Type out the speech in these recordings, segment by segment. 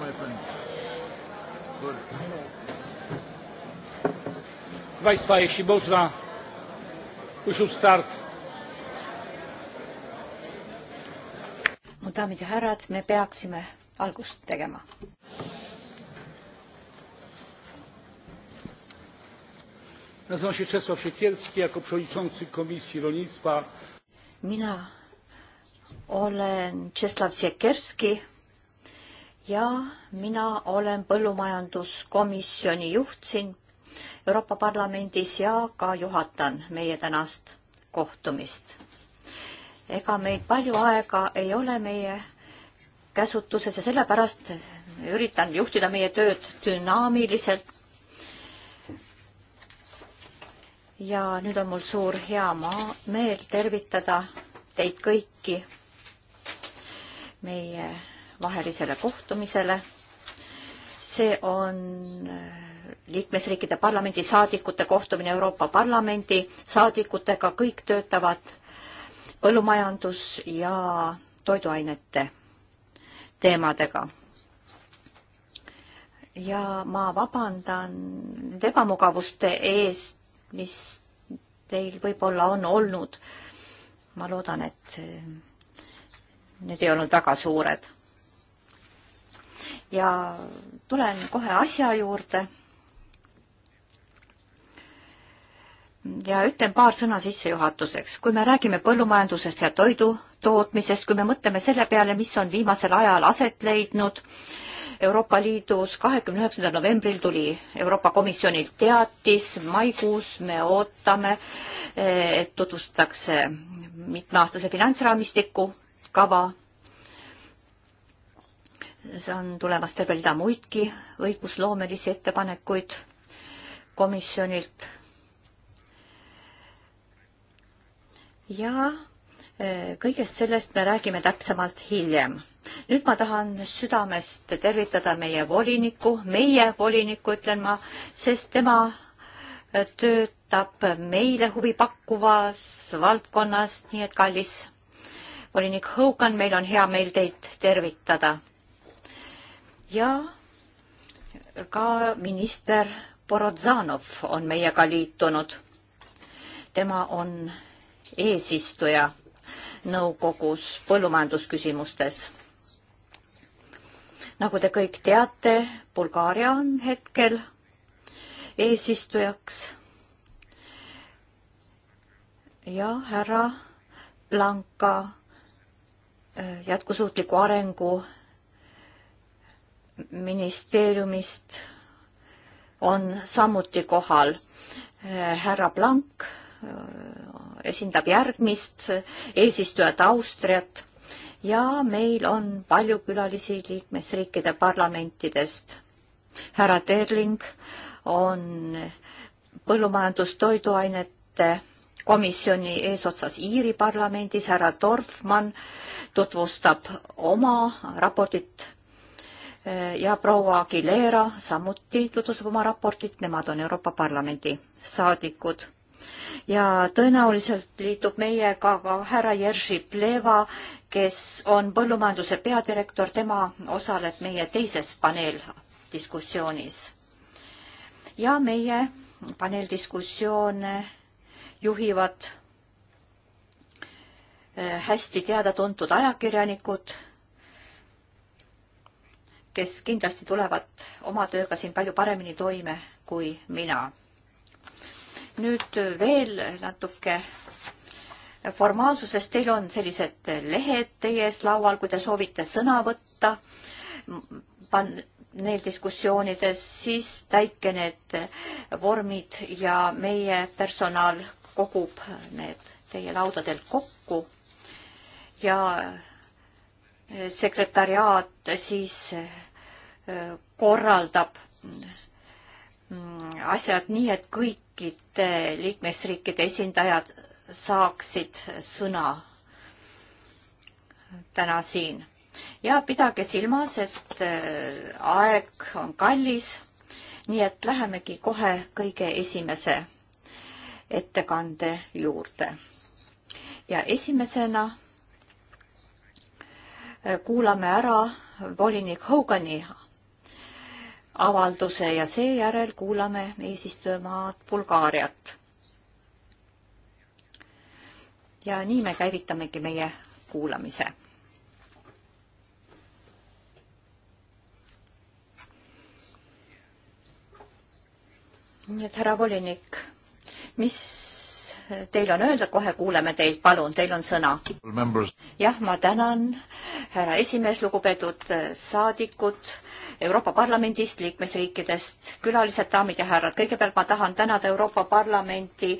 my friend. Good. Proszę Państwa, jeśli można, we should start. mu daamid ja härrad, me peaksime algust tegema. Nazywam się Czesław Siekierski jako przewodniczący Komisji Rolnictwa. Mina olen Czesław Siekierski ja mina olen põllumajanduskomisjoni juht siin Euroopa Parlamendis ja ka juhatan meie tänast kohtumist. ega meil palju aega ei ole meie käsutuses ja sellepärast üritan juhtida meie tööd dünaamiliselt. ja nüüd on mul suur hea maa, meel tervitada teid kõiki meie vahelisele kohtumisele. see on äh, liikmesriikide parlamendisaadikute kohtumine Euroopa Parlamendi saadikutega, kõik töötavad põllumajandus ja toiduainete teemadega. ja ma vabandan nende ebamugavuste eest, mis teil võib-olla on olnud. ma loodan, et äh, need ei olnud väga suured ja tulen kohe asja juurde. ja ütlen paar sõna sissejuhatuseks. kui me räägime põllumajandusest ja toidu tootmisest, kui me mõtleme selle peale, mis on viimasel ajal aset leidnud, Euroopa Liidus kahekümne üheksandal novembril tuli Euroopa Komisjonilt teatis, maikuus me ootame, eh, et tutvustatakse mitmeaastase finantsraamistiku kava saan tulemas terve rida muidki õigusloomelisi ettepanekuid komisjonilt. ja eh, kõigest sellest me räägime täpsemalt hiljem. nüüd ma tahan südamest tervitada meie volinikku, meie volinikku ütlen ma, sest tema eh, töötab meile huvi pakkuvas valdkonnas, nii et kallis volinik Hogan, meil on hea meel teid tervitada ja ka minister Borodzanov on meiega liitunud. tema on eesistuja nõukogus põllumajandusküsimustes. nagu te kõik teate, Bulgaaria on hetkel eesistujaks. ja härra Blanka äh, jätkusuutliku arengu ministeeriumist on samuti kohal härra Blank, äh, esindab järgmist eesistujat Austriat ja meil on palju külalisi liikmesriikide parlamentidest. härra Terling on põllumajandus-toiduainete komisjoni eesotsas Iiri parlamendis, härra Dorfmann tutvustab oma raportit ja proua Aguilera samuti tutvustab oma raportit, nemad on Euroopa Parlamendi saadikud. ja tõenäoliselt liitub meiega ka härra Jerzy Pleva, kes on põllumajanduse peadirektor, tema osaleb meie teises paneeldiskussioonis. ja meie paneeldiskussioone juhivad äh, hästi teada-tuntud ajakirjanikud kes kindlasti tulevad oma tööga siin palju paremini toime kui mina. nüüd veel natuke formaalsusest, teil on sellised lehed teie ees laual, kui te soovite sõna võtta pan-, neil diskussioonides, siis täitke need vormid ja meie personal kogub need teie laudadelt kokku ja sekretariaat siis korraldab mm, asjad nii, et kõikide liikmesriikide esindajad saaksid sõna täna siin. ja pidage silmas, et äh, aeg on kallis, nii et lähemegi kohe kõige esimese ettekande juurde. ja esimesena äh, kuulame ära volinik Hogani avalduse ja seejärel kuulame eesistujamaad Bulgaariat. ja nii me käivitamegi meie kuulamise. nii et härra volinik, mis teil on öelda, kohe kuuleme teid, palun, teil on sõna. jah, ma tänan, härra esimees, lugupeetud äh, saadikud Euroopa Parlamendist, liikmesriikidest, külalised, daamid ja härrad, kõigepealt ma tahan tänada Euroopa Parlamenti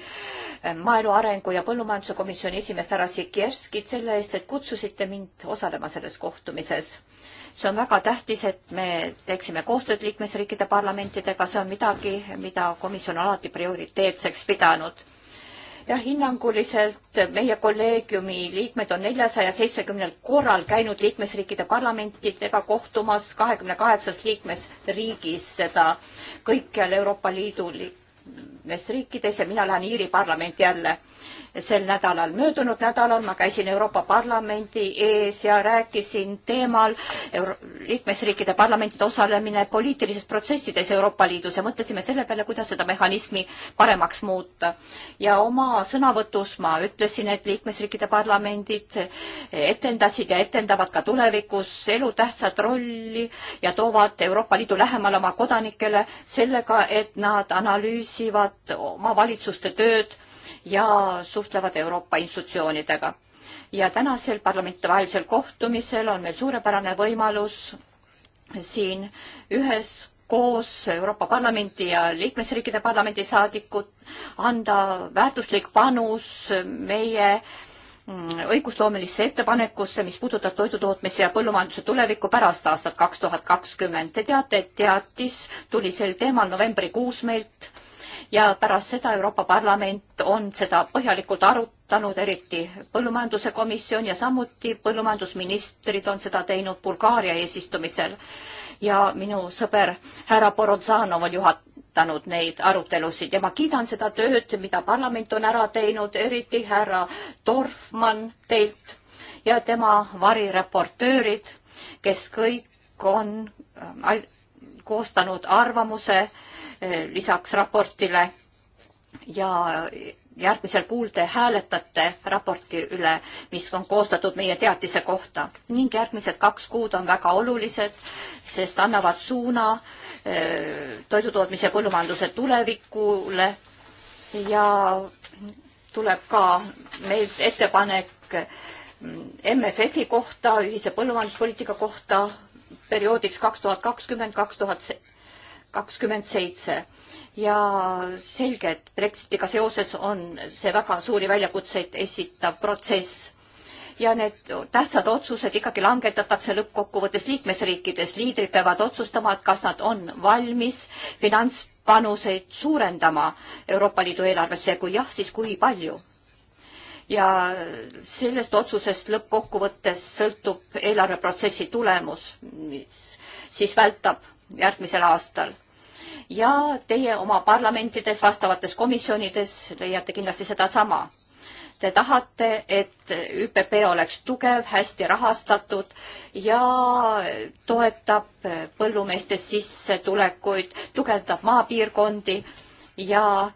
äh, maaelu arengu ja põllumajanduse komisjoni esimees härra Sikierskit selle eest, et kutsusite mind osalema selles kohtumises. see on väga tähtis, et me teeksime koostööd liikmesriikide parlamentidega, see on midagi, mida komisjon on alati prioriteetseks pidanud jah, hinnanguliselt meie kolleegiumi liikmed on neljasaja seitsmekümnel korral käinud liikmesriikide parlamentidega kohtumas kahekümne kaheksas liikmesriigis, seda kõikjal Euroopa Liidu liikmesriikides ja mina lähen Iiri parlamenti jälle sel nädalal. möödunud nädalal ma käisin Euroopa Parlamendi ees ja rääkisin teemal Euro liikmesriikide parlamentide osalemine poliitilises protsessides Euroopa Liidus ja mõtlesime selle peale, kuidas seda mehhanismi paremaks muuta. ja oma sõnavõtus ma ütlesin, et liikmesriikide parlamendid etendasid ja etendavad ka tulevikus elutähtsat rolli ja toovad Euroopa Liidu lähemale oma kodanikele sellega, et nad analüüsivad omavalitsuste tööd ja suhtlevad Euroopa institutsioonidega. ja tänasel parlamentivahelisel kohtumisel on meil suurepärane võimalus siin ühes koos Euroopa Parlamendi ja liikmesriikide parlamendi saadikud anda väärtuslik panus meie mm, õigusloomelisse ettepanekusse, mis puudutab toidutootmise ja põllumajanduse tulevikku pärast aastat kaks tuhat kakskümmend. Te teate, et teatis tuli sel teemal novembrikuus meilt ja pärast seda Euroopa Parlament on seda põhjalikult arutanud, eriti põllumajanduse komisjon ja samuti põllumajandusministrid on seda teinud Bulgaaria eesistumisel. ja minu sõber härra Borodžanov on juhatanud neid arutelusid ja ma kiidan seda tööd, mida parlament on ära teinud, eriti härra Dorfmann teilt ja tema varireportöörid, kes kõik on äh, koostanud arvamuse äh, Eh, lisaks raportile ja järgmisel kuul te hääletate raporti üle, mis on koostatud meie teatise kohta ning järgmised kaks kuud on väga olulised, sest annavad suuna eh, toidutootmise ja põllumajanduse tulevikule ja tuleb ka meil ettepanek MFF-i mm, kohta, ühise põllumajanduspoliitika kohta perioodiks kaks tuhat kakskümmend, kaks tuhat kakskümmend seitse ja selge, et Brexitiga seoses on see väga suuri väljakutseid esitav protsess ja need tähtsad otsused ikkagi langetatakse lõppkokkuvõttes liikmesriikides. liidrid peavad otsustama, et kas nad on valmis finantspanuseid suurendama Euroopa Liidu eelarvesse ja kui jah, siis kui palju. ja sellest otsusest lõppkokkuvõttes sõltub eelarveprotsessi tulemus, mis siis vältab järgmisel aastal. ja teie oma parlamentides, vastavates komisjonides leiate kindlasti sedasama. Te tahate, et ÜPP oleks tugev, hästi rahastatud ja toetab põllumeeste sissetulekuid, tugevdab maapiirkondi ja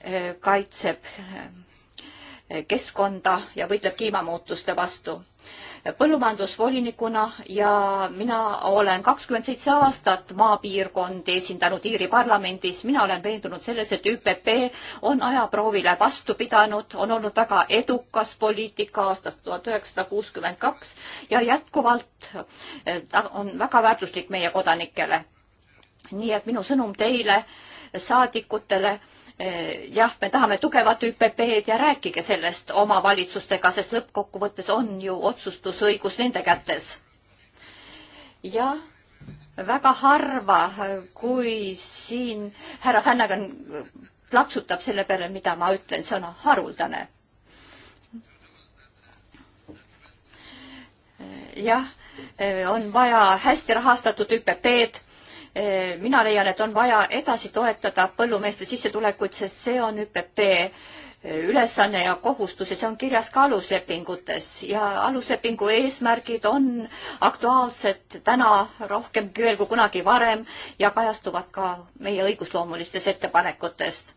e, kaitseb e, keskkonda ja võitleb kliimamuutuste vastu põllumajandusvolinikuna ja mina olen kakskümmend seitse aastat maapiirkondi esindanud Iiri parlamendis. mina olen veendunud selles, et ÜPP on ajaproovile vastu pidanud, on olnud väga edukas poliitika aastast tuhat üheksasada kuuskümmend kaks ja jätkuvalt eh, ta on väga väärtuslik meie kodanikele. nii et minu sõnum teile, saadikutele Eh, jah, me tahame tugevat ÜPP-d ja rääkige sellest oma valitsustega, sest lõppkokkuvõttes on ju otsustusõigus nende kätes. ja väga harva, eh, kui siin härra Hannagan plaksutab selle peale, mida ma ütlen, see on haruldane. Eh, jah, on vaja hästi rahastatud ÜPP-d Eh, mina leian, et on vaja edasi toetada põllumeeste sissetulekuid, sest see on ÜPP eh, ülesanne ja kohustus ja see on kirjas ka aluslepingutes ja aluslepingu eesmärgid on aktuaalsed täna rohkem veel kui kunagi varem ja kajastuvad ka meie õigusloomulistes ettepanekutest.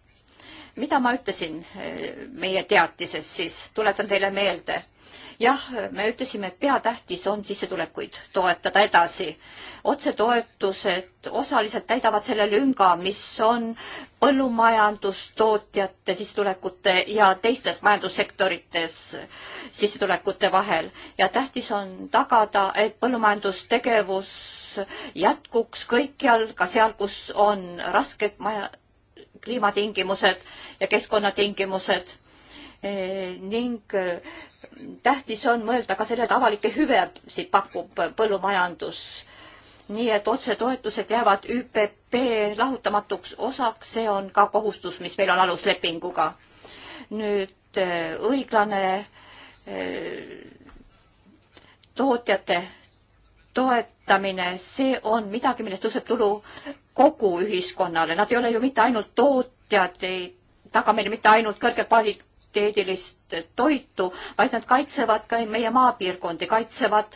mida ma ütlesin eh, meie teatises siis, tuletan teile meelde jah, me ütlesime, et peatähtis on sissetulekuid toetada edasi. otsetoetused osaliselt täidavad selle lünga, mis on põllumajandustootjate sissetulekute ja teistes majandussektorites sissetulekute vahel ja tähtis on tagada, et põllumajandustegevus jätkuks kõikjal, ka seal, kus on rasked maja, kliimatingimused ja keskkonnatingimused eh, ning eh, tähtis on mõelda ka sellele, et avalikke hüvesid pakub põllumajandus. nii et otsetoetused jäävad ÜPP lahutamatuks osaks, see on ka kohustus, mis meil on aluslepinguga. nüüd äh, õiglane äh, tootjate toetamine, see on midagi, millest tõuseb tulu kogu ühiskonnale, nad ei ole ju mitte ainult tootjad, ei taga meile mitte ainult kõrge kvaliteet, kvaliteedilist toitu, vaid nad kaitsevad ka meie maapiirkondi, kaitsevad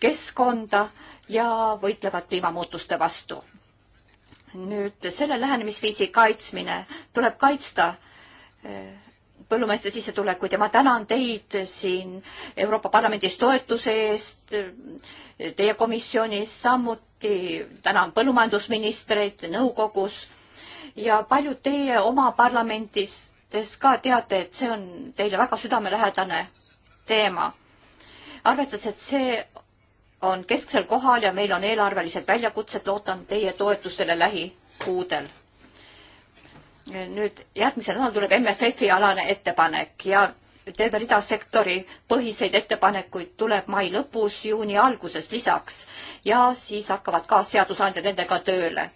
keskkonda ja võitlevad kliimamuutuste vastu. nüüd selle lähenemisviisi kaitsmine tuleb kaitsta eh, põllumeeste sissetulekuid ja ma tänan teid siin Euroopa Parlamendis toetuse eest, eh, teie komisjonis samuti, tänan põllumajandusministreid nõukogus ja paljud teie oma parlamendis Te siis ka teate, et see on teile väga südamelähedane teema. arvestades, et see on kesksel kohal ja meil on eelarvelised väljakutsed, loodan teie toetustele lähikuudel. nüüd järgmisel nädalal tuleb MFF-i alane ettepanek ja terve rida sektori põhiseid ettepanekuid tuleb mai lõpus, juuni alguses lisaks ja siis hakkavad ka seadusandjad nendega tööle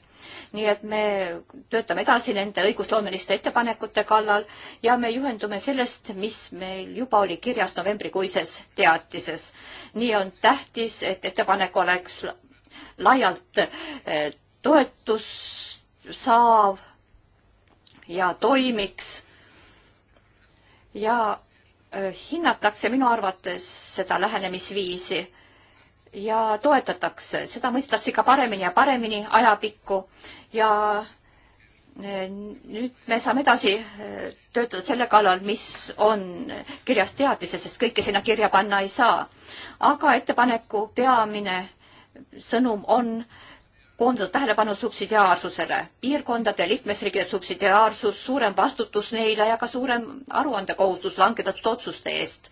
nii et me töötame edasi nende õigusloomeliste ettepanekute kallal ja me juhendume sellest, mis meil juba oli kirjas novembrikuises teatises. nii on tähtis, et ettepanek oleks laialt eh, toetust saav ja toimiks ja eh, hinnatakse minu arvates seda lähenemisviisi ja toetatakse, seda mõistetakse ikka paremini ja paremini ajapikku ja eh, nüüd me saame edasi eh, töötada selle kallal, mis on kirjas teadises, sest kõike sinna kirja panna ei saa. aga ettepaneku peamine sõnum on koondada tähelepanu subsidiaarsusele. piirkondade liikmesriikide subsidiaarsus, suurem vastutus neile ja ka suurem aruandekohustus langetatud otsuste eest.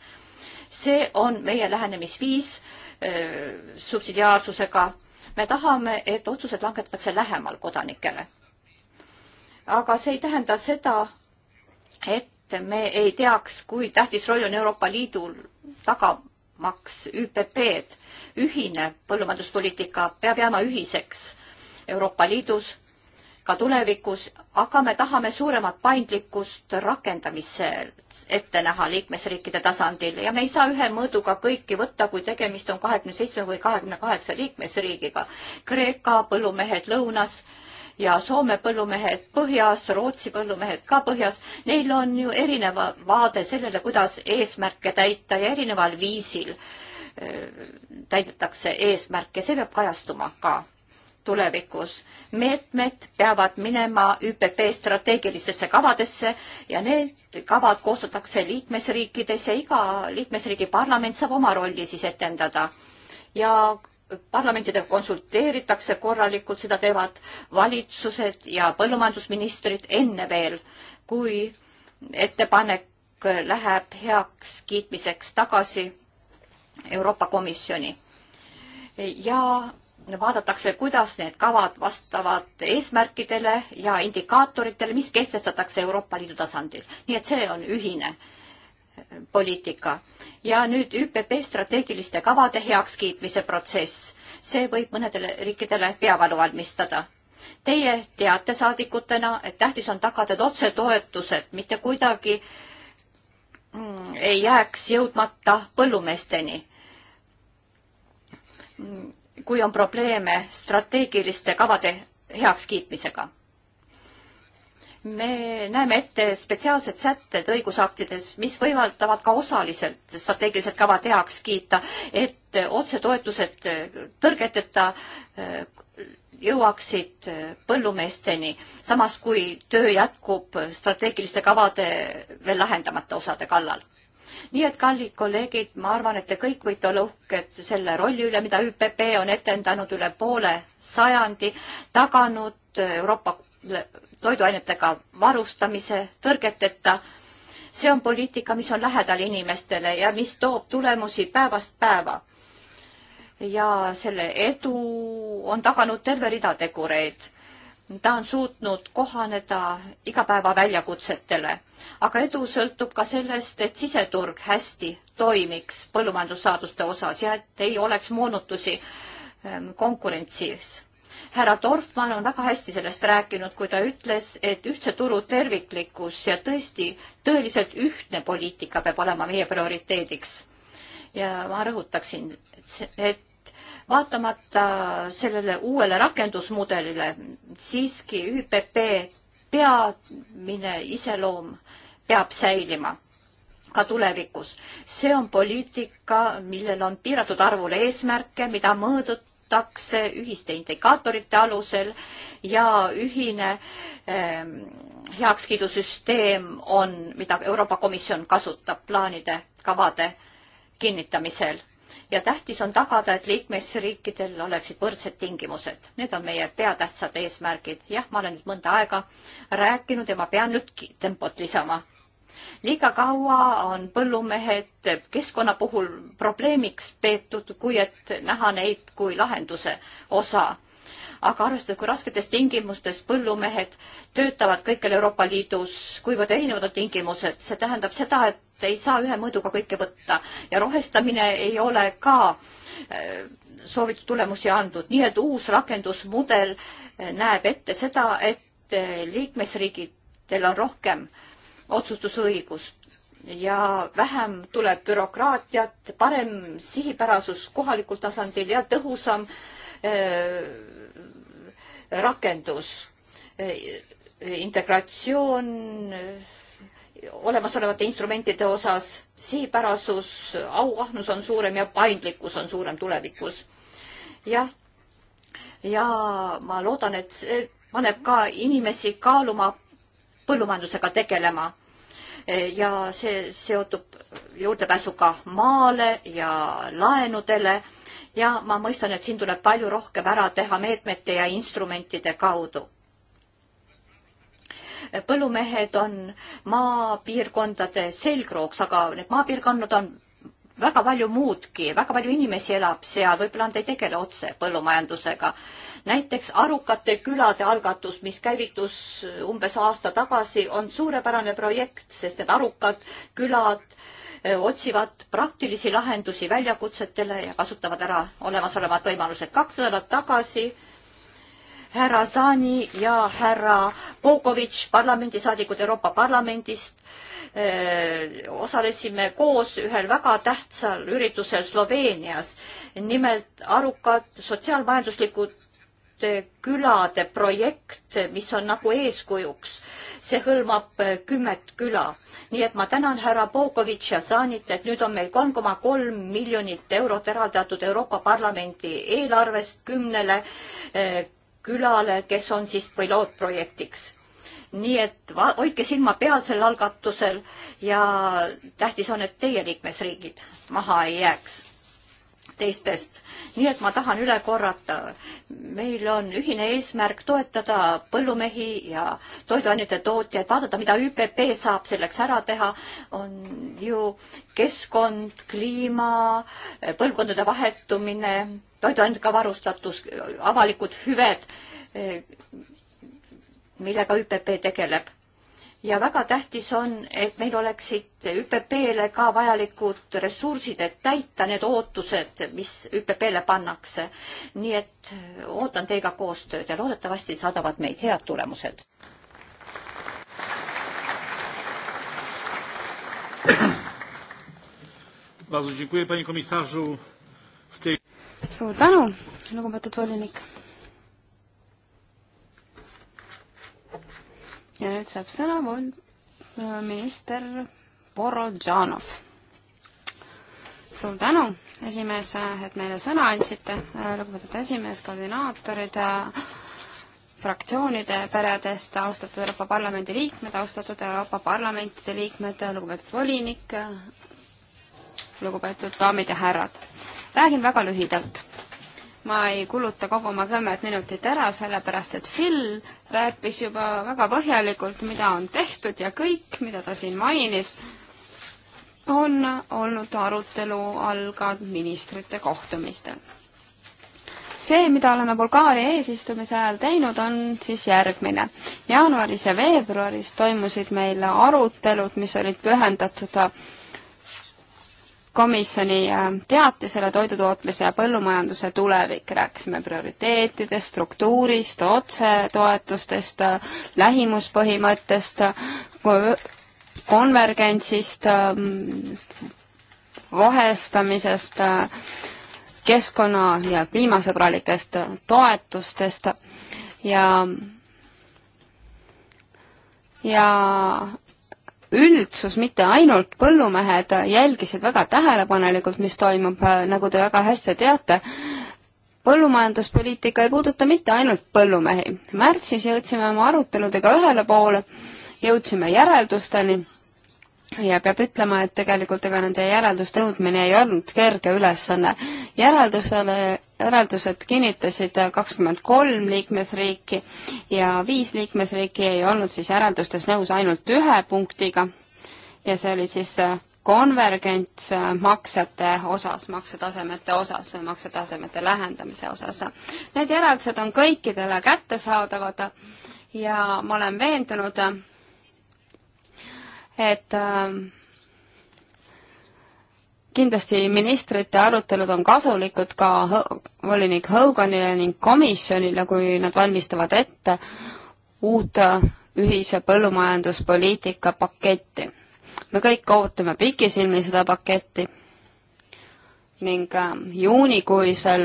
see on meie lähenemisviis Äh, subsidiaarsusega. me tahame, et otsused langetatakse lähemal kodanikele. aga see ei tähenda seda, et me ei teaks, kui tähtis roll on Euroopa Liidul tagamaks ÜPP-d. ühine põllumajanduspoliitika peab jääma ühiseks Euroopa Liidus ka tulevikus, aga me tahame suuremat paindlikkust rakendamisel ette näha liikmesriikide tasandil ja me ei saa ühe mõõduga kõiki võtta, kui tegemist on kahekümne seitsme või kahekümne kaheksa liikmesriigiga. Kreeka põllumehed lõunas ja Soome põllumehed põhjas, Rootsi põllumehed ka põhjas, neil on ju erinev vaade sellele, kuidas eesmärke täita ja erineval viisil äh, täidetakse eesmärke, see peab kajastuma ka tulevikus. meetmed peavad minema ÜPP strateegilistesse kavadesse ja need kavad koostatakse liikmesriikides ja iga liikmesriigi parlament saab oma rolli siis etendada. ja parlamentidega konsulteeritakse korralikult, seda teevad valitsused ja põllumajandusministrid enne veel, kui ettepanek läheb heakskiitmiseks tagasi Euroopa Komisjoni. ja vaadatakse, kuidas need kavad vastavad eesmärkidele ja indikaatoritele, mis kehtestatakse Euroopa Liidu tasandil. nii et see on ühine äh, poliitika. ja nüüd ÜPP strateegiliste kavade heakskiitmise protsess. see võib mõnedele riikidele peavalu valmistada. Teie teate saadikutena, et tähtis on tagada otsetoetused, mitte kuidagi mm, ei jääks jõudmata põllumeesteni mm kui on probleeme strateegiliste kavade heakskiitmisega. me näeme ette spetsiaalsed sätted õigusaktides, mis võimaldavad ka osaliselt strateegilised kavad heaks kiita, et otsetoetused tõrgeteta äh, jõuaksid äh, põllumeesteni, samas kui töö jätkub strateegiliste kavade veel lahendamata osade kallal nii et, kallid kolleegid, ma arvan, et te kõik võite olla uhked selle rolli üle, mida ÜPP on etendanud üle poole sajandi, taganud Euroopa toiduainetega varustamise tõrgeteta. see on poliitika, mis on lähedal inimestele ja mis toob tulemusi päevast päeva. ja selle edu on taganud terve rida tegureid ta on suutnud kohaneda igapäeva väljakutsetele, aga edu sõltub ka sellest, et siseturg hästi toimiks põllumajandussaaduste osas ja et ei oleks moonutusi ehm, konkurentsis. härra Dorfmann on väga hästi sellest rääkinud, kui ta ütles, et ühtse turu terviklikkus ja tõesti tõeliselt ühtne poliitika peab olema meie prioriteediks. ja ma rõhutaksin, et vaatamata sellele uuele rakendusmudelile siiski ÜPP peamine iseloom peab säilima ka tulevikus. see on poliitika, millel on piiratud arvul eesmärke, mida mõõdetakse ühiste indikaatorite alusel ja ühine eh, heakskiidusüsteem on, mida Euroopa Komisjon kasutab plaanide, kavade kinnitamisel ja tähtis on tagada, et liikmesriikidel oleksid võrdsed tingimused. Need on meie peatähtsad eesmärgid. jah, ma olen nüüd mõnda aega rääkinud ja ma pean nüüd tempot lisama. liiga kaua on põllumehed keskkonna puhul probleemiks peetud, kui et näha neid kui lahenduse osa aga arvestades, kui rasketes tingimustes põllumehed töötavad kõikjal Euroopa Liidus, kuivõrd erinevad on tingimused, see tähendab seda, et ei saa ühe mõõduga kõike võtta ja rohestamine ei ole ka äh, soovitud tulemusi andnud, nii et uus rakendusmudel äh, näeb ette seda, et äh, liikmesriigidel on rohkem otsustusõigust ja vähem tuleb bürokraatiat, parem sihipärasus kohalikul tasandil ja tõhusam öö, rakendus, integratsioon olemasolevate instrumentide osas, sihipärasus, auahnus on suurem ja paindlikkus on suurem tulevikus. jah, ja ma loodan, et see paneb ka inimesi kaaluma põllumajandusega tegelema. ja see seotub juurdepääsuga maale ja laenudele ja ma mõistan, et siin tuleb palju rohkem ära teha meetmete ja instrumentide kaudu. põllumehed on maapiirkondade selgrooks, aga need maapiirkonnad on väga palju muudki, väga palju inimesi elab seal, võib-olla nad ei tegele otse põllumajandusega. näiteks Arukate külade algatus, mis käivitus umbes aasta tagasi, on suurepärane projekt, sest need arukad külad äh, otsivad praktilisi lahendusi väljakutsetele ja kasutavad ära olemasolevad võimalused. kaks nädalat tagasi härra Zani ja härra Pokovitš, parlamendisaadikud Euroopa Parlamendist, osalesime koos ühel väga tähtsal üritusel Sloveenias. nimelt arukad sotsiaalmajanduslikud Eh, külade projekt, eh, mis on nagu eeskujuks. see hõlmab eh, kümmet küla. nii et ma tänan härra Pogovitš ja Saanit, et nüüd on meil kolm koma kolm miljonit eurot eraldatud Euroopa Parlamendi eelarvest kümnele külale, kes on siis pilootprojektiks nii et hoidke silma peal sel algatusel ja tähtis on, et teie liikmesriigid maha ei jääks teistest. nii et ma tahan üle korrata, meil on ühine eesmärk toetada põllumehi ja toiduainete tootjaid, vaadata, mida ÜPP saab selleks ära teha, on ju keskkond, kliima, põlvkondade vahetumine, toiduainetega varustatus, avalikud hüved, millega ÜPP tegeleb ja väga tähtis on, et meil oleksid ÜPP-le ka vajalikud ressursid, et täita need ootused, mis ÜPP-le pannakse. nii et ootan teiega koostööd ja loodetavasti saadavad meid head tulemused. suur tänu, lugupeetud volinik ja nüüd saab sõna vol-, äh, minister Borodžanov. suur tänu, esimees, et meile sõna andsite, äh, lugupeetud esimees, koordinaatorid, äh, fraktsioonide peredest, austatud Euroopa Parlamendi liikmed, austatud Euroopa Parlamentide liikmed, lugupeetud volinik, lugupeetud daamid ja härrad. räägin väga lühidalt ma ei kuluta kogu oma kümmet minutit ära, sellepärast et Phil rääkis juba väga põhjalikult, mida on tehtud ja kõik, mida ta siin mainis, on olnud arutelu all ka ministrite kohtumistel. see, mida oleme Bulgaaria eesistumise ajal teinud, on siis järgmine. jaanuaris ja veebruaris toimusid meil arutelud, mis olid pühendatud komisjoni äh, teatisele Toidutootmise ja põllumajanduse tulevik, rääkisime prioriteetidest, struktuurist, otsetoetustest, äh, lähimuspõhimõttest, äh, konvergentsist, vahestamisest, keskkonna- ja kliimasõbralikest toetustest ja ja üldsus, mitte ainult põllumehed, jälgisid väga tähelepanelikult, mis toimub, äh, nagu te väga hästi teate. põllumajanduspoliitika ei puuduta mitte ainult põllumehi. märtsis jõudsime oma aruteludega ühele poole, jõudsime järeldusteni ja peab ütlema, et tegelikult ega nende järelduste jõudmine ei olnud kerge ülesanne. järeldusele järeldused kinnitasid kakskümmend kolm liikmesriiki ja viis liikmesriiki ei olnud siis järeldustes nõus ainult ühe punktiga ja see oli siis äh, konvergents äh, maksete osas, maksetasemete osas või maksetasemete lähendamise osas. Need järeldused on kõikidele kättesaadavad ja ma olen veendunud, et äh, kindlasti ministrite arutelud on kasulikud ka volinik Hoganile ning komisjonile, kui nad valmistavad ette uut ühise põllumajanduspoliitika paketti. me kõik ootame pikisilmi seda paketti ning äh, juunikuisel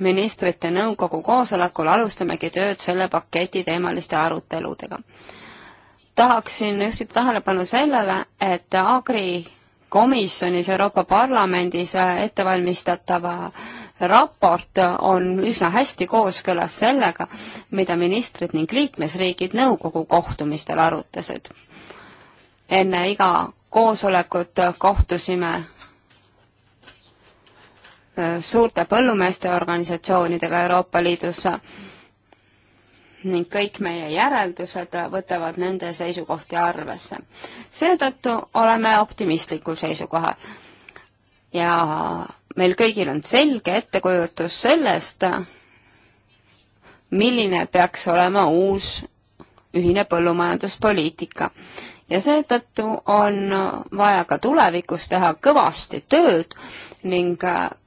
ministrite nõukogu koosolekul alustamegi tööd selle paketi teemaliste aruteludega. tahaksin juhtida tähelepanu sellele, et Agri komisjonis, Euroopa Parlamendis äh, ettevalmistatav raport on üsna hästi kooskõlas sellega, mida ministrid ning liikmesriigid nõukogu kohtumistel arutasid. enne iga koosolekut kohtusime äh, suurte põllumeeste organisatsioonidega Euroopa Liidus ning kõik meie järeldused võtavad nende seisukohti arvesse. seetõttu oleme optimistlikul seisukohal. ja meil kõigil on selge ettekujutus sellest, milline peaks olema uus ühine põllumajanduspoliitika. ja seetõttu on vaja ka tulevikus teha kõvasti tööd ning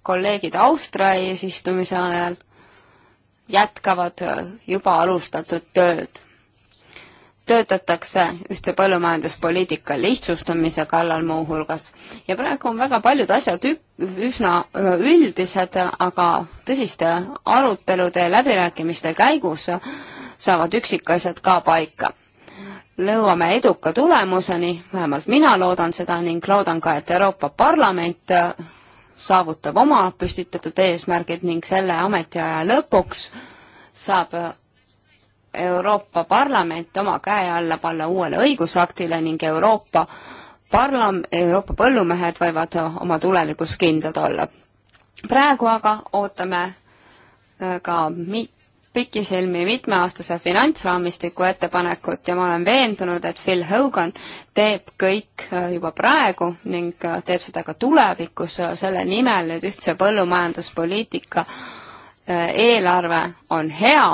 kolleegid Austria eesistumise ajal jätkavad äh, juba alustatud tööd. töötatakse ühtse põllumajanduspoliitika lihtsustamise kallal muuhulgas ja praegu on väga paljud asjad üsna äh, üldised, aga tõsiste arutelude ja läbirääkimiste käigus saavad üksikasjad ka paika lõuame eduka tulemuseni, vähemalt mina loodan seda ning loodan ka, et Euroopa Parlament saavutab oma püstitatud eesmärgid ning selle ametiaja lõpuks saab Euroopa Parlament oma käe alla panna uuele õigusaktile ning Euroopa parlam-, Euroopa põllumehed võivad oma tulevikus kindlad olla. praegu aga ootame äh, ka mi-, pikisilmi mitmeaastase finantsraamistiku ettepanekut ja ma olen veendunud, et Phil Hogan teeb kõik äh, juba praegu ning äh, teeb seda ka tulevikus äh, selle nimel, et ühtse põllumajanduspoliitika eelarve on hea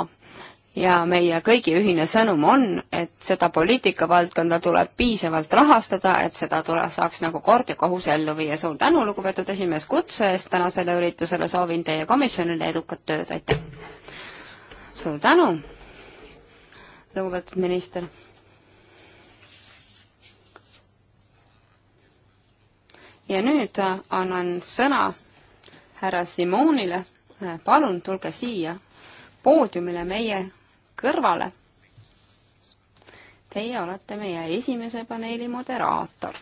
ja meie kõigi ühine sõnum on, et seda poliitikavaldkonda tuleb piisavalt rahastada, et seda tule-, saaks nagu kord ja kohus ellu viia. suur tänu, lugupeetud esimees, kutse eest tänasele üritusele, soovin teie komisjonile edukat tööd, aitäh! suur tänu, lugupeetud minister. ja nüüd annan sõna härra Simonile. palun tulge siia poodiumile meie kõrvale. Teie olete meie esimese paneeli moderaator.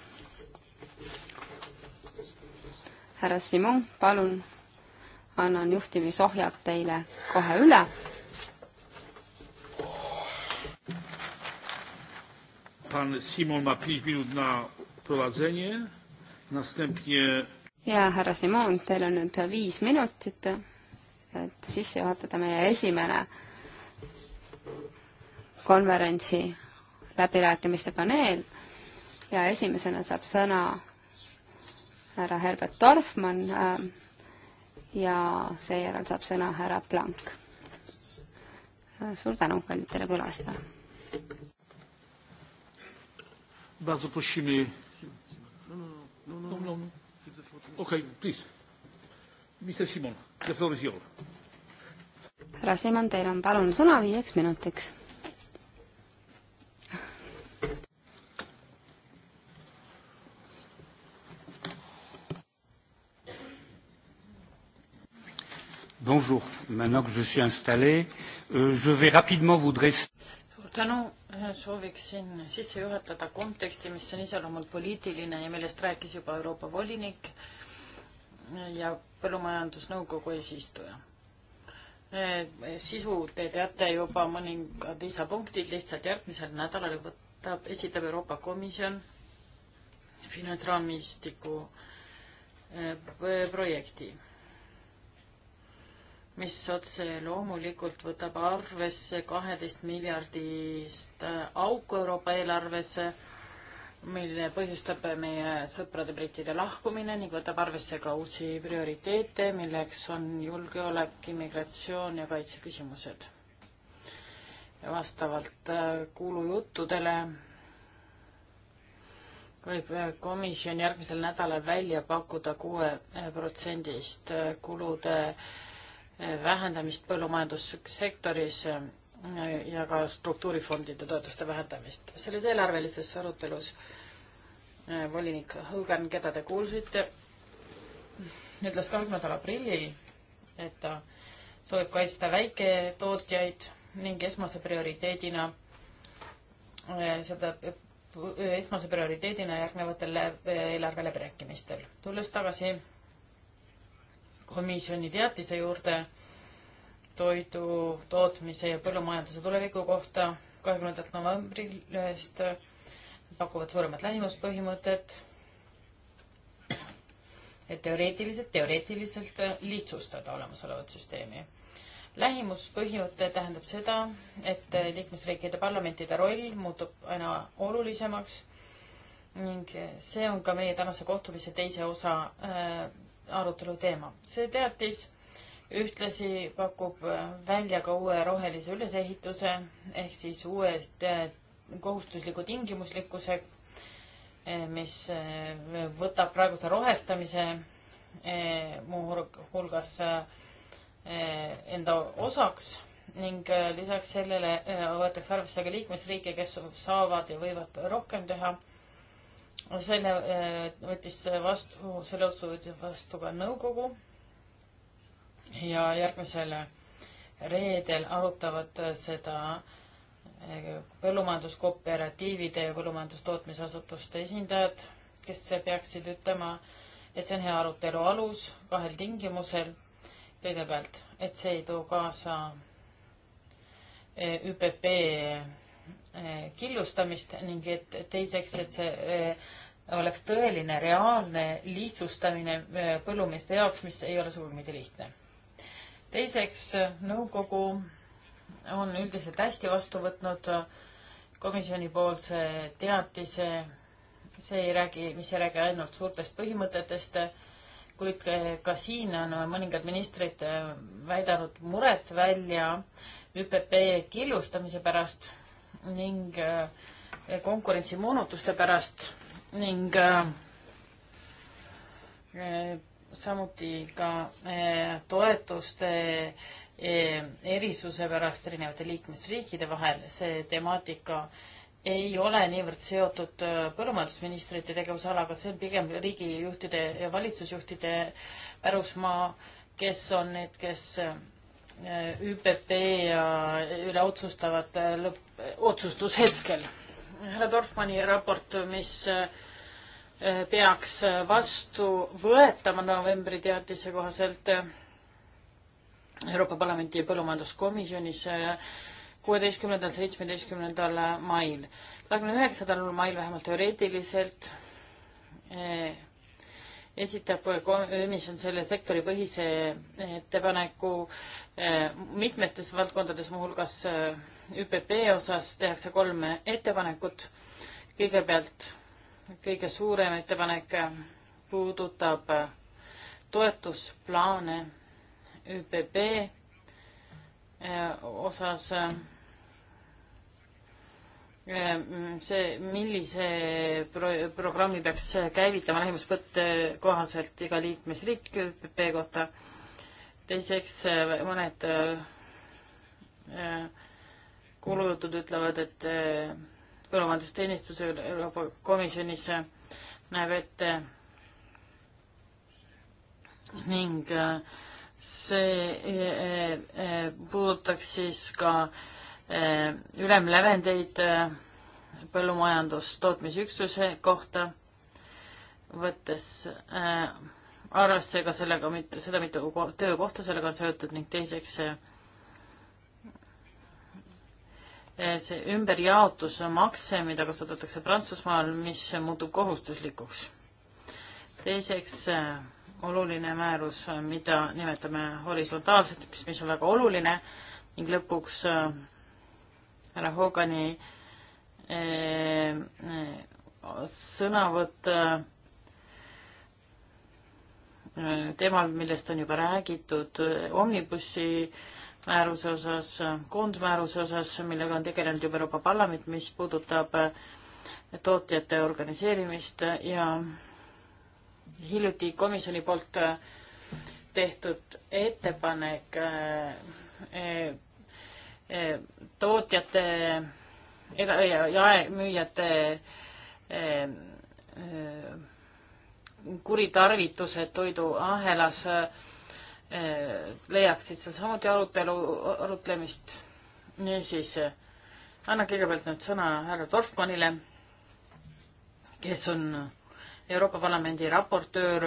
härra Simon, palun annan juhtimisohjad teile kohe üle Pan Simon ma 5 minut na prowadzenie, następnie... ja härra Simon, teil on nüüd viis minutit, et sisse juhatada meie esimene konverentsi läbirääkimiste paneel ja esimesena saab sõna härra Herbert Dorfmann äh, ja seejärel saab sõna härra Plank. Äh, suur tänu, kallid teile külastajad! Bardzo prosimy. No, no, no. Okay, please. Mr Simon, the floor is yours. härra Simon, teil on palun sõna viieks minutiks. Bonjour, maintenant que je suis installé, euh, je vais rapidement vous dresser. Tänu sooviksin sisse juhatada konteksti, mis on iseloomult poliitiline ja millest rääkis juba Euroopa volinik ja Põllumajandusnõukogu eesistuja. Eh, sisu te teate juba mõningad lisapunktid, lihtsalt järgmisel nädalal võtab, esitab Euroopa Komisjon finantsraamistiku eh, projekti mis otse loomulikult võtab arvesse kaheteist miljardist äh, auku Euroopa eelarvesse, mille põhjustab meie sõprade brittide lahkumine ning võtab arvesse ka uusi prioriteete, milleks on julgeolek, immigratsioon ja kaitseküsimused. vastavalt äh, kuulujuttudele võib äh, komisjon järgmisel nädalal välja pakkuda kuue protsendist kulude äh, vähendamist põllumajandussektoris ja ka struktuurifondide toetuste vähendamist. selles eelarvelises arutelus äh, volinik Hõugan, keda te kuulsite, ütles kahekümnendal aprillil, et ta soovib kaitsta väiketootjaid ning esmase prioriteedina äh, seda äh, esmase prioriteedina järgnevatel eelarveläbirääkimistel. tulles tagasi komisjoni teatise juurde toidu tootmise ja põllumajanduse tuleviku kohta kahekümnendalt novembrilest pakuvad suuremat lähimuspõhimõtet, et teoreetiliselt, teoreetiliselt lihtsustada olemasolevat süsteemi. lähimuspõhimõte tähendab seda, et liikmesriikide parlamentide roll muutub aina olulisemaks ning see on ka meie tänase kohtumise teise osa äh, arutelu teema. see teatis ühtlasi pakub välja ka uue rohelise ülesehituse ehk siis uue eh, kohustusliku tingimuslikkuse, eh, mis eh, võtab praeguse rohestamise muuhulgas enda osaks ning lisaks sellele võetakse arvesse ka liikmesriike, kes saavad ja võivad rohkem teha selle äh, võttis vastu, selle otsuse võttis vastu ka nõukogu ja järgmisel reedel arutavad seda äh, põllumajanduskooperatiivide ja põllumajandustootmisasutuste esindajad, kes peaksid ütlema, et see on hea arutelu alus kahel tingimusel. kõigepealt, et see ei too kaasa äh, ÜPP Eh, killustamist ning et teiseks, et see eh, oleks tõeline reaalne lihtsustamine eh, põllumeeste jaoks, mis ei ole sugugi mitte lihtne. teiseks, nõukogu on üldiselt hästi vastu võtnud komisjonipoolse teatise, see ei räägi, mis ei räägi ainult suurtest põhimõtetest, kuid ka siin on mõningad ministrid väidanud muret välja ÜPP killustamise pärast ning äh, konkurentsimoonutuste pärast ning äh, äh, samuti ka toetuste erisuse pärast erinevate liikmesriikide vahel. see temaatika ei ole niivõrd seotud põllumajandusministrite tegevusalaga, see on pigem riigijuhtide ja valitsusjuhtide pärusmaa, kes on need, kes ÜPP ja üle otsustavad lõpp, otsustushetkel. härra Dorfmanni raport, mis äh, peaks vastu võetama novembri teatise kohaselt äh, Euroopa Parlamenti põllumajanduskomisjonis äh, kuueteistkümnendal, seitsmeteistkümnendal mail. kahekümne üheksandal mail vähemalt teoreetiliselt esitab komisjon selle sektoripõhise ettepaneku mitmetes valdkondades, muuhulgas ÜPP osas tehakse kolm ettepanekut. kõigepealt kõige suurem ettepanek puudutab toetusplaane ÜPP eh, osas eh, see, millise pro-, programmi peaks käivitama lähimuspõtte kohaselt iga liikmesriik ÜPP kohta. teiseks eh, mõned äh, kuulujutud ütlevad, et eh, põllumajandusteenistuse Euroopa Komisjonis näeb ette ning eh, see eh, puudutaks siis ka ülemlävendeid põllumajandustootmisüksuse kohta, võttes arvesse ka sellega mitu, seda mitu töökohta sellega on seotud ning teiseks see ümberjaotus makse, mida kasutatakse Prantsusmaal, mis muutub kohustuslikuks. teiseks äh, oluline määrus, mida nimetame horisontaalseteks, mis on väga oluline ning lõpuks äh, härra Hogani äh, sõnavõtt teemal, millest on juba räägitud, omnibussi äh, määruse osas, koondmääruse osas, millega on tegelenud juba Euroopa Parlament, mis puudutab eh, tootjate organiseerimist ja hiljuti komisjoni poolt eh, tehtud ettepanek eh, tootjate ja jaemüüjate kuritarvitused toiduahelas äh, Eh, leiaksid seal samuti arutelu, arutlemist. niisiis eh, annan kõigepealt nüüd sõna härra Dorfmanile, kes on Euroopa Parlamendi raportöör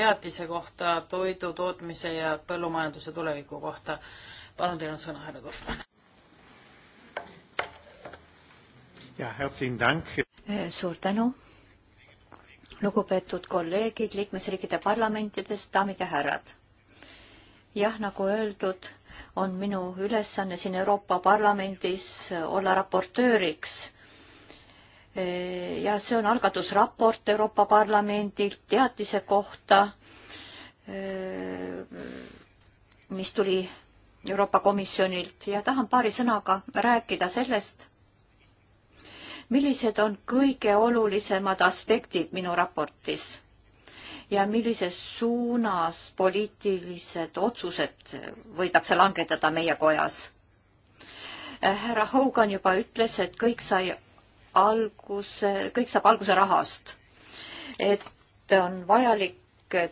teatise kohta toidu tootmise ja põllumajanduse tuleviku kohta. palun, teil on sõna, härra Dorfmann. ja, herzlichen Dank. suur tänu lugupeetud kolleegid liikmesriikide parlamentidest, daamid ja härrad. jah, nagu öeldud, on minu ülesanne siin Euroopa Parlamendis olla raportööriks. ja see on algatusraport Euroopa Parlamendilt teatise kohta, mis tuli Euroopa Komisjonilt ja tahan paari sõnaga rääkida sellest, millised on kõige olulisemad aspektid minu raportis ja millises suunas poliitilised otsused võidakse langetada meie kojas? Äh, härra Hogan juba ütles, et kõik sai alguse, kõik saab alguse rahast. et on vajalik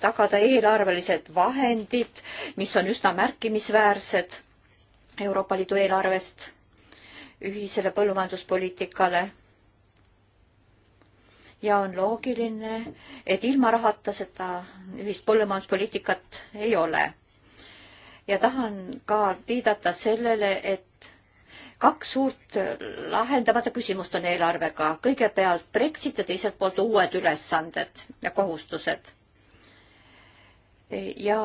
tagada eelarvelised vahendid, mis on üsna märkimisväärsed Euroopa Liidu eelarvest ühisele põllumajanduspoliitikale ja on loogiline, et ilma rahata seda ühist põllumajanduspoliitikat ei ole. ja tahan ka viidata sellele, et kaks suurt lahendamata küsimust on eelarvega. kõigepealt Brexit ja teiselt poolt uued ülesanded ja kohustused. ja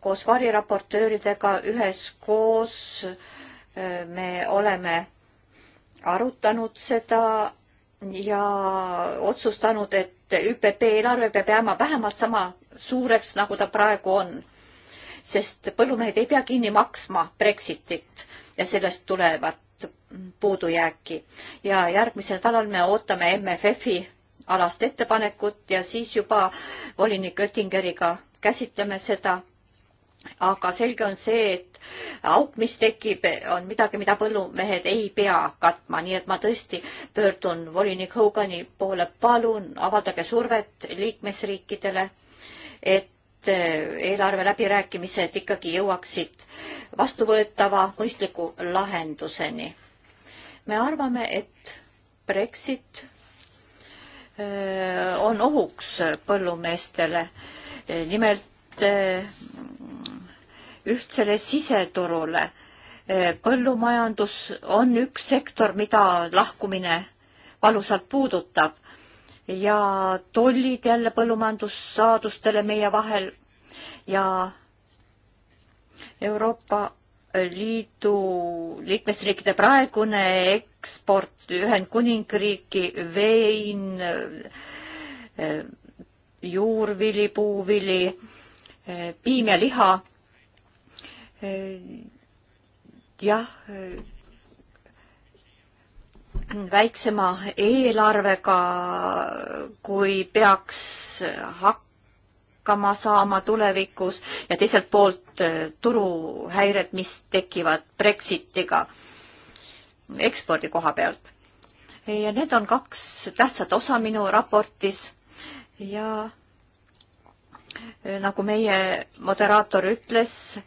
koos variraportööridega üheskoos äh, me oleme arutanud seda ja otsustanud, et ÜPP eelarve peab jääma vähemalt sama suureks, nagu ta praegu on. sest põllumehed ei pea kinni maksma Brexitit ja sellest tulevat puudujääki. ja järgmisel nädalal me ootame MFF-i alast ettepanekut ja siis juba volinik Oettingeriga käsitleme seda aga selge on see, et auk, mis tekib, on midagi, mida põllumehed ei pea katma, nii et ma tõesti pöördun volinik Hogani poole, palun avaldage survet liikmesriikidele, et eh, eelarve läbirääkimised ikkagi jõuaksid vastuvõetava mõistliku lahenduseni. me arvame, et Brexit eh, on ohuks põllumeestele, nimelt eh, ühtsele siseturule. Eh, põllumajandus on üks sektor, mida lahkumine valusalt puudutab ja tollid jälle põllumajandussaadustele meie vahel ja Euroopa Liidu liikmesriikide praegune eksport Ühendkuningriiki, vein, eh, eh, juurvili, puuvili, piim ja liha Äh, jah, äh, väiksema eelarvega, kui peaks hakkama saama tulevikus ja teiselt poolt äh, turuhäired, mis tekivad Brexitiga ekspordi koha pealt. ja need on kaks tähtsat osa minu raportis ja nagu meie moderaator ütles,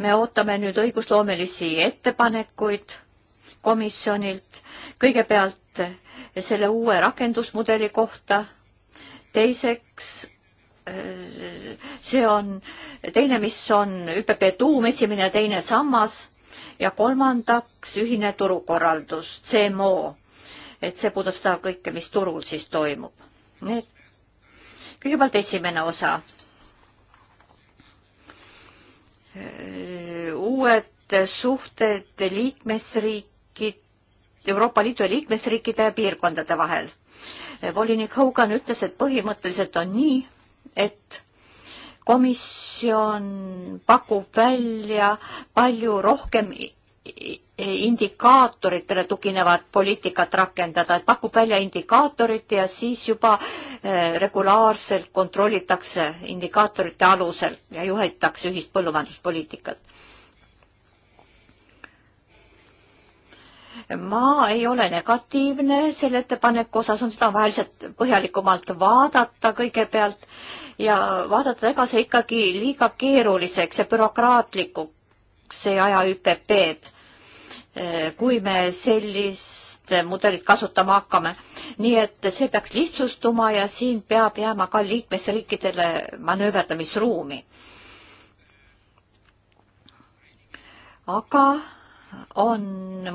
me ootame nüüd õigusloomelisi ettepanekuid komisjonilt, kõigepealt selle uue rakendusmudeli kohta, teiseks see on teine, mis on ÜPP tuum, esimene ja teine sammas ja kolmandaks ühine turukorraldus, CMO. et see puudutab seda kõike, mis turul siis toimub. Need, kõigepealt esimene osa Äh, uued suhted liikmesriikid, Euroopa Liidu liikmesriikide ja piirkondade vahel. Äh, volinik Hogan ütles, et põhimõtteliselt on nii, et komisjon pakub välja palju rohkem indikaatoritele tuginevat poliitikat rakendada, et pakub välja indikaatorit ja siis juba eh, regulaarselt kontrollitakse indikaatorite alusel ja juhitakse ühist põllumajanduspoliitikat. ma ei ole negatiivne selle ettepaneku osas, on seda vaja lihtsalt põhjalikumalt vaadata kõigepealt ja vaadata, ega see ikkagi liiga keeruliseks ja bürokraatlikuks ei aja ÜPP-d Eh, kui me sellist mudelit kasutama hakkame. nii et see peaks lihtsustuma ja siin peab jääma ka liikmesriikidele manööverdamisruumi. aga on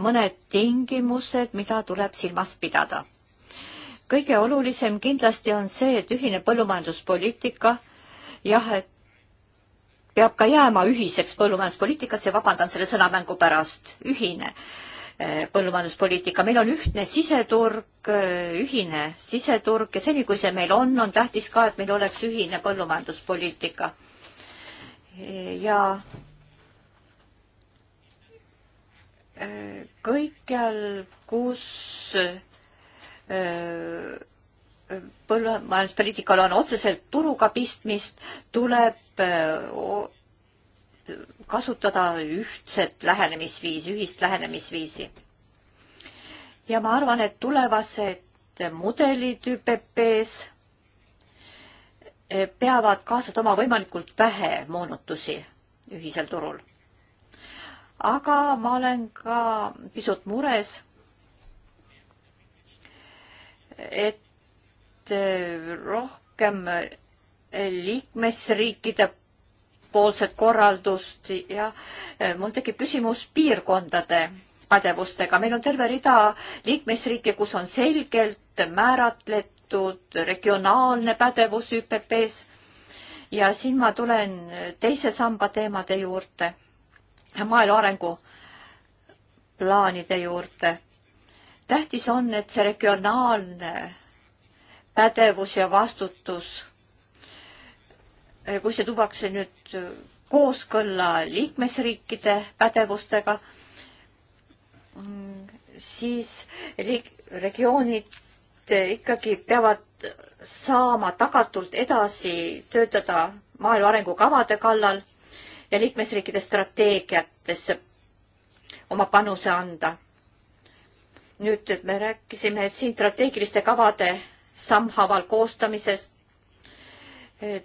mõned tingimused, mida tuleb silmas pidada. kõige olulisem kindlasti on see, et ühine põllumajanduspoliitika jah, et peab ka jääma ühiseks põllumajanduspoliitikas ja vabandan selle sõnamängu pärast, ühine eh, põllumajanduspoliitika, meil on ühtne siseturg, eh, ühine siseturg ja seni, kui see meil on, on tähtis ka, et meil oleks ühine põllumajanduspoliitika. Eh, ja kõikjal, kus öö, põllumajanduspoliitikal on otseselt turuga pistmist, tuleb eh, kasutada ühtset lähenemisviisi, ühist lähenemisviisi. ja ma arvan, et tulevased mudelid ÜPP-s eh, peavad kaasa tooma võimalikult vähe moonutusi ühisel turul. aga ma olen ka pisut mures, et Eh, rohkem eh, liikmesriikide poolset korraldust ja eh, mul tekib küsimus piirkondade pädevustega. meil on terve rida liikmesriike, kus on selgelt määratletud regionaalne pädevus ÜPP-s ja siin ma tulen teise samba teemade juurde, maaelu arenguplaanide juurde. tähtis on, et see regionaalne pädevus ja vastutus. Eh, kui see tuuakse nüüd eh, kooskõlla liikmesriikide pädevustega, mm, siis regioonid eh, ikkagi peavad saama tagatult edasi töötada maaelu arengukavade kallal ja liikmesriikide strateegiatesse oma panuse anda. nüüd me rääkisime siin strateegiliste kavade sammhaaval koostamisest.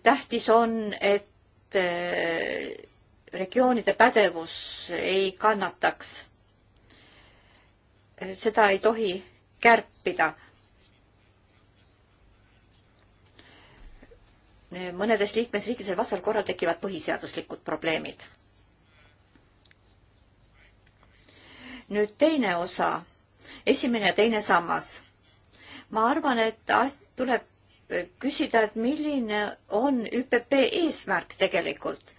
tähtis on, et eh, regioonide pädevus ei kannataks. seda ei tohi kärpida. mõnedes liikmesriikides vastasel korral tekivad põhiseaduslikud probleemid. nüüd teine osa, esimene ja teine sammas ma arvan, et tuleb äh, küsida, et milline on ÜPP eesmärk tegelikult.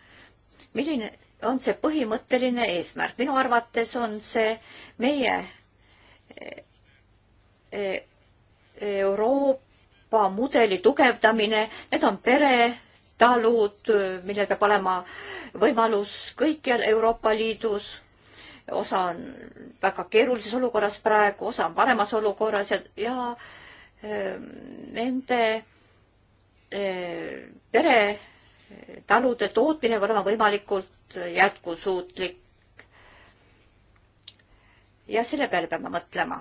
milline on see põhimõtteline eesmärk? minu arvates on see meie äh, äh, Euroopa mudeli tugevdamine, need on peretalud, millel peab olema võimalus kõikjal Euroopa Liidus osa on väga keerulises olukorras praegu, osa on paremas olukorras ja, ja nende eh, peretalude eh, tootmine peab olema võimalikult jätkusuutlik. ja selle peale peame mõtlema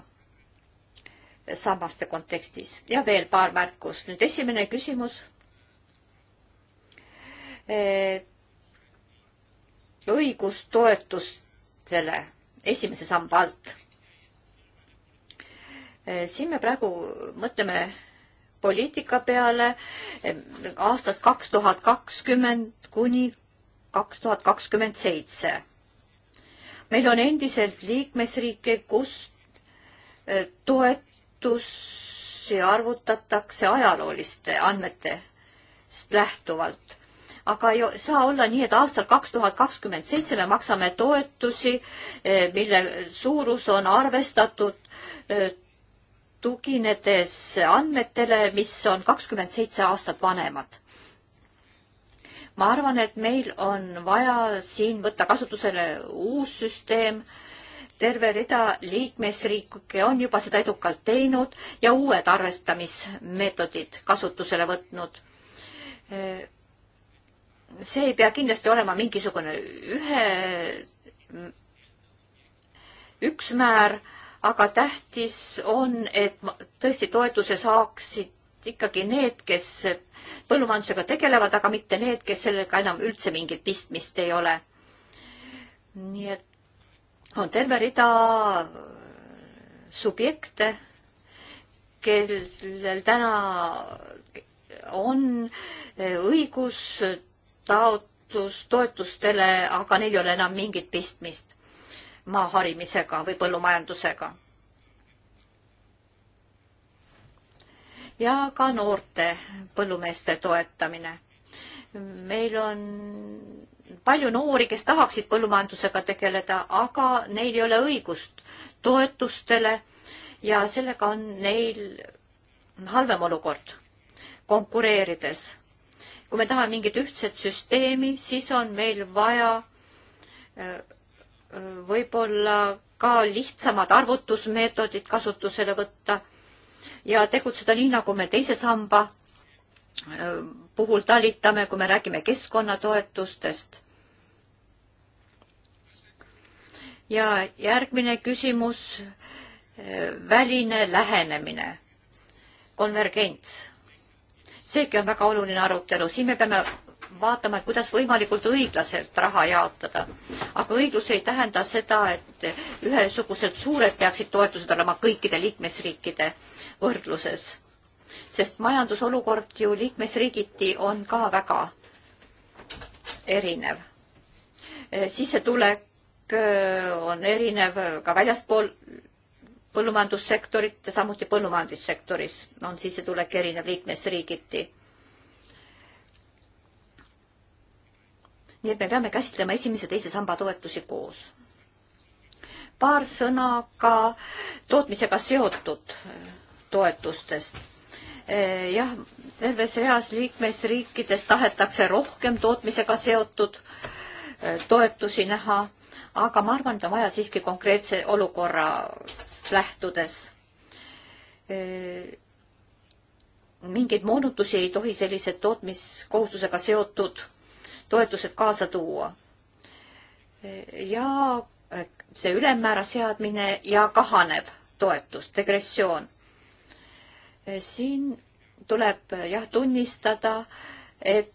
sammaste kontekstis ja veel paar märkust. nüüd esimene küsimus. Eh, õigus toetustele esimese samba alt Eh, siin me praegu mõtleme poliitika peale eh, aastast kaks tuhat kakskümmend kuni kaks tuhat kakskümmend seitse. meil on endiselt liikmesriike, kus eh, toetusi arvutatakse ajalooliste andmetest lähtuvalt. aga ei saa olla nii, et aastal kaks tuhat kakskümmend seitse me maksame toetusi, mille suurus on arvestatud tuginedes andmetele, mis on kakskümmend seitse aastat vanemad. ma arvan, et meil on vaja siin võtta kasutusele uus süsteem, terve rida liikmesriike on juba seda edukalt teinud ja uued arvestamismeetodid kasutusele võtnud see ei pea kindlasti olema mingisugune ühe, üks määr, aga tähtis on, et tõesti toetuse saaksid ikkagi need, kes põllumajandusega tegelevad, aga mitte need, kes sellega enam üldse mingit pistmist ei ole. nii et on terve rida subjekte, kellel täna on õigus taotlus toetustele, aga neil ei ole enam mingit pistmist maa harimisega või põllumajandusega. ja ka noorte põllumeeste toetamine. meil on palju noori, kes tahaksid põllumajandusega tegeleda, aga neil ei ole õigust toetustele ja sellega on neil halvem olukord konkureerides. kui me tahame mingit ühtset süsteemi, siis on meil vaja äh, võib-olla ka lihtsamad arvutusmeetodid kasutusele võtta ja tegutseda nii, nagu me teise samba äh, puhul talitame, kui me räägime keskkonnatoetustest. ja järgmine küsimus, äh, väline lähenemine, konvergents. seegi on väga oluline arutelu, siin me peame vaatama, et kuidas võimalikult õiglaselt raha jaotada. aga õiglus ei tähenda seda, et ühesugused suured peaksid toetused olema kõikide liikmesriikide võrdluses. sest majandusolukord ju liikmesriigiti on ka väga erinev. Eh, sissetulek eh, on erinev ka väljaspool põllumajandussektorit ja samuti põllumajandussektoris on sissetulek erinev liikmesriigiti. nii et me peame käsitlema esimese ja teise samba toetusi koos. paar sõna ka tootmisega seotud äh, toetustest. Äh, jah, terves reas liikmesriikides tahetakse rohkem tootmisega seotud äh, toetusi näha, aga ma arvan, et on vaja siiski konkreetse olukorrast lähtudes mingeid moonutusi ei tohi sellised tootmiskohustusega seotud toetused kaasa tuua. ja see ülemmäära seadmine ja kahaneb toetus, degressioon. siin tuleb jah tunnistada, et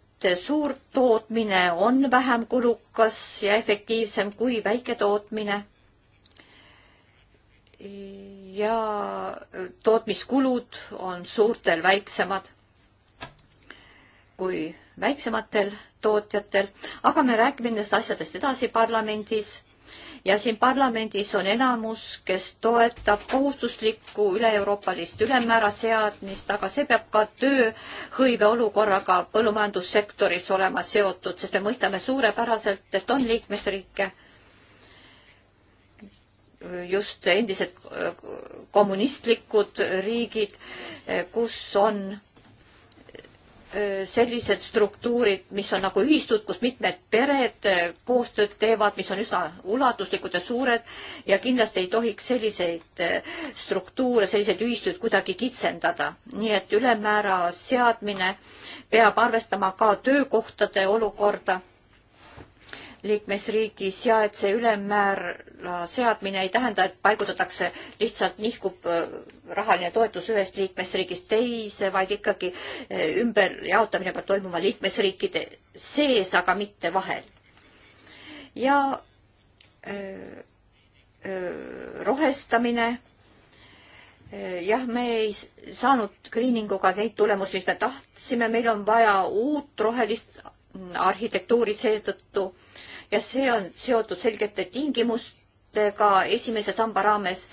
suurtootmine on vähem kulukas ja efektiivsem kui väiketootmine. ja tootmiskulud on suurtel väiksemad kui väiksematel tootjatel, aga me räägime nendest asjadest edasi parlamendis ja siin parlamendis on enamus, kes toetab kohustuslikku üle-euroopalist ülemmäära seadmist, aga see peab ka tööhõive olukorraga põllumajandussektoris olema seotud, sest me mõistame suurepäraselt, et on liikmesriike, just endised äh, kommunistlikud riigid, kus on sellised struktuurid, mis on nagu ühistud, kus mitmed pered äh, koostööd teevad, mis on üsna ulatuslikud ja suured ja kindlasti ei tohiks selliseid äh, struktuure, selliseid ühistuid kuidagi kitsendada. nii et ülemäära seadmine peab arvestama ka töökohtade olukorda liikmesriigis ja et see ülemmäära seadmine ei tähenda, et paigutatakse, lihtsalt nihkub äh, rahaline toetus ühest liikmesriigist teise, vaid ikkagi äh, ümberjaotamine peab toimuma liikmesriikide sees, aga mitte vahel. ja öö, äh, öö, rohestamine jah, me ei saanud greening uga neid tulemusi, mis me tahtsime, meil on vaja uut rohelist arhitektuuri seetõttu ja see on seotud selgete tingimustega esimese samba raames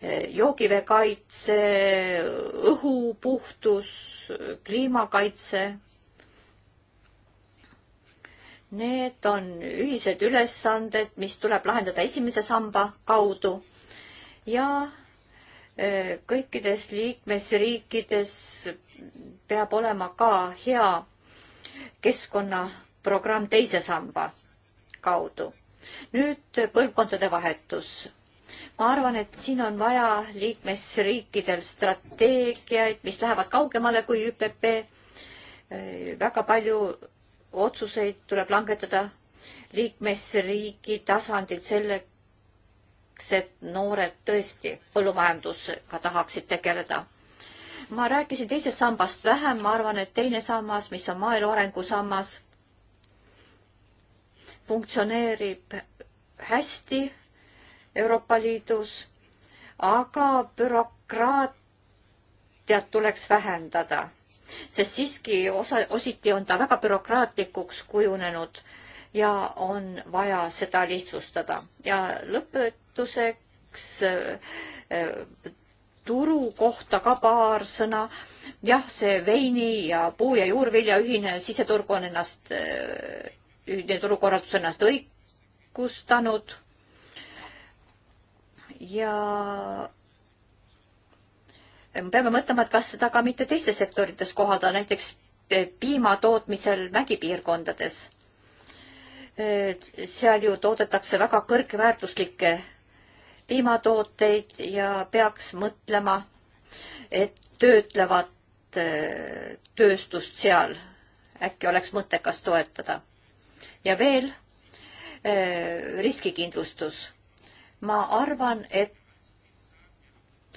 eh, joogivee kaitse, õhu puhtus, kliimakaitse. Need on ühised ülesanded, mis tuleb lahendada esimese samba kaudu ja eh, kõikides liikmesriikides peab olema ka hea keskkonnaprogramm teise samba kaudu. nüüd põlvkondade vahetus. ma arvan, et siin on vaja liikmesriikidel strateegiaid, mis lähevad kaugemale kui ÜPP. väga palju otsuseid tuleb langetada liikmesriigi tasandil selleks, et noored tõesti põllumajandusega tahaksid tegeleda. ma rääkisin teisest sambast vähem, ma arvan, et teine sammas, mis on maaelu arengusammas, funktsioneerib hästi Euroopa Liidus, aga bürokraatiat tuleks vähendada, sest siiski osa, ositi on ta väga bürokraatlikuks kujunenud ja on vaja seda lihtsustada. ja lõpetuseks äh, turu kohta ka paar sõna. jah, see veini ja puu- ja juurvilja ühine siseturg on ennast äh, üldine turukorraldus ennast õigustanud ja me peame mõtlema, et kas seda ka mitte teistes sektorites kohaldada, näiteks piima tootmisel mägipiirkondades. seal ju toodetakse väga kõrgväärtuslikke piimatooteid ja peaks mõtlema, et töötlevat eh, tööstust seal äkki oleks mõttekas toetada ja veel äh, riskikindlustus. ma arvan, et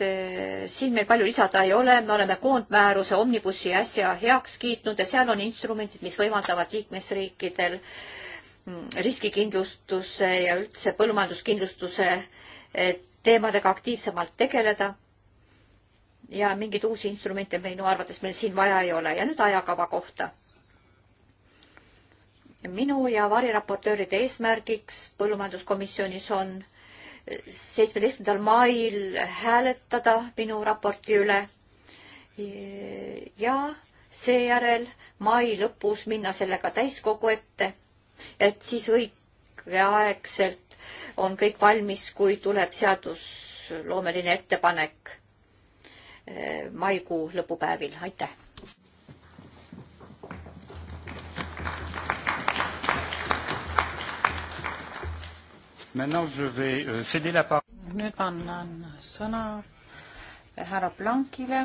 äh, siin meil palju lisada ei ole, me oleme koondmääruse Omnibussi äsja heaks kiitnud ja seal on instrumendid, mis võimaldavad liikmesriikidel mm, riskikindlustuse ja üldse põllumajanduskindlustuse äh, teemadega aktiivsemalt tegeleda. ja mingeid uusi instrumente minu arvates meil siin vaja ei ole ja nüüd ajakava kohta minu ja variraportööride eesmärgiks põllumajanduskomisjonis on eh, seitsmeteistkümnendal mail hääletada minu raporti üle ja seejärel mai lõpus minna sellega täiskogu ette, et siis õigeaegselt on kõik valmis, kui tuleb seadusloomeline ettepanek eh, maikuu lõpupäevil, aitäh! Euh, nüüd ma annan sõna härra Blankile,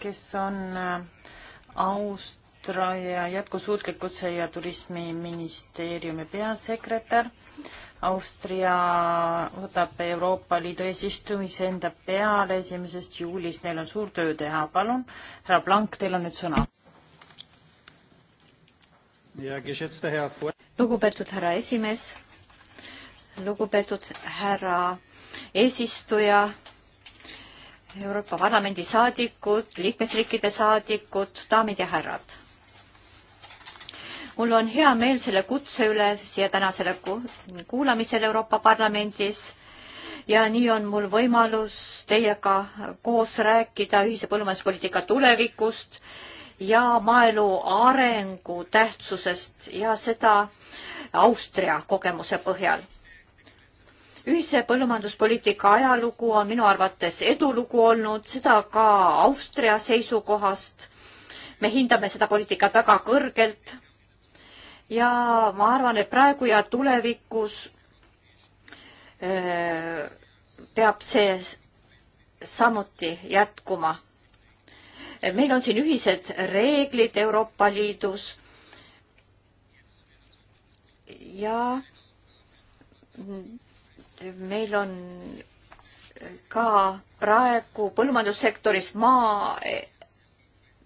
kes on äh, Austraalia jätkusuutlikkuse ja turismiministeeriumi peasekretär. Austria võtab Euroopa Liidu eesistumise enda peale esimesest juulist, neil on suur töö teha. palun, härra Blank, teil on nüüd sõna. lugupeetud härra esimees lugupeetud härra eesistuja, Euroopa Parlamendi saadikud, liikmesriikide saadikud, daamid ja härrad. mul on hea meel selle kutse üle siia tänasele kuulamisele Euroopa Parlamendis ja nii on mul võimalus teiega koos rääkida ühise põllumajanduspoliitika tulevikust ja maaelu arengu tähtsusest ja seda Austria kogemuse põhjal ühise põllumajanduspoliitika ajalugu on minu arvates edulugu olnud, seda ka Austria seisukohast. me hindame seda poliitikat väga kõrgelt. ja ma arvan, et praegu ja tulevikus öö, peab see samuti jätkuma. meil on siin ühised reeglid Euroopa Liidus ja meil on ka praegu põllumajandussektoris maa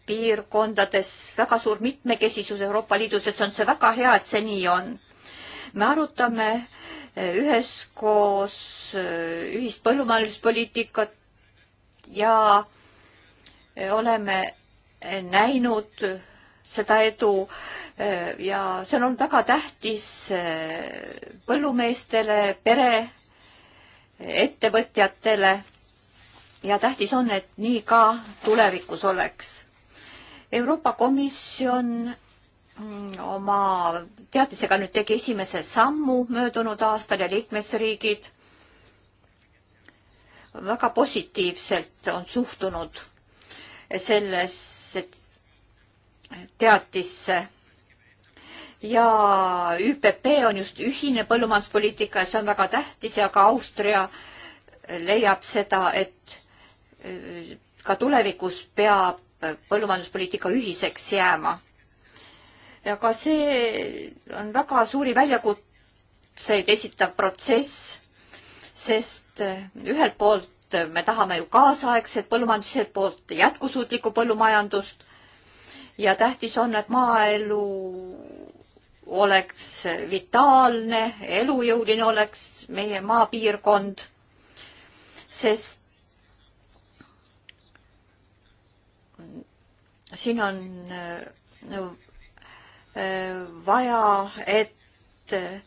piirkondades väga suur mitmekesisus Euroopa Liidus, et see on see väga hea, et see nii on. me arutame üheskoos ühist põllumajanduspoliitikat ja oleme näinud seda edu ja see on väga tähtis põllumeestele, pere ettevõtjatele ja tähtis on, et nii ka tulevikus oleks. Euroopa Komisjon mm, oma teadisega nüüd tegi esimese sammu möödunud aastal ja liikmesriigid väga positiivselt on suhtunud sellesse teatisse ja ÜPP on just ühine põllumajanduspoliitika ja see on väga tähtis ja ka Austria leiab seda, et äh, ka tulevikus peab põllumajanduspoliitika ühiseks jääma. aga see on väga suuri väljakutseid esitav protsess, sest äh, ühelt poolt me tahame ju kaasaegset põllumajandust, teiselt poolt jätkusuutlikku põllumajandust ja tähtis on, et maaelu oleks vitaalne, elujõuline oleks meie maapiirkond, sest siin on no, äh, vaja, et äh,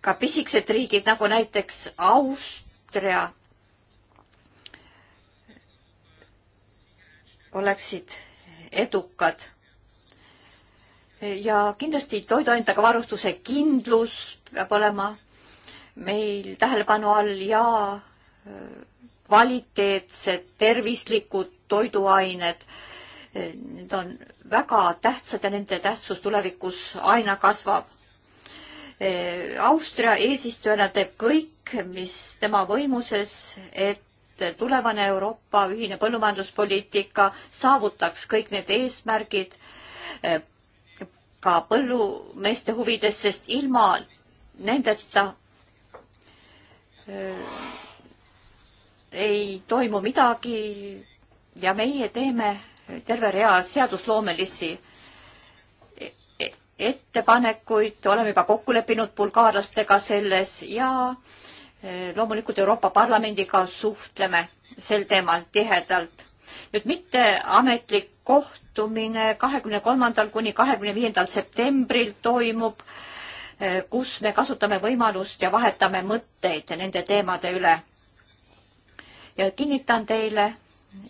ka pisikesed riigid nagu näiteks Austria oleksid edukad ja kindlasti toiduainetega varustuse kindlus peab olema meil tähelepanu all ja äh, kvaliteetsed tervislikud toiduained. Äh, need on väga tähtsad ja nende tähtsus tulevikus aina kasvab. Äh, Austria eesistujana teeb kõik, mis tema võimuses, et tulevane Euroopa ühine põllumajanduspoliitika saavutaks kõik need eesmärgid ka põllumeeste huvides, sest ilma nendeta äh, ei toimu midagi ja meie teeme terve rea seadusloomelisi e-, e-, ettepanekuid, oleme juba kokku leppinud bulgaarlastega selles ja äh, loomulikult Euroopa Parlamendiga suhtleme sel teemal tihedalt nüüd mitteametlik kohtumine kahekümne kolmandal kuni kahekümne viiendal septembril toimub, eh, kus me kasutame võimalust ja vahetame mõtteid nende teemade üle. ja kinnitan teile,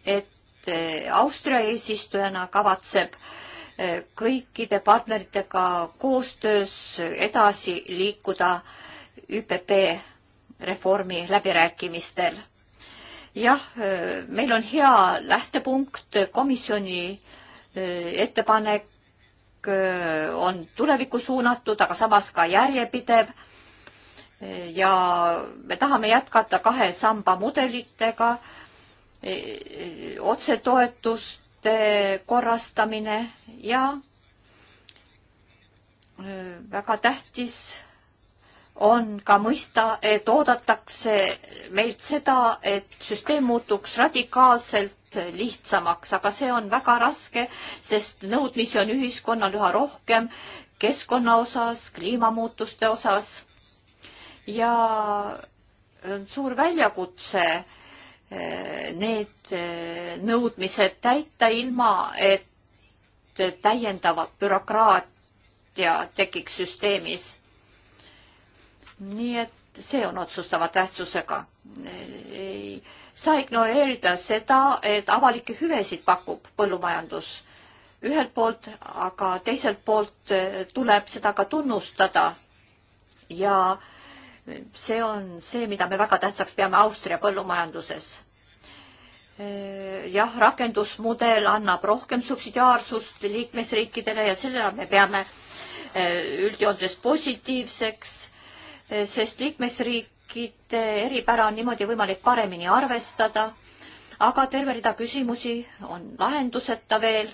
et eh, Austria eesistujana kavatseb eh, kõikide partneritega koostöös edasi liikuda ÜPP reformi läbirääkimistel jah, meil on hea lähtepunkt, komisjoni ettepanek on tulevikku suunatud, aga samas ka järjepidev. ja me tahame jätkata kahe samba mudelitega, otsetoetuste korrastamine ja väga tähtis on ka mõista, et oodatakse meilt seda, et süsteem muutuks radikaalselt lihtsamaks, aga see on väga raske, sest nõudmisi on ühiskonnal üha rohkem keskkonna osas, kliimamuutuste osas ja suur väljakutse eh, need eh, nõudmised täita ilma, et täiendavat bürokraatia tekiks süsteemis nii et see on otsustava tähtsusega. ei saa ignoreerida seda, et avalikke hüvesid pakub põllumajandus ühelt poolt, aga teiselt poolt eh, tuleb seda ka tunnustada. ja see on see, mida me väga tähtsaks peame Austria põllumajanduses. Eh, jah, rakendusmudel annab rohkem subsidiaarsust liikmesriikidele ja selle me peame eh, üldjoontes positiivseks sest liikmesriikide eripära on niimoodi võimalik paremini arvestada, aga terve rida küsimusi on lahenduseta veel,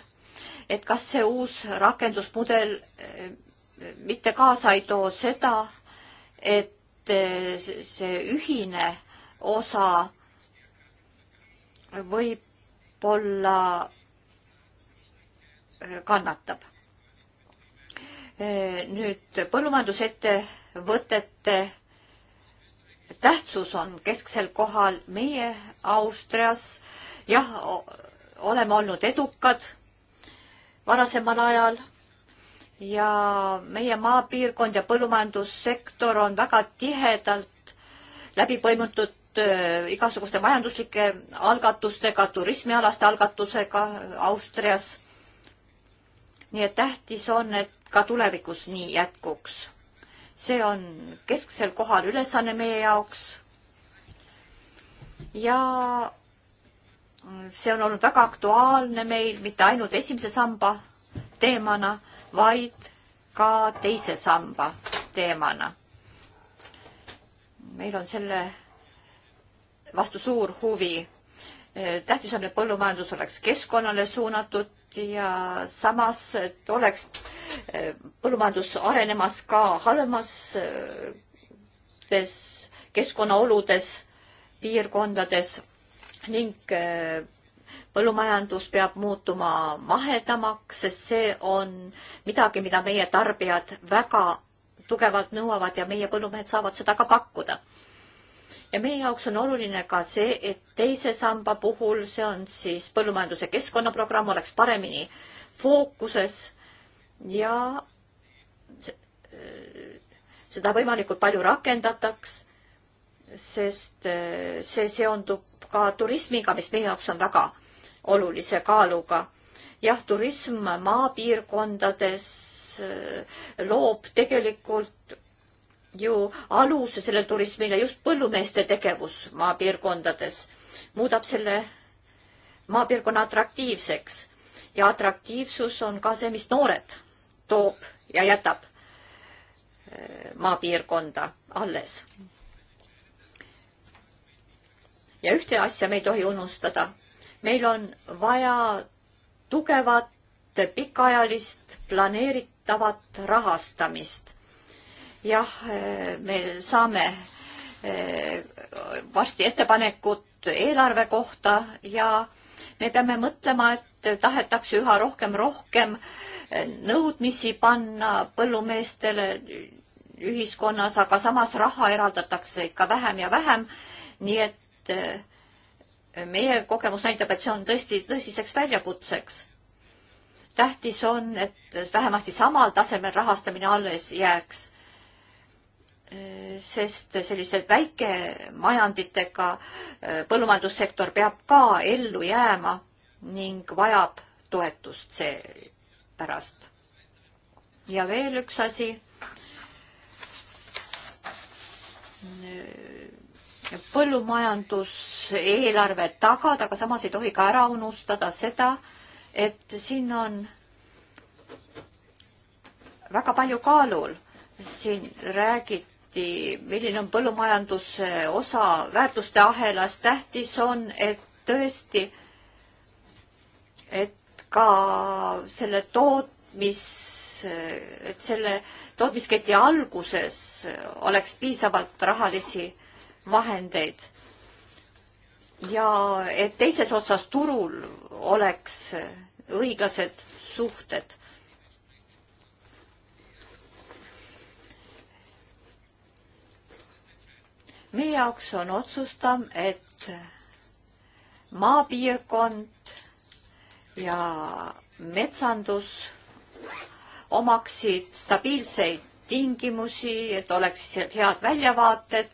et kas see uus rakendusmudel eh, mitte kaasa ei too seda, et eh, see ühine osa võib-olla eh, kannatab nüüd põllumajandusettevõtete tähtsus on kesksel kohal meie Austrias. jah, oleme olnud edukad varasemal ajal ja meie maapiirkond ja põllumajandussektor on väga tihedalt läbi põimutud äh, igasuguste majanduslike algatustega, turismialaste algatusega Austrias nii et tähtis on, et ka tulevikus nii jätkuks. see on kesksel kohal ülesanne meie jaoks. ja see on olnud väga aktuaalne meil mitte ainult esimese samba teemana, vaid ka teise samba teemana. meil on selle vastu suur huvi tähtis on, et põllumajandus oleks keskkonnale suunatud, ja samas, et oleks eh, põllumajandus arenemas ka halvemates eh, keskkonnaoludes, piirkondades ning eh, põllumajandus peab muutuma mahedamaks, sest see on midagi, mida meie tarbijad väga tugevalt nõuavad ja meie põllumehed saavad seda ka pakkuda ja meie jaoks on oluline ka see, et teise samba puhul, see on siis põllumajanduse keskkonnaprogramm, oleks paremini fookuses ja seda võimalikult palju rakendataks, sest see seondub ka turismiga, mis meie jaoks on väga olulise kaaluga. jah, turism maapiirkondades eh, loob tegelikult ju aluse sellele turismile just põllumeeste tegevus maapiirkondades, muudab selle maapiirkonna atraktiivseks ja atraktiivsus on ka see, mis noored toob ja jätab eh, maapiirkonda alles. ja ühte asja me ei tohi unustada. meil on vaja tugevat pikaajalist planeeritavat rahastamist jah, me saame eh, varsti ettepanekut eelarve kohta ja me peame mõtlema, et tahetakse üha rohkem, rohkem eh, nõudmisi panna põllumeestele ühiskonnas, aga samas raha eraldatakse ikka vähem ja vähem. nii et eh, meie kogemus näitab, et see on tõesti tõsiseks väljakutseks. tähtis on, et vähemasti samal tasemel rahastamine alles jääks sest sellise väikemajanditega äh, põllumajandussektor peab ka ellu jääma ning vajab toetust seepärast. ja veel üks asi. põllumajanduseelarve tagada, aga samas ei tohi ka ära unustada seda, et siin on väga palju kaalul. siin räägiti lahti, milline on põllumajanduse osa väärtuste ahelas, tähtis on, et tõesti, et ka selle tootmis, et selle tootmisketi alguses oleks piisavalt rahalisi vahendeid. ja et teises otsas turul oleks õiglased suhted meie jaoks on otsustav, et maapiirkond ja metsandus omaksid stabiilseid tingimusi, et oleksid head väljavaated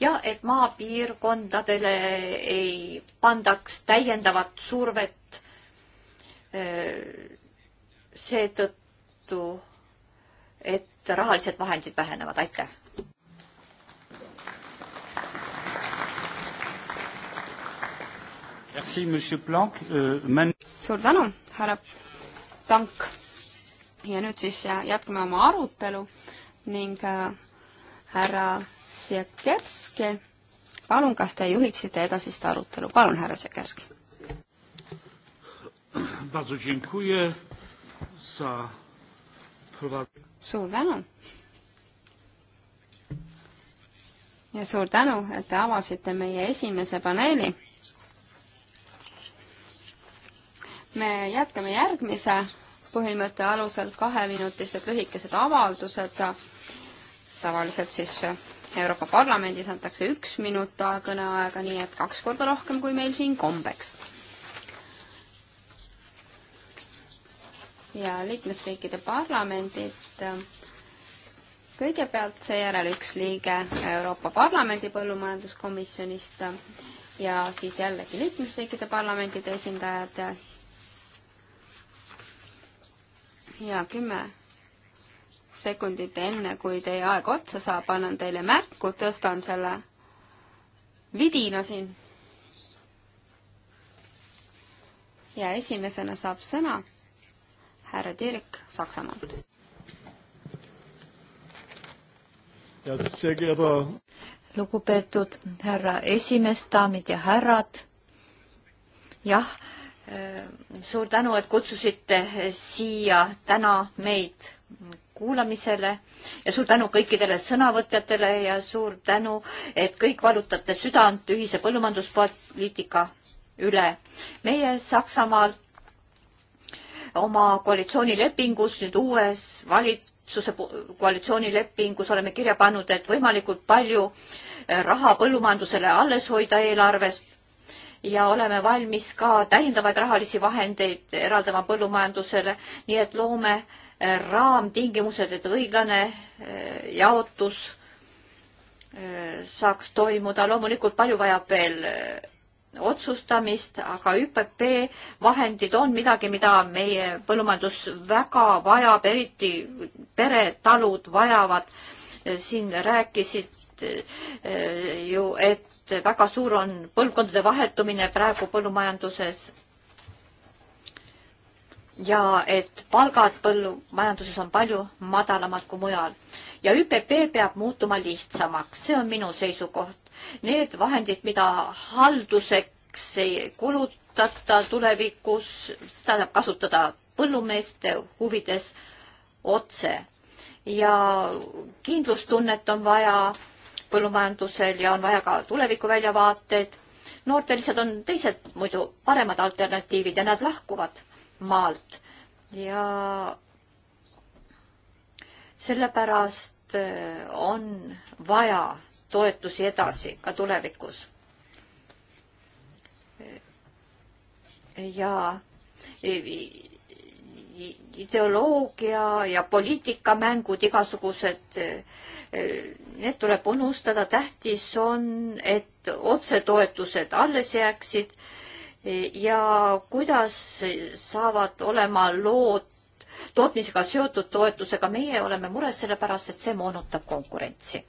ja et maapiirkondadele ei pandaks täiendavat survet. seetõttu, et rahalised vahendid vähenevad, aitäh. Euh, suur tänu, härra Plank. ja nüüd siis äh, jätkame oma arutelu ning äh, härra Siekerski, palun, kas te juhiksite edasist arutelu, palun, härra Siekerski. suur tänu. ja suur tänu, et te avasite meie esimese paneeli me jätkame järgmise põhimõtte alusel kaheminutilised lühikesed avaldused. tavaliselt siis Euroopa Parlamendis antakse üks minut kõneaega, nii et kaks korda rohkem kui meil siin kombeks. ja liikmesriikide parlamendid kõigepealt, seejärel üks liige Euroopa Parlamendi põllumajanduskomisjonist ja siis jällegi liikmesriikide parlamentide esindajad ja kümme sekundit enne, kui teie aeg otsa saab, annan teile märku, tõstan selle vidina siin. ja esimesena saab sõna härra Dirk Saksamaalt. lugupeetud härra esimees, daamid ja härrad. jah Äh, suur tänu, et kutsusite siia täna meid kuulamisele ja suur tänu kõikidele sõnavõtjatele ja suur tänu, et kõik valutate südant ühise põllumajanduspoliitika üle. meie Saksamaal oma koalitsioonilepingus, nüüd uues valitsuse koalitsioonilepingus oleme kirja pannud, et võimalikult palju äh, raha põllumajandusele alles hoida eelarvest ja oleme valmis ka täiendavaid rahalisi vahendeid eraldama põllumajandusele, nii et loome äh, raamtingimused, et õiglane äh, jaotus äh, saaks toimuda. loomulikult palju vajab veel otsustamist, aga ÜPP vahendid on midagi, mida meie põllumajandus väga vajab, eriti peretalud vajavad. siin rääkisid ju, et et väga suur on põlvkondade vahetumine praegu põllumajanduses. ja et palgad põllumajanduses on palju madalamad kui mujal ja ÜPP peab muutuma lihtsamaks, see on minu seisukoht. Need vahendid, mida halduseks ei kulutata tulevikus, seda saab kasutada põllumeeste huvides otse ja kindlustunnet on vaja põllumajandusel ja on vaja ka tulevikuväljavaateid. noortel lihtsalt on teised muidu paremad alternatiivid ja nad lahkuvad maalt ja sellepärast äh, on vaja toetusi edasi ka tulevikus. ja ideoloogia ja poliitikamängud igasugused äh, Need tuleb unustada, tähtis on, et otsetoetused alles jääksid ja kuidas saavad olema lood tootmisega seotud toetusega, meie oleme mures sellepärast, et see moonutab konkurentsi.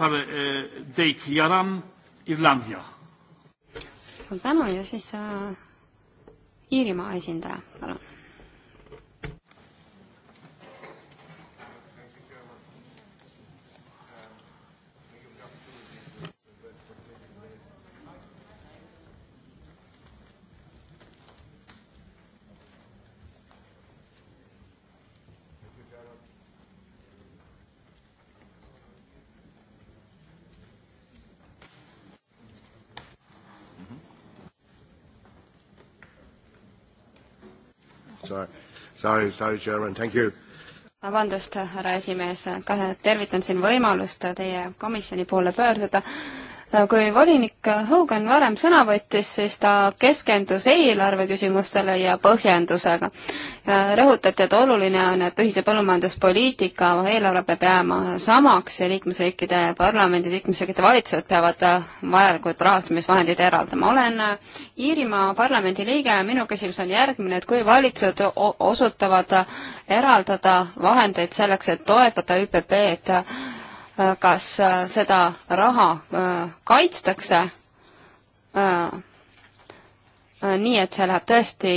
pan eh, Dejk Jaram Irlandia. suur tänu ja siis äh, Iirimaa esindaja, palun. Sorry, sorry, sorry, Chairman, thank you. vabandust, härra esimees, tervitan siin võimalust teie komisjoni poole pöörduda kui volinik Hogan varem sõna võttis, siis ta keskendus eelarve küsimustele ja põhjendusega. rõhutati, et oluline on, et ühise põllumajanduspoliitika eelarve peab jääma samaks ja liikmesriikide parlamendid, liikmesriikide valitsused peavad vajalikud rahastamisvahendid eraldama. olen Iirimaa parlamendi liige ja minu küsimus on järgmine, et kui valitsused osutavad eraldada vahendeid selleks, et toetada ÜPP-d Äh, kas äh, seda raha äh, kaitstakse nii, et see läheb tõesti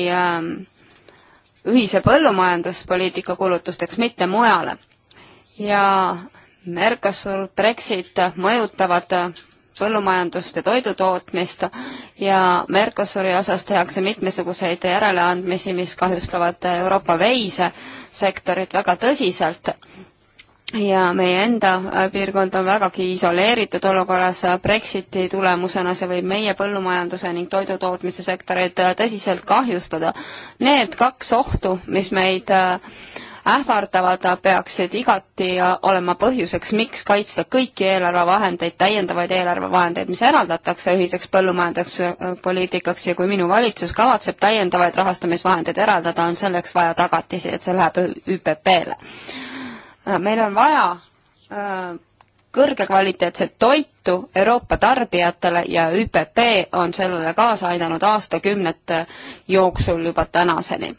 ühise põllumajanduspoliitika kulutusteks, mitte mujale. ja Mercosur, Brexit mõjutavad põllumajandust ja toidutootmist ja Mercosuri osas tehakse mitmesuguseid järeleandmisi, mis kahjustavad Euroopa veisesektorit väga tõsiselt ja meie enda äh, piirkond on vägagi isoleeritud olukorras, äh, Brexiti tulemusena see võib meie põllumajanduse ning toidutootmise sektoreid äh, tõsiselt kahjustada. Need kaks ohtu, mis meid ähvardavad, peaksid igati olema põhjuseks, miks kaitsta kõiki eelarvevahendeid, täiendavaid eelarvevahendeid, mis eraldatakse ühiseks põllumajanduspoliitikaks ja kui minu valitsus kavatseb täiendavaid rahastamisvahendeid eraldada, on selleks vaja tagatisi, et see läheb ÜPP-le Äh, meil on vaja äh, kõrgekvaliteetset toitu Euroopa tarbijatele ja ÜPP on sellele kaasa aidanud aastakümnete jooksul juba tänaseni.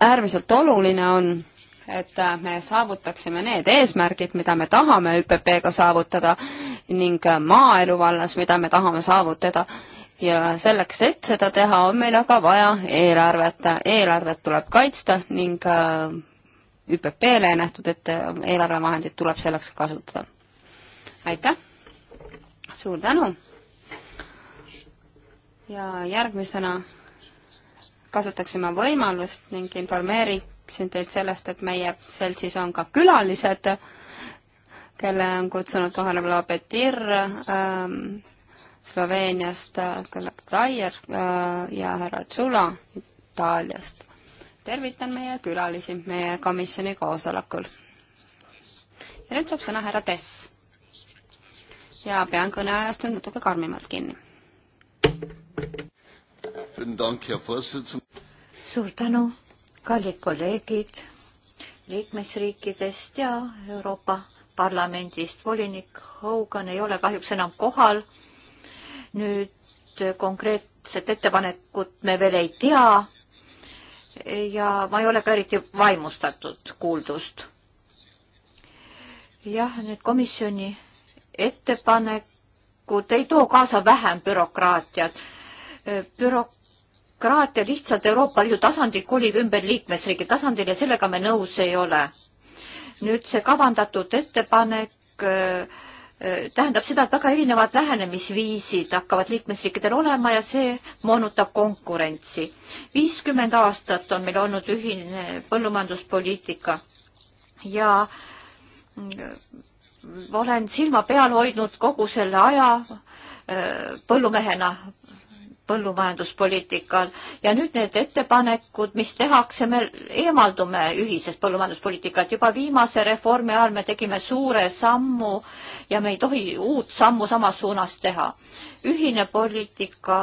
äärmiselt oluline on, et äh, me saavutaksime need eesmärgid, mida me tahame ÜPP-ga saavutada ning maaelu vallas, mida me tahame saavutada ja selleks, et seda teha, on meil aga vaja eelarvet. eelarvet tuleb kaitsta ning ÜPP-le nähtud, et ähm, eelarvevahendeid tuleb selleks kasutada. aitäh, suur tänu ja järgmisena kasutaksime võimalust ning informeeriksin teid sellest, et meie seltsis on ka külalised, kelle on kutsunud kohale Vlad Petir ähm, Sloveeniast, Kõlak äh, Taier äh, ja härra Tšula Itaaliast tervitan meie külalisi meie komisjoni koosolekul. ja nüüd saab sõna härra Tess. ja pean kõneajast nüüd natuke karmimalt kinni. suur tänu, kallid kolleegid liikmesriikidest ja Euroopa Parlamendist. volinik Hogan ei ole kahjuks enam kohal. nüüd konkreetset ettepanekut me veel ei tea ja ma ei ole ka eriti vaimustatud kuuldust. jah, need komisjoni ettepanekud ei too kaasa vähem bürokraatiat. bürokraatia lihtsalt Euroopa Liidu tasandil kolib ümber liikmesriigi tasandil ja sellega me nõus ei ole. nüüd see kavandatud ettepanek äh, Äh, tähendab seda, et väga erinevad lähenemisviisid hakkavad liikmesriikidel olema ja see moonutab konkurentsi. viiskümmend aastat on meil olnud ühine põllumajanduspoliitika ja äh, olen silma peal hoidnud kogu selle aja äh, põllumehena põllumajanduspoliitikal ja nüüd need ettepanekud, mis tehakse, me eemaldume ühisest põllumajanduspoliitikat. juba viimase reformi ajal me tegime suure sammu ja me ei tohi uut sammu samas suunas teha. ühine poliitika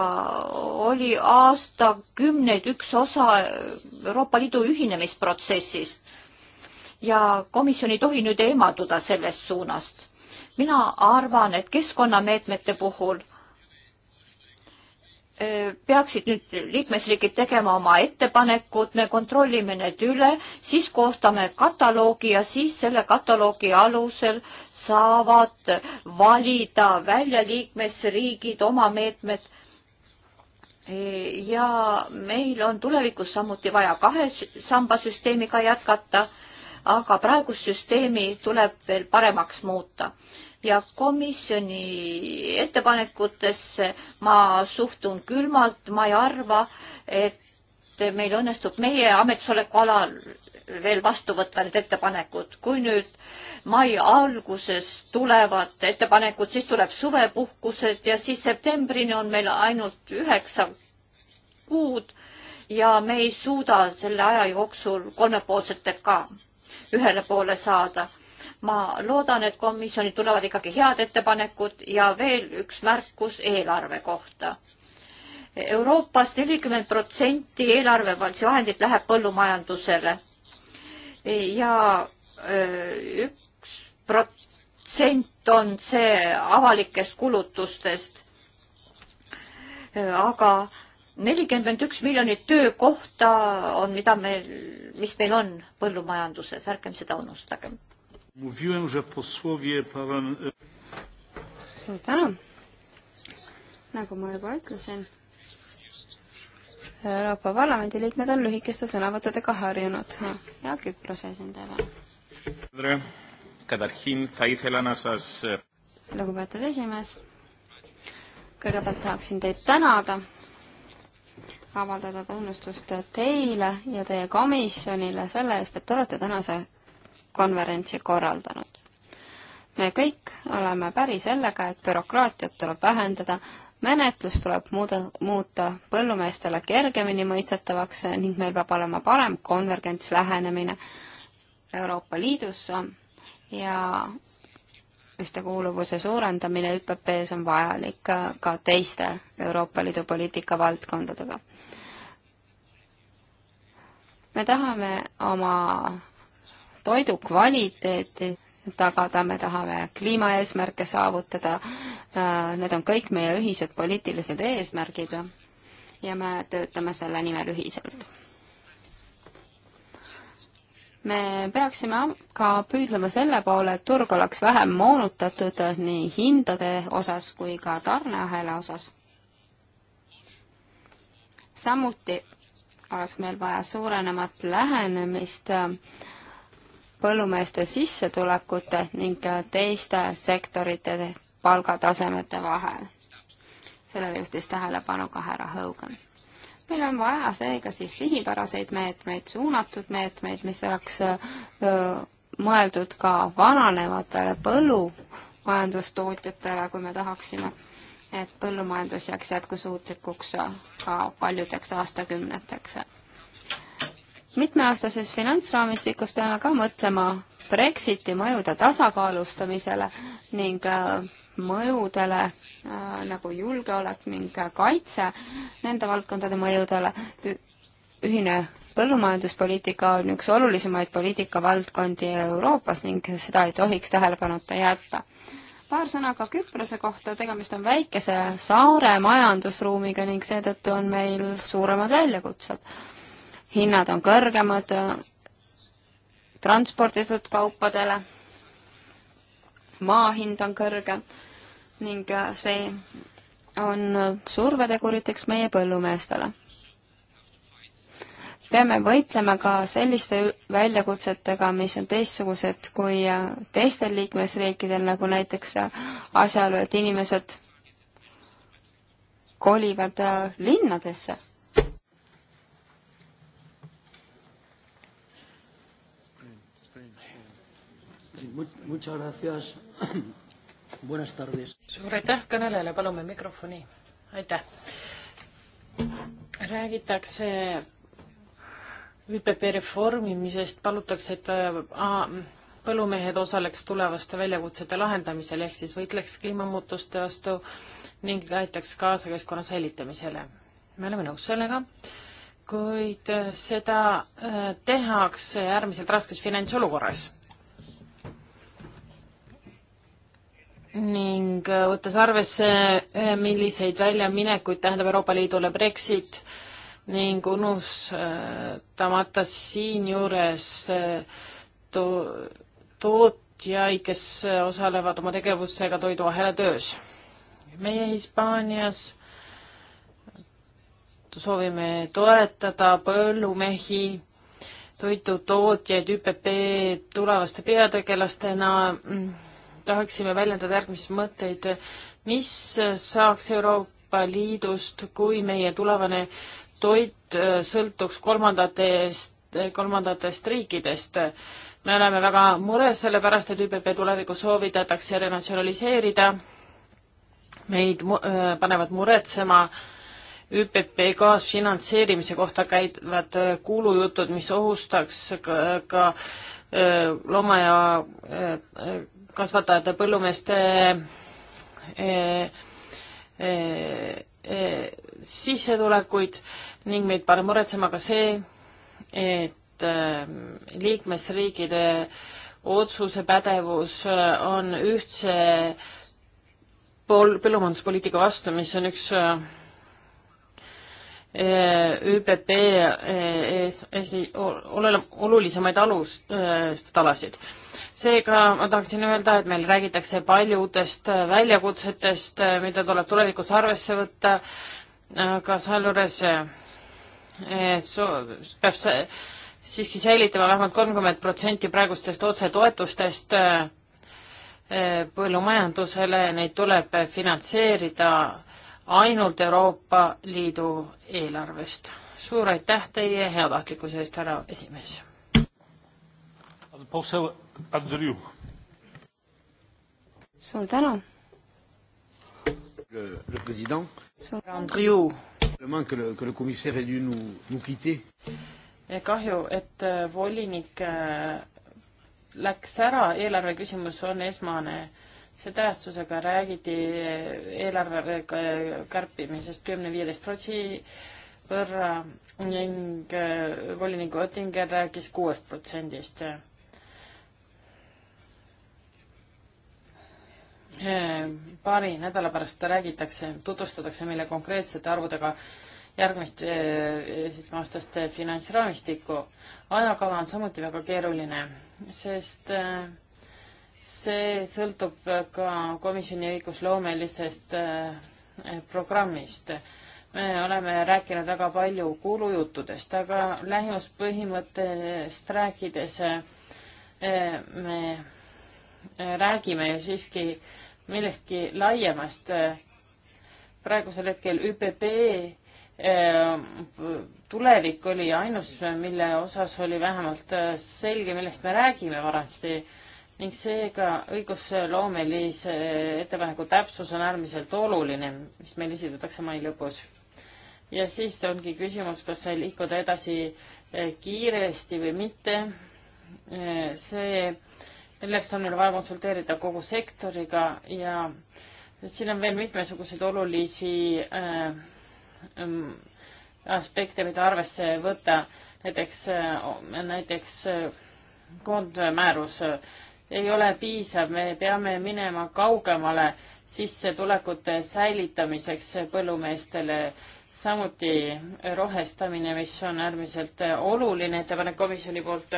oli aastakümneid üks osa Euroopa Liidu ühinemisprotsessist ja komisjon ei tohi nüüd eemalduda sellest suunast mina arvan, et keskkonnameetmete puhul peaksid nüüd liikmesriigid tegema oma ettepanekud, me kontrollime need üle, siis koostame kataloogi ja siis selle kataloogi alusel saavad valida välja liikmesriigid oma meetmed. ja meil on tulevikus samuti vaja kahe samba süsteemiga jätkata, aga praegust süsteemi tuleb veel paremaks muuta ja komisjoni ettepanekutesse ma suhtun külmalt, ma ei arva, et meil õnnestub meie ametisoleku alal veel vastu võtta need ettepanekud. kui nüüd mai alguses tulevad ettepanekud, siis tuleb suvepuhkused ja siis septembrini on meil ainult üheksa kuud ja me ei suuda selle aja jooksul kolmepoolsetega ühele poole saada ma loodan, et komisjonid tulevad ikkagi head ettepanekud ja veel üks märkus eelarve kohta Euroopas nelikümmend protsenti eelarvevahendit läheb põllumajandusele ja üks protsent on see avalikest kulutustest. aga nelikümmend üks miljonit töökohta on, mida meil, mis meil on põllumajanduses, ärgem seda unustagem suur tänu. nagu ma juba ütlesin, Euroopa Parlamendi liikmed on lühikeste sõnavõttudega harjunud ja Küprose esindaja. Eh, lugupeetud esimees, kõigepealt tahaksin teid tänada avaldada tunnustust teile ja teie komisjonile selle eest, et olete tänase konverentsi korraldanud. me kõik oleme päri sellega, et bürokraatiat tuleb vähendada, menetlus tuleb muuda, muuta põllumeestele kergemini mõistetavaks ning meil peab olema parem konvergents lähenemine Euroopa Liidus ja ühtekuuluvuse suurendamine ÜPP-s on vajalik ka teiste Euroopa Liidu poliitika valdkondadega. me tahame oma toidu kvaliteeti tagada, me tahame kliimaeesmärke saavutada, need on kõik meie ühised poliitilised eesmärgid ja me töötame selle nimel ühiselt. me peaksime ka püüdlema selle poole, et turg oleks vähem moonutatud nii hindade osas kui ka tarneahela osas. samuti oleks meil vaja suurenemat lähenemist äh, põllumeeste sissetulekute ning teiste sektorite palgatasemete vahel. sellele juhtis tähelepanu ka härra Hõugan. meil on vaja seega siis sihipäraseid meetmeid, suunatud meetmeid, mis oleks öö, mõeldud ka vananevatele põllumajandustootjatele, kui me tahaksime, et põllumajandus jääks jätkusuutlikuks ka paljudeks aastakümneteks mitmeaastases finantsraamistikus peame ka mõtlema Brexiti mõjude tasakaalustamisele ning äh, mõjudele äh, nagu julgeolek ning kaitse, nende valdkondade mõjudele. ühine põllumajanduspoliitika on üks olulisemaid poliitikavaldkondi Euroopas ning seda ei tohiks tähelepanuta jätta. paar sõna ka Küprose kohta, tegemist on väikese saare majandusruumiga ning seetõttu on meil suuremad väljakutsed hinnad on kõrgemad transporditud kaupadele, maa hind on kõrge ning see on surveteguriteks meie põllumeestele. peame võitlema ka selliste väljakutsetega, mis on teistsugused kui teistel liikmesriikidel, nagu näiteks asjaolu, et inimesed kolivad linnadesse Muchas gracias. Buenas tardes. suur aitäh kõnelejale, palume mikrofoni. aitäh. räägitakse ÜPP reformimisest, palutakse, et äh, põllumehed osaleks tulevaste väljakutsete lahendamisel ehk siis võitleks kliimamuutuste vastu ning aitaks kaasa keskkonna säilitamisele. me oleme nõus sellega, kuid äh, seda äh, tehakse äärmiselt raskes finantsolukorras ning äh, võttes arvesse, äh, milliseid väljaminekuid tähendab Euroopa Liidule Brexit ning unustamata siinjuures äh, to-, tootjaid, kes osalevad oma tegevusega toiduahela töös. meie Hispaanias soovime toetada põllumehi, toidutootjaid ÜPP tulevaste peategelastena tahaksime väljendada järgmisi mõtteid, mis saaks Euroopa Liidust, kui meie tulevane toit äh, sõltuks kolmandatest, äh, kolmandatest riikidest. me oleme väga mures selle pärast, et ÜPP tuleviku soovitatakse renatsionaliseerida. meid mu, äh, panevad muretsema ÜPP kaasfinantseerimise kohta käivad kuulujutud, mis ohustaks ka, ka looma- ja kasvatajate, põllumeeste eh, eh, eh, sissetulekuid ning meid paneb muretsema ka see, et liikmesriigide otsusepädevus on ühtse pol-, põllumajanduspoliitika vastu, mis on üks ÜPP esi-, olulisemaid alustalasid seega ma tahaksin öelda, et meil räägitakse palju uutest äh, väljakutsetest, äh, mida tuleb tulevikus arvesse võtta, aga sealjuures äh, peab see siiski säilitama vähemalt kolmkümmend protsenti praegustest otsetoetustest põllumajandusele, neid tuleb finantseerida ainult Euroopa Liidu eelarvest. suur aitäh teie heatahtlikkuse eest, härra esimees! Andrew. suur tänu. suur Andrew. kahju, et äh, volinik äh, läks ära, eelarve küsimus on esmane. see tähtsusega räägiti äh, eelarve kärpimisest kümne-viieteist protsi võrra ning volinik Ottinger rääkis kuuest protsendist. Eh, paari nädala pärast räägitakse, tutvustatakse meile konkreetsete arvudega järgmist eh, seitsmeaastast eh, finantsraamistikku. ajakava on samuti väga keeruline, sest see sõltub ka komisjoni õigusloomelisest programmist. me oleme rääkinud väga palju kulujuttudest, aga lähimuspõhimõttest rääkides me räägime ju siiski millestki laiemast. Äh, praegusel hetkel ÜPP äh, tulevik oli ainus, mille osas oli vähemalt äh, selge, millest me räägime varasti ning seega õigusloomelise ettepaneku täpsus on äärmiselt oluline, mis meil esitatakse mai lõpus. ja siis ongi küsimus, kas liikuda edasi kiiresti või mitte. see selleks on meil vaja konsulteerida kogu sektoriga ja siin on veel mitmesuguseid olulisi äh, mm, aspekte, mida arvesse võtta, näiteks, äh, näiteks äh, koondmäärus ei ole piisav, me peame minema kaugemale sissetulekute säilitamiseks põllumeestele, samuti rohestamine, mis on äärmiselt äh, oluline ettepanek komisjoni poolt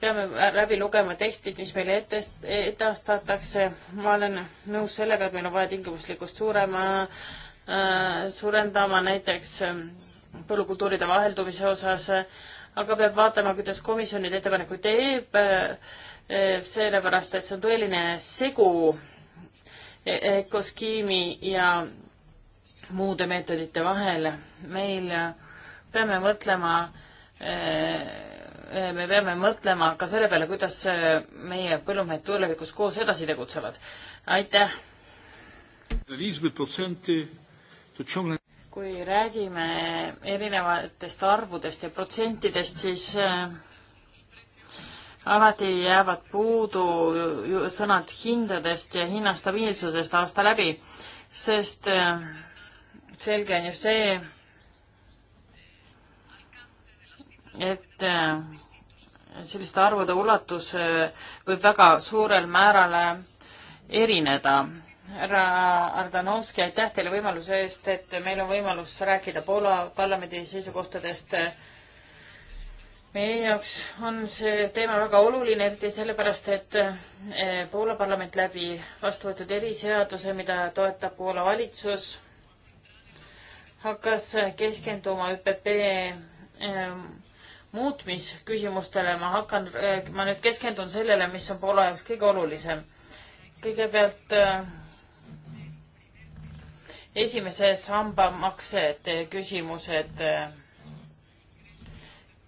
peame läbi lugema tekstid, mis meile ette, edastatakse. ma olen nõus sellega, et meil on vaja tingimuslikkust suurema äh,, suurendama näiteks äh, põllukultuuride vaheldumise osas äh,, aga peab vaatama, kuidas komisjon neid ettepanekuid teeb, äh, sellepärast et see on tõeline segu ökoskiimi e, e, ja muude meetodite vahel. meil peame mõtlema äh, me peame mõtlema ka selle peale, kuidas meie põllumehed tulevikus koos edasi tegutsevad. aitäh! kui räägime erinevatest arvudest ja protsentidest, siis äh, alati jäävad puudu sõnad hindadest ja hinnastabiilsusest aasta läbi, sest äh, selge on ju see, et äh, selliste arvude ulatus äh, võib väga suurel määral äh, erineda. härra Ardanovski, aitäh teile võimaluse eest, et meil on võimalus rääkida Poola parlamendi seisukohtadest. meie jaoks on see teema väga oluline, eriti sellepärast, et Poola parlament läbi vastu võetud eriseaduse, mida toetab Poola valitsus, hakkas keskenduma ÜPP muutmisküsimustele, ma hakkan, äh, ma nüüd keskendun sellele, mis on Poola jaoks kõige olulisem. kõigepealt äh, esimese samba maksed, äh, küsimused.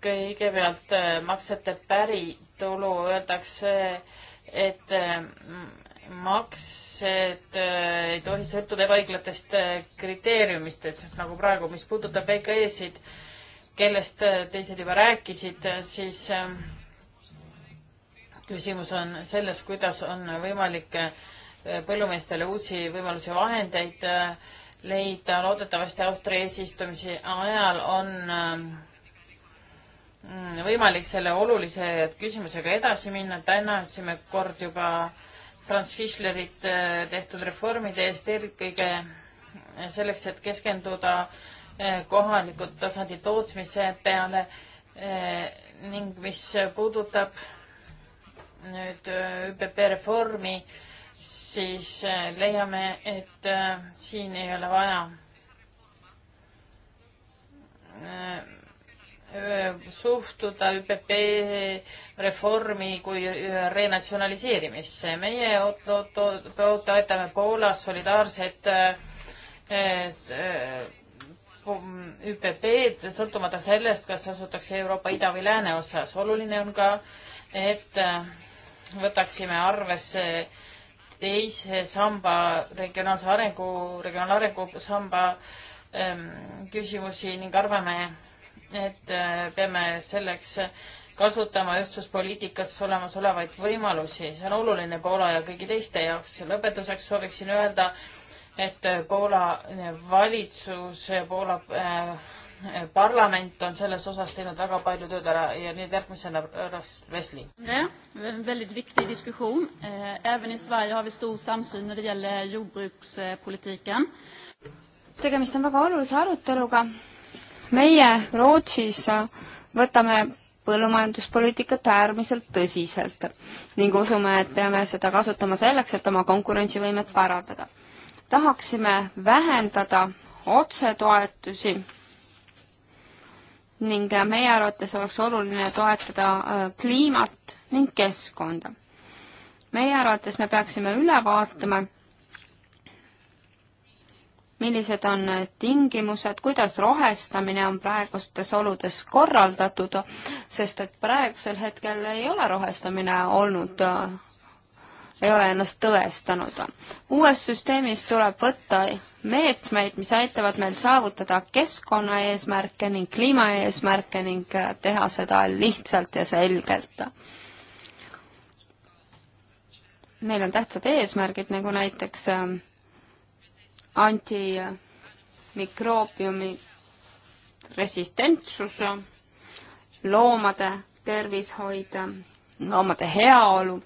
kõigepealt maksete päritolu öeldakse, et maksed ei tohi sõltuda ebaõiglatest kriteeriumistest, nagu praegu, mis puudutab EKE-sid kellest äh, teised juba rääkisid, äh, siis äh, küsimus on selles, kuidas on võimalik põllumeestele uusi võimalusi, vahendeid leida. loodetavasti Austria eesistumise ajal on mm, võimalik selle olulise küsimusega edasi minna. tänasime kord juba Franz Fischlerit tehtud reformide eest, eelkõige selleks, et keskenduda Eh, kohalikult tasandi tootmise peale eh, ning mis puudutab nüüd eh, ÜPP reformi, siis leiame, et siin ei ole vaja suhtuda ÜPP reformi kui renatsionaliseerimisse. meie toetame Poolas solidaarset ÜPP-d, sõltumata sellest, kas asutakse Euroopa ida või lääne osas. oluline on ka, et äh, võtaksime arvesse teise samba, regionaalse arengu, regionaalarengu samba ähm, küsimusi ning arvame, et äh, peame selleks kasutama ühtsuspoliitikas olemasolevaid võimalusi. see on oluline Poola ja kõigi teiste jaoks. lõpetuseks sooviksin öelda, et Poola valitsus ja Poola äh, parlament on selles osas teinud väga palju tööd ära ja nüüd järgmisena Vesli. väldigt viktig diskussion. Eh, även i Sverige har vi stor samsyn när det gäller jordbrukspolitiken. tegemist on väga olulise aruteluga. meie Rootsis võtame põllumajanduspoliitikat äärmiselt tõsiselt ning usume, et peame seda kasutama selleks, et oma konkurentsivõimet parandada tahaksime vähendada otsetoetusi ning meie arvates oleks oluline toetada äh, kliimat ning keskkonda. meie arvates me peaksime üle vaatama, millised on tingimused, kuidas rohestamine on praegustes oludes korraldatud, sest et praegusel hetkel ei ole rohestamine olnud äh, ei ole ennast tõestanud. uues süsteemis tuleb võtta meetmeid, mis aitavad meil saavutada keskkonnaeesmärke ning kliimaeesmärke ning teha seda lihtsalt ja selgelt. meil on tähtsad eesmärgid, nagu näiteks äh, antimikroobiumi resistentsus, loomade tervishoid, loomade heaolu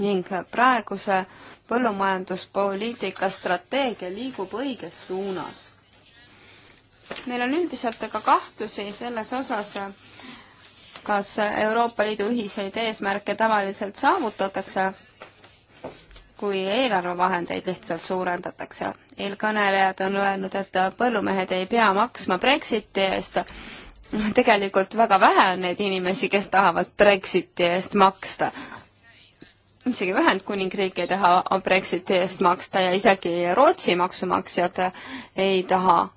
ning praeguse põllumajanduspoliitika strateegia liigub õiges suunas. meil on üldiselt aga kahtlusi selles osas, kas Euroopa Liidu ühiseid eesmärke tavaliselt saavutatakse, kui eelarvevahendeid lihtsalt suurendatakse. eelkõnelejad on öelnud, et põllumehed ei pea maksma Brexiti eest. tegelikult väga vähe on neid inimesi, kes tahavad Brexiti eest maksta isegi Ühendkuningriik ei taha Brexiti eest maksta ja isegi Rootsi maksumaksjad ei taha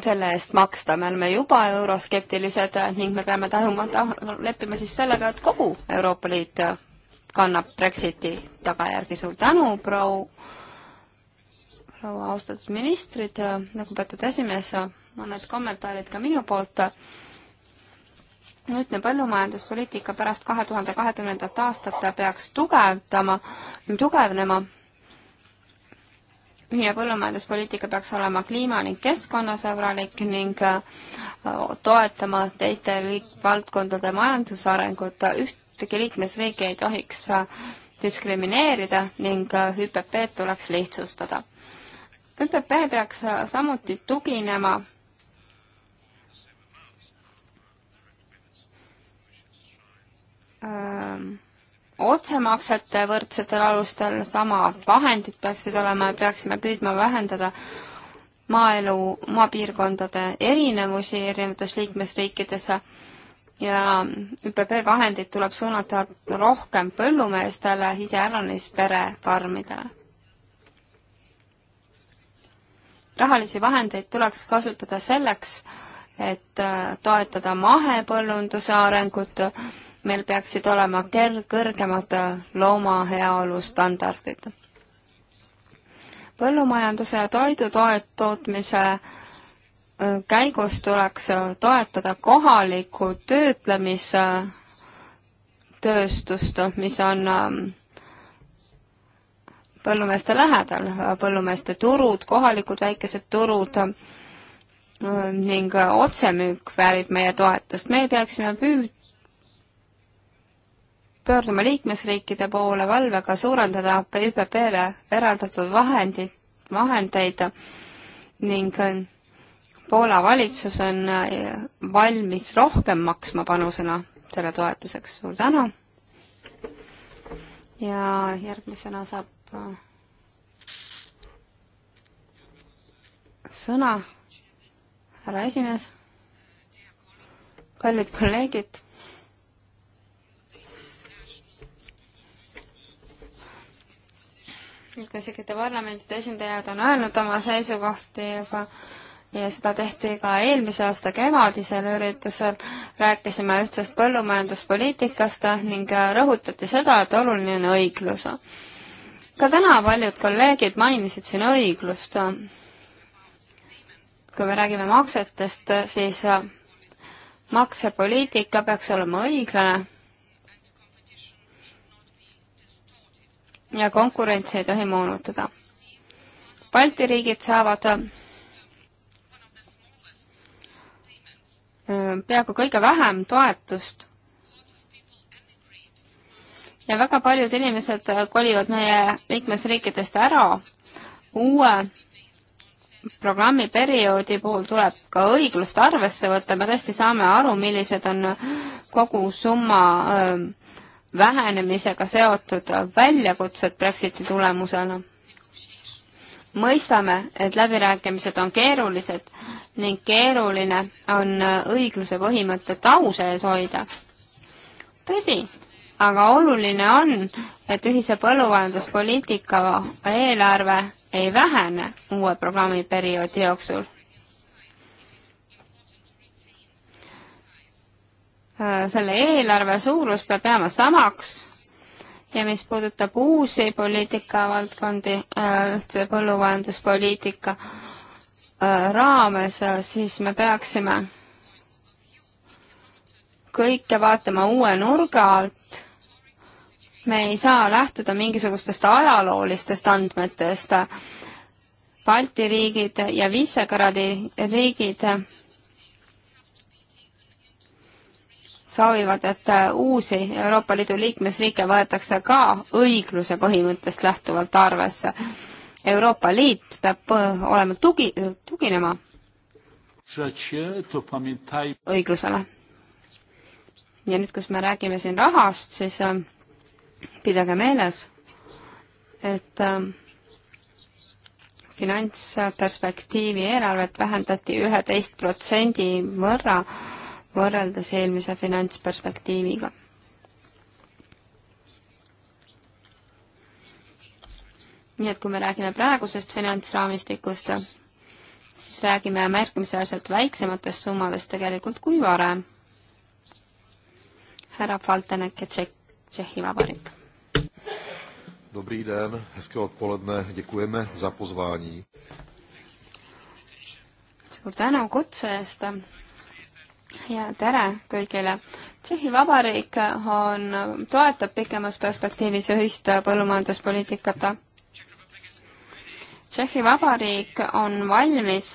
selle eest maksta, me oleme juba euroskeptilised ning me peame tajuma, leppima siis sellega, et kogu Euroopa Liit kannab Brexiti tagajärgi. suur tänu, proua, proua austatud ministrid, lugupeetud esimees, mõned kommentaarid ka minu poolt nüüdne põllumajanduspoliitika pärast kahe tuhande kahekümnendat aastat peaks tugevdama, tugevnema. ühine põllumajanduspoliitika peaks olema kliima- ning keskkonnasõbralik ning äh, toetama teiste valdkondade majandusarengut. ühtegi liikmesriiki ei tohiks äh, diskrimineerida ning äh, ÜPP-d tuleks lihtsustada. ÜPP peaks samuti tuginema otsemaksete võrdsetel alustel, sama vahendid peaksid olema ja peaksime püüdma vähendada maaelu, maapiirkondade erinevusi erinevates liikmesriikides ja ÜPP vahendid tuleb suunata rohkem põllumeestele, iseäranis perefarmidele. rahalisi vahendeid tuleks kasutada selleks, et äh, toetada mahepõllunduse arengut meil peaksid olema ker-, kõrgemad looma heaolu standardid. põllumajanduse ja toidutoet-, tootmise käigus tuleks toetada kohalikku töötlemistööstust, mis on ähm, põllumeeste lähedal, põllumeeste turud, kohalikud väikesed turud ning otsemüük väärib meie toetust. meie peaksime püüd-, pöörduma liikmesriikide poole valvega suurendada ÜPP-le eraldatud vahendid, vahendeid ning äh, Poola valitsus on äh, valmis rohkem maksma panusena selle toetuseks. suur tänu! ja järgmisena saab äh, sõna härra esimees, kallid kolleegid liikmesriikide parlamentide esindajad on öelnud oma seisukohti juba ja seda tehti ka eelmise aasta kevadisel üritusel, rääkisime ühtsest põllumajanduspoliitikast ning rõhutati seda, et oluline on õiglus. ka täna paljud kolleegid mainisid siin õiglust. kui me räägime maksetest, siis maksepoliitika peaks olema õiglane ja konkurentsi ei tohi moonutada. Balti riigid saavad äh, peaaegu kõige vähem toetust ja väga paljud inimesed äh, kolivad meie liikmesriikidest ära. uue programmi perioodi puhul tuleb ka õiglust arvesse võtta, me tõesti saame aru, millised on kogu summa öö, äh, vähenemisega seotud väljakutsed Brexiti tulemusena. mõistame, et läbirääkimised on keerulised ning keeruline on õigluse põhimõtet au sees hoida. tõsi, aga oluline on, et ühise põllumajanduspoliitika eelarve ei vähene uue programmiperioodi jooksul Äh, selle eelarve suurus peab jääma samaks ja mis puudutab uusi poliitikavaldkondi üldse äh, põllumajanduspoliitika äh, raames, siis me peaksime kõike vaatama uue nurga alt. me ei saa lähtuda mingisugustest ajaloolistest andmetest. Balti riigid ja Visegradi riigid soovivad, et äh, uusi Euroopa Liidu liikmesriike võetakse ka õigluse põhimõttest lähtuvalt arvesse. Euroopa Liit peab äh, olema tugi, tuginema õiglusele. ja nüüd, kus me räägime siin rahast, siis äh, pidage meeles, et finantsperspektiivi eelarvet vähendati üheteist protsendi võrra võrreldes eelmise finantsperspektiiviga. nii et kui me räägime praegusest finantsraamistikust, siis räägime märkimisväärselt väiksematest summadest tegelikult kui varem. härra Faltenek ja Tšekk, Tšehhi Vabariik. Dobrý den, hezké odpoledne, děkujeme za pozvání. Suur tänu kutse eest ja tere kõigile! Tšehhi Vabariik on, toetab pikemas perspektiivis ühist põllumajanduspoliitikat. Tšehhi Vabariik on valmis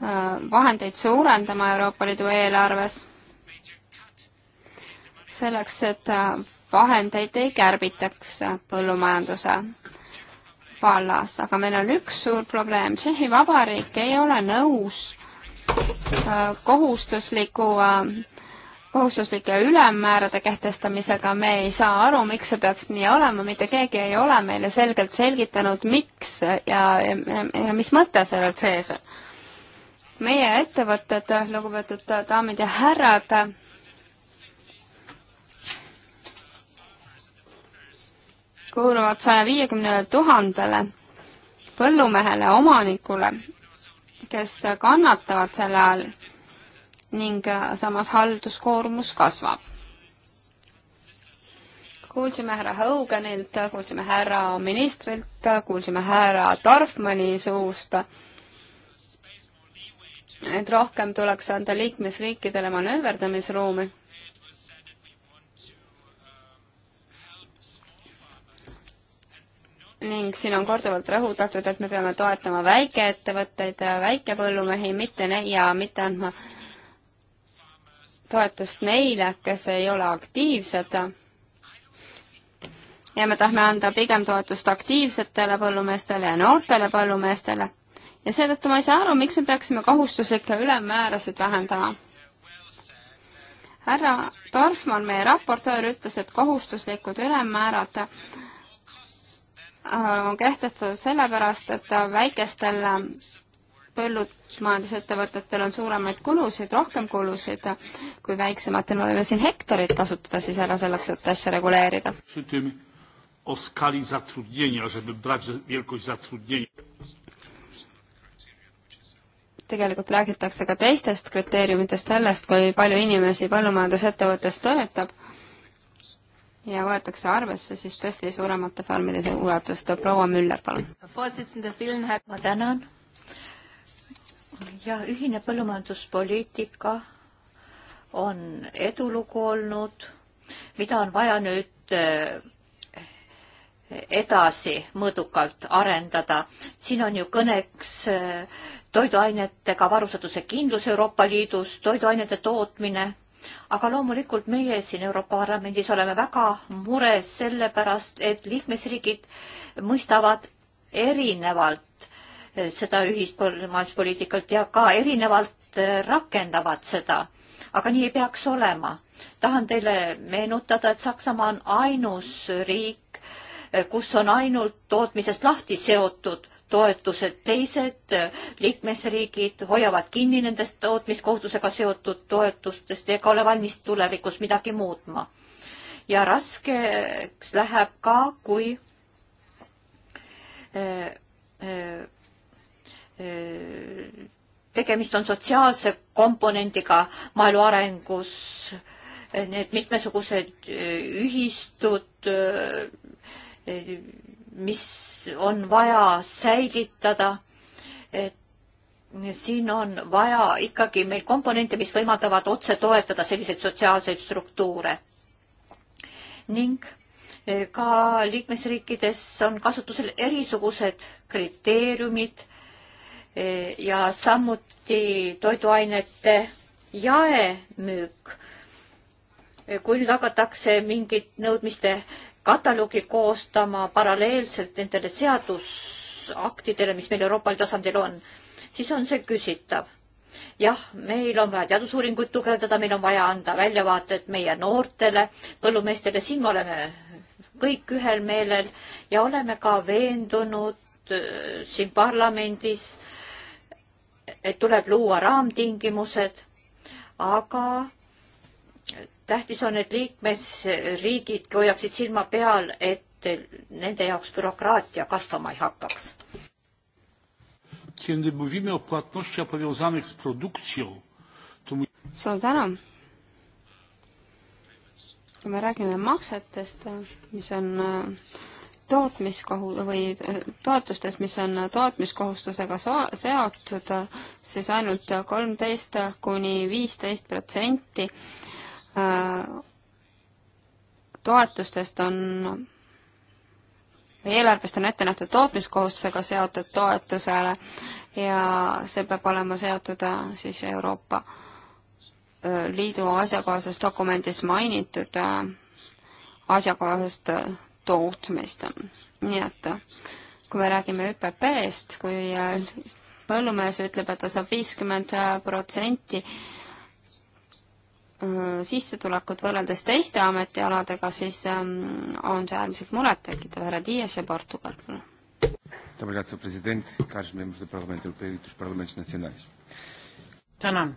äh, vahendeid suurendama Euroopa Liidu eelarves selleks, et äh, vahendeid ei kärbitaks põllumajanduse vallas, aga meil on üks suur probleem, Tšehhi Vabariik ei ole nõus Äh, kohustusliku äh, kohustuslike ülemmäärade kehtestamisega me ei saa aru, miks see peaks nii olema, mitte keegi ei ole meile selgelt selgitanud, miks ja, ja, ja mis mõte sellel sees on. meie ettevõtted, lugupeetud daamid ja härrad, kuuluvad saja viiekümnele tuhandele põllumehele, omanikule kes kannatavad selle all ning äh, samas halduskoormus kasvab. kuulsime härra Hõuganilt, kuulsime härra ministrilt, kuulsime härra Dorfmanni suust, et rohkem tuleks anda liikmesriikidele manööverdamisruumi ning siin on korduvalt rõhutatud, et me peame toetama väikeettevõtteid, väikepõllumehi, mitte ne- ja mitte andma toetust neile, kes ei ole aktiivsed. ja me tahame anda pigem toetust aktiivsetele põllumeestele ja noortele põllumeestele. ja seetõttu ma ei saa aru, miks me peaksime kohustuslikke ülemmäärasid vähendama. härra Dorfmann, meie raportöör, ütles, et kohustuslikud ülemmäärad on kehtestatud sellepärast, et väikestel põllumajandusettevõtetel on suuremaid kulusid, rohkem kulusid, kui väiksematel, me võime siin hektarit kasutada siis ära selleks, et asja reguleerida. tegelikult räägitakse ka teistest kriteeriumitest, sellest, kui palju inimesi põllumajandusettevõttes töötab ja võetakse arvesse siis tõesti suuremate farmide ulatust. proua Müller, palun. ma tänan. ja ühine põllumajanduspoliitika on edulugu olnud, mida on vaja nüüd eh, edasi mõõdukalt arendada. siin on ju kõneks eh, toiduainetega varustatuse kindlus Euroopa Liidus, toiduainete tootmine aga loomulikult meie siin Euroopa Parlamendis oleme väga mures sellepärast, et liikmesriigid mõistavad erinevalt eh, seda ühispoliitikat ja ka erinevalt eh, rakendavad seda. aga nii ei peaks olema. tahan teile meenutada, et Saksamaa on ainus riik, eh, kus on ainult tootmisest lahti seotud toetused, teised liikmesriigid hoiavad kinni nendest tootmiskohustusega seotud toetustest ega ole valmis tulevikus midagi muutma. ja raskeks läheb ka, kui äh, äh, äh, tegemist on sotsiaalse komponendiga maaelu arengus, need mitmesugused ühistud mis on vaja säilitada, et siin on vaja ikkagi meil komponente, mis võimaldavad otse toetada selliseid sotsiaalseid struktuure. ning e, ka liikmesriikides on kasutusel erisugused kriteeriumid e, ja samuti toiduainete jaemüük. E, kui nüüd hakatakse mingit nõudmiste äh, kataloogi koostama paralleelselt nendele seadusaktidele, mis meil Euroopa Liidu tasandil on, siis on see küsitav. jah, meil on vaja teadusuuringuid tugevdada, meil on vaja anda väljavaated meie noortele põllumeestele, siin me oleme kõik ühel meelel ja oleme ka veendunud äh, siin parlamendis, et tuleb luua raamtingimused, aga tähtis on, et liikmesriigid hoiaksid silma peal, et nende jaoks bürokraatia kasvama ei hakkaks. suur tänu. kui me räägime maksetest, mis on äh, tootmiskohu- või äh, toetustest, mis on äh, tootmiskohustusega seotud, siis ainult kolmteist kuni viisteist protsenti Äh, toetustest on eelarvest on ette nähtud tootmiskohustusega seotud toetusele ja see peab olema seotud äh, siis Euroopa äh, Liidu asjakohases dokumendis mainitud asjakohasest tootmist. nii et kui me räägime ÜPP-st, kui põllumees ütleb, et ta saab viiskümmend protsenti Äh, sissetulekut võrreldes teiste ametialadega, siis ähm, on see äärmiselt murettekitav, härra Dias ja Portugal. E tänan.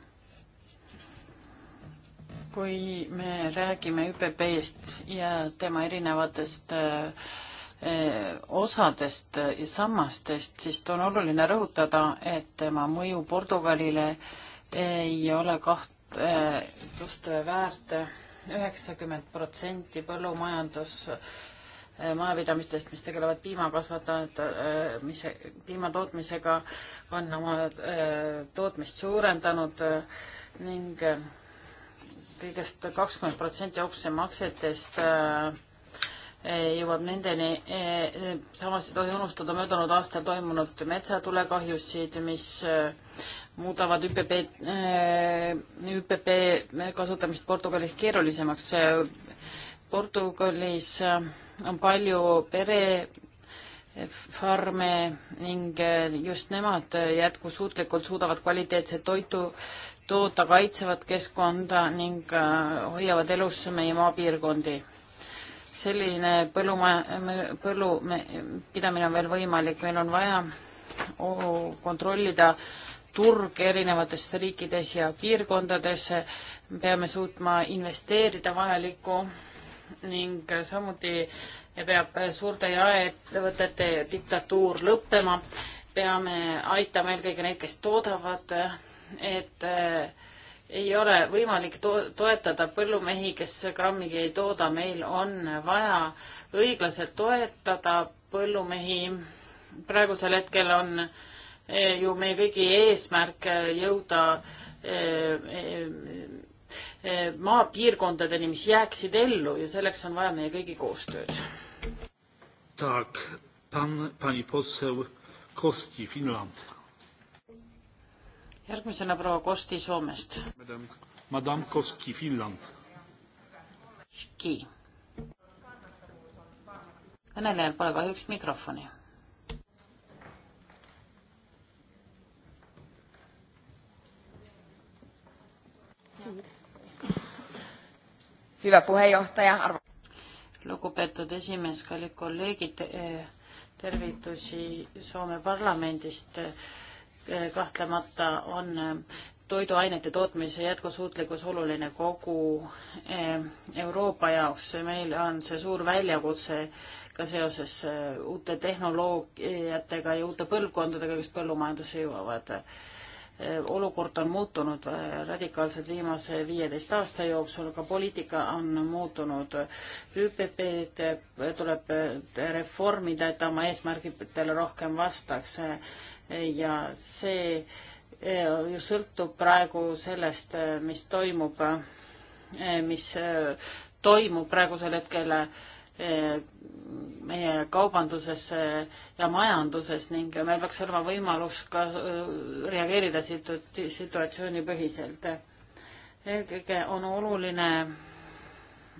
kui me räägime ÜPP-st ja tema erinevatest äh, osadest ja sammastest, siis on oluline rõhutada, et tema mõju Portugalile ei ole kaht-, toetust väärt üheksakümmend protsenti põllumajandus eh, majapidamistest, mis tegelevad piimakasvatamise, eh, piimatootmisega, on oma eh, tootmist suurendanud ning kõigest kakskümmend protsenti oksemaksetest jõuab nendeni. samas ei tohi unustada möödunud aastal toimunud metsatulekahjusid, mis muudavad ÜPP, äh, ÜPP kasutamist Portugalis keerulisemaks. Portugalis äh, on palju perefarme ning äh, just nemad jätkusuutlikult suudavad kvaliteetset toitu toota, kaitsevad keskkonda ning hoiavad elus meie maapiirkondi selline põllumaja, põllupidamine on veel võimalik, meil on vaja kontrollida turg erinevates riikides ja piirkondades, peame suutma investeerida vajalikku ning samuti peab suurte jaeettevõtete diktatuur lõppema, peame aitama eelkõige neid, kes toodavad, et eh, ei ole võimalik to-, toetada põllumehi, kes grammigi ei tooda, meil on vaja õiglaselt toetada põllumehi, praegusel hetkel on äh, Eh, ju meie kõigi eesmärk eh, jõuda eh, maapiirkondadeni, mis jääksid ellu ja selleks on vaja meie kõigi koostööd. Tak, pan, pani poseł Kosti, Finland. järgmisena proua Kosti Soomest. Madame Koski, Finland. Koski. kõnelejal pole kahjuks mikrofoni hüve puhejuhataja Arvo. lugupeetud esimees, kallid kolleegid, eh, tervitusi Soome parlamendist. Eh, kahtlemata on eh, toiduainete tootmise jätkusuutlikkus oluline kogu Euroopa jaoks. meil on see suur väljakutse ka seoses uute tehnoloogiatega ja uute põlvkondadega, kes põllumajandusse jõuavad olukord on muutunud äh, radikaalselt viimase viieteist aasta jooksul, ka poliitika on muutunud. ÜPP-d äh, tuleb äh, reformida, et ta oma eesmärgidele rohkem vastaks ja see ju sõltub praegu sellest, mis toimub, mis toimub praegusel hetkel äh, meie kaubandusesse ja majanduses ning meil peaks olema võimalus ka äh, reageerida situ-, situatsioonipõhiselt. eelkõige on oluline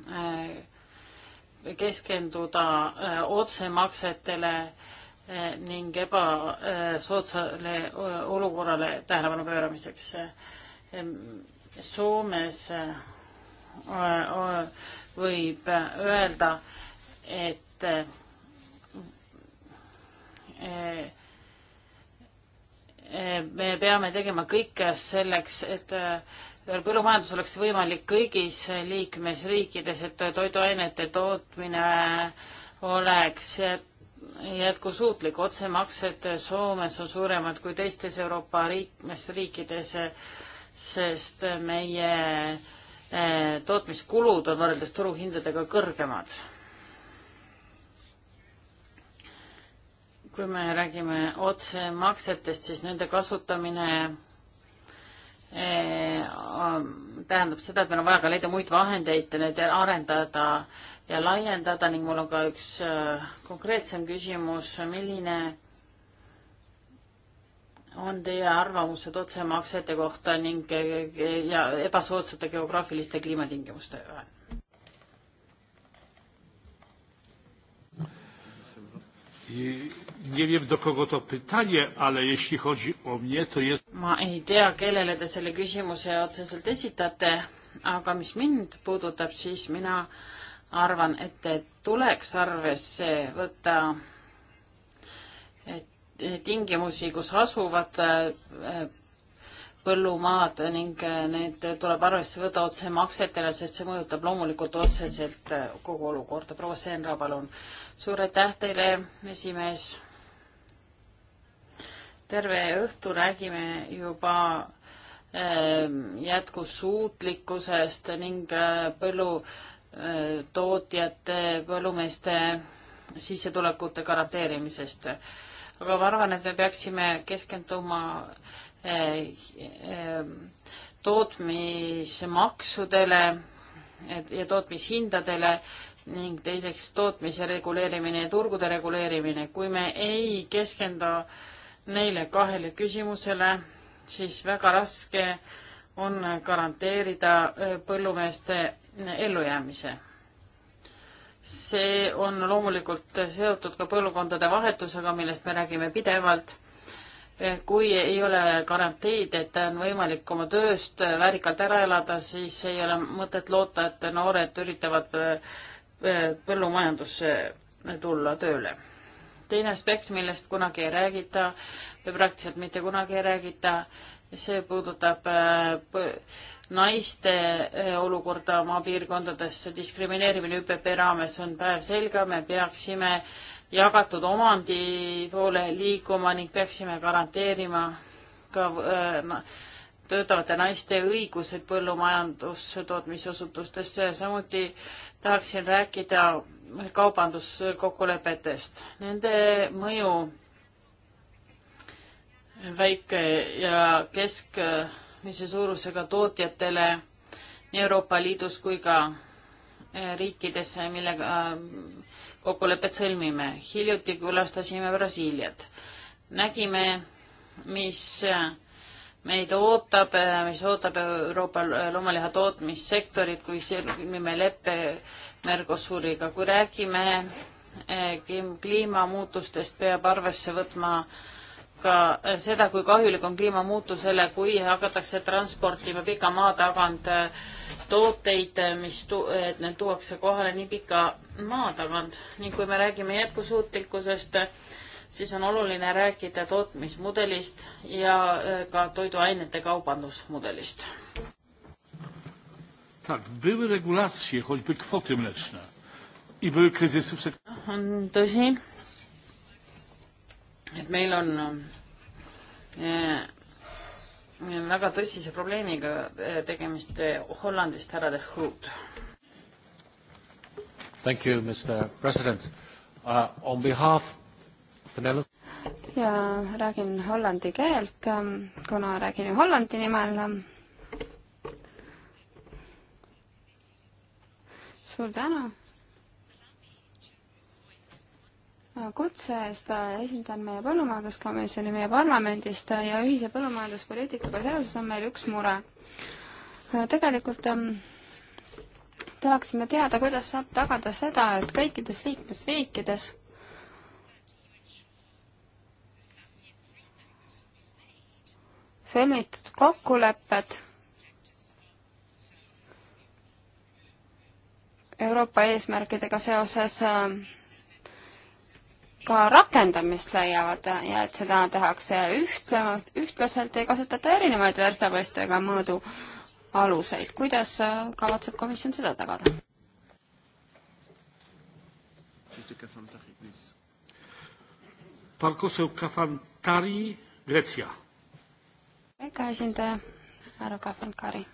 äh, keskenduda äh, otsemaksetele ning ebasoodsale olukorrale tähelepanu pööramiseks. Soomes võib öelda, et eh, eh, me peame tegema kõike selleks, et eh, põllumajandus oleks võimalik kõigis liikmesriikides, et toiduainete tootmine oleks jätkusuutlik. otsemaksed Soomes on suuremad kui teistes Euroopa liikmesriikides, sest meie tootmiskulud on võrreldes turuhindadega kõrgemad kui me räägime otsemaksetest, siis nende kasutamine eh, tähendab seda, et meil on vaja ka leida muid vahendeid, neid arendada ja laiendada ning mul on ka üks eh, konkreetsem küsimus, milline on teie arvamused otsemaksete kohta ning eh, ja ebasoodsate geograafiliste kliimatingimuste vahel? Nie wiem, do kogo to pytanie, ale jeśli chodzi o mnie, to jest... Ma ei tea, kellele te selle küsimuse otseselt esitate, aga mis mind puudutab, siis mina arvan, et tuleks arvesse võtta eh, tingimusi, kus asuvad eh, põllumaad ning eh, need tuleb arvesse võtta otsemaksetele, sest see mõjutab loomulikult otseselt kogu olukorda. proua Senra, palun. suur aitäh teile, esimees terve õhtu räägime juba ehm, jätkusuutlikkusest ning äh, põllutootjate, äh, põllumeeste sissetulekute garanteerimisest. aga ma arvan, et me peaksime keskenduma eh, ehm, tootmismaksudele ja tootmishindadele ning teiseks tootmise reguleerimine ja turgude reguleerimine. kui me ei keskenda äh, neile kahele küsimusele, siis väga raske on garanteerida äh, põllumeeste ellujäämise. see on loomulikult seotud ka põlvkondade vahetusega, millest me räägime pidevalt. Äh, kui ei ole garantiid, et on võimalik oma tööst väärikalt ära elada, siis ei ole mõtet loota, et noored üritavad äh, põllumajandusse tulla tööle teine aspekt, millest kunagi ei räägita või praktiliselt mitte kunagi ei räägita, see puudutab äh, naiste äh, olukorda maapiirkondades, diskrimineerimine ÜPP raames on päevselge, me peaksime jagatud omandi poole liikuma ning peaksime garanteerima ka äh, töötavate naiste õigused põllumajandustootmisosutustesse, samuti tahaksin rääkida kaubanduskokkulepetest. Nende mõju väike- ja keskmise suurusega tootjatele nii Euroopa Liidus kui ka eh, riikides, millega äh, kokkulepet sõlmime. hiljuti külastasime Brasiiliat. nägime, mis äh, meid ootab, mis ootab Euroopa loomaliha tootmissektorit, kui sõlmime leppe Mercosuriga. kui räägime eh, kliimamuutustest, peab arvesse võtma ka seda, kui kahjulik on kliimamuutusele, kui hakatakse transportima pika maa tagant eh, tooteid, eh, mis tu-, et need tuuakse kohale nii pika maa tagant ning kui me räägime jätkusuutlikkusest, siis on oluline rääkida tootmismudelist ja äh, ka toiduainete kaubandusmudelist. on tõsi, et meil on äh, väga tõsise probleemiga äh, tegemist Hollandist härra De Groot. Thank you, Mr President uh,. On behalf ja räägin hollandi keelt, ähm, kuna räägin ju Hollandi nimel. Ähm. suur tänu äh, kutse eest äh, esindan meie põllumajanduskomisjoni meie parlamendist äh, ja ühise põllumajanduspoliitikaga seoses on meil üks mure. tegelikult ähm, tahaksime teada, kuidas saab tagada seda, et kõikides liikmesriikides sõlmitud kokkulepped Euroopa eesmärkidega seoses äh, ka rakendamist leiavad ja et seda tehakse ühtlemalt, ühtlaselt, ei kasutata erinevaid verstaposte ega mõõdu aluseid. kuidas äh, kavatseb komisjon seda tagada? Pan poseł Kafantari, Grecja. Kreeka esindaja härra Kafrankari.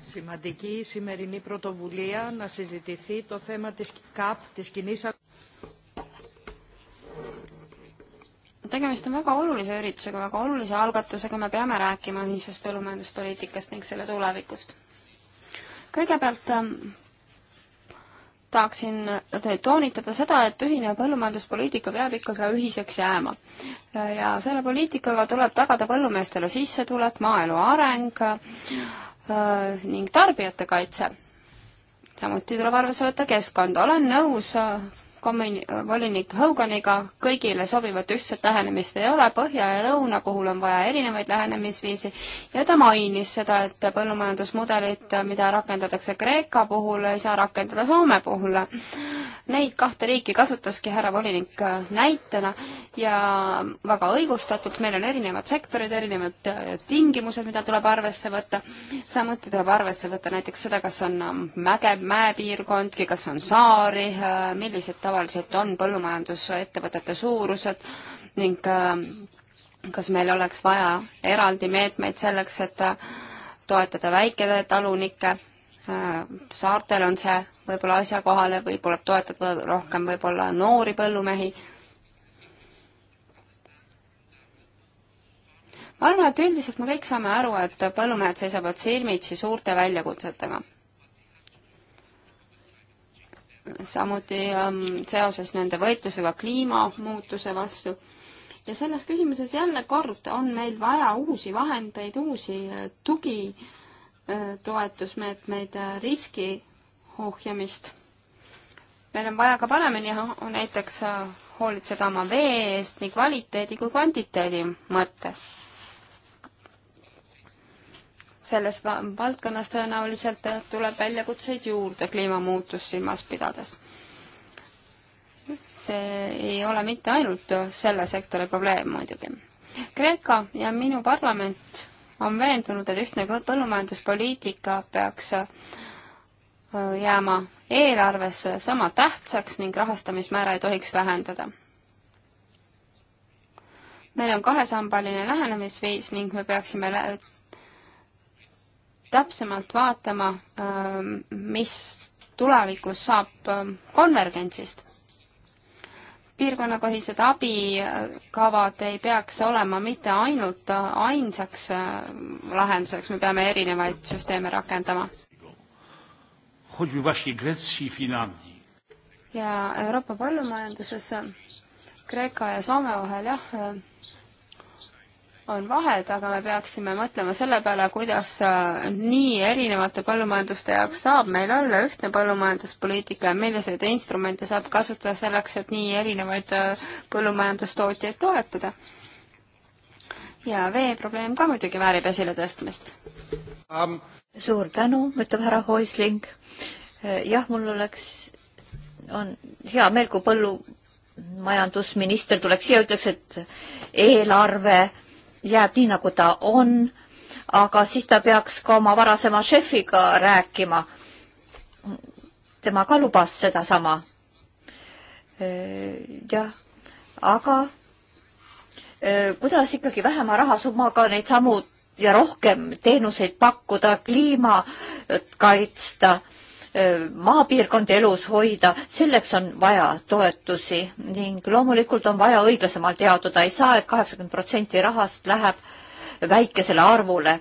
Σημαντική η σημερινή πρωτοβουλία να συζητηθεί το θέμα της ΚΑΠ, της κοινής tegemist on väga olulise üritusega, väga olulise algatusega, me peame rääkima ühisest põllumajanduspoliitikast ning selle tulevikust. kõigepealt ähm, tahaksin toonitada seda, et ühine põllumajanduspoliitika peab ikkagi ühiseks jääma. ja selle poliitikaga tuleb tagada põllumeestele sissetulek, maaelu areng äh, ning tarbijate kaitse. samuti tuleb arvesse võtta keskkonda, olen nõus äh, kommun-, volinik Hoganiga, kõigile sobivat ühtset lähenemist ei ole, põhja ja lõuna puhul on vaja erinevaid lähenemisviisi ja ta mainis seda, et põllumajandusmudelit, mida rakendatakse Kreeka puhul, ei saa rakendada Soome puhul. Neid kahte riiki kasutaski härra volinik näitena ja väga õigustatult, meil on erinevad sektorid, erinevad tingimused, mida tuleb arvesse võtta, samuti tuleb arvesse võtta näiteks seda, kas on mäge, mäepiirkondki, kas on saari, millised tavaliselt on põllumajandusettevõtete suurused ning äh, kas meil oleks vaja eraldi meetmeid selleks, et äh, toetada väiketalunikke, äh, saartel on see võib-olla asjakohane või tuleb toetada rohkem võib-olla noori põllumehi ma arvan, et üldiselt me kõik saame aru, et põllumehed seisavad silmitsi suurte väljakutsetega samuti ähm, seoses nende võitlusega kliimamuutuse vastu. ja selles küsimuses jälle kord on meil vaja uusi vahendeid, uusi äh, tugi, äh, toetusmeetmeid, äh, riski ohjamist. meil on vaja ka paremini näiteks hoolitseda oma vee eest nii kvaliteedi kui kvantiteedi mõttes selles valdkonnas tõenäoliselt äh, tuleb väljakutseid juurde kliimamuutust silmas pidades. see ei ole mitte ainult selle sektori probleem muidugi. Kreeka ja minu parlament on veendunud, et ühtne põllumajanduspoliitika peaks äh, jääma eelarves sama tähtsaks ning rahastamismäära ei tohiks vähendada meil on kahesambaline lähenemisviis ning me peaksime täpsemalt vaatama, ähm, mis tulevikus saab ähm, konvergentsist. piirkonnapõhised abikavad ei peaks olema mitte ainult äh, ainsaks äh, lahenduseks, me peame erinevaid süsteeme rakendama. ja Euroopa põllumajanduses Kreeka ja Soome vahel jah, on vahed, aga me peaksime mõtlema selle peale, kuidas äh, nii erinevate põllumajanduste jaoks saab meil olla ühtne põllumajanduspoliitika ja milliseid instrumente saab kasutada selleks, et nii erinevaid äh, põllumajandustootjaid toetada. ja veeprobleem ka muidugi väärib esiletõstmist um.. suur tänu, ütleb härra Hoisling. Äh, jah, mul oleks, on hea meel, kui põllumajandusminister tuleks siia, ütleks, et eelarve jääb nii, nagu ta on, aga siis ta peaks ka oma varasema šefiga rääkima. tema ka lubas sedasama. jah, aga kuidas ikkagi vähema rahasummaga neid samu ja rohkem teenuseid pakkuda, kliima kaitsta maapiirkondi elus hoida, selleks on vaja toetusi ning loomulikult on vaja õiglasemalt jaotada, ei saa et, et kaheksakümmend protsenti rahast läheb väikesele arvule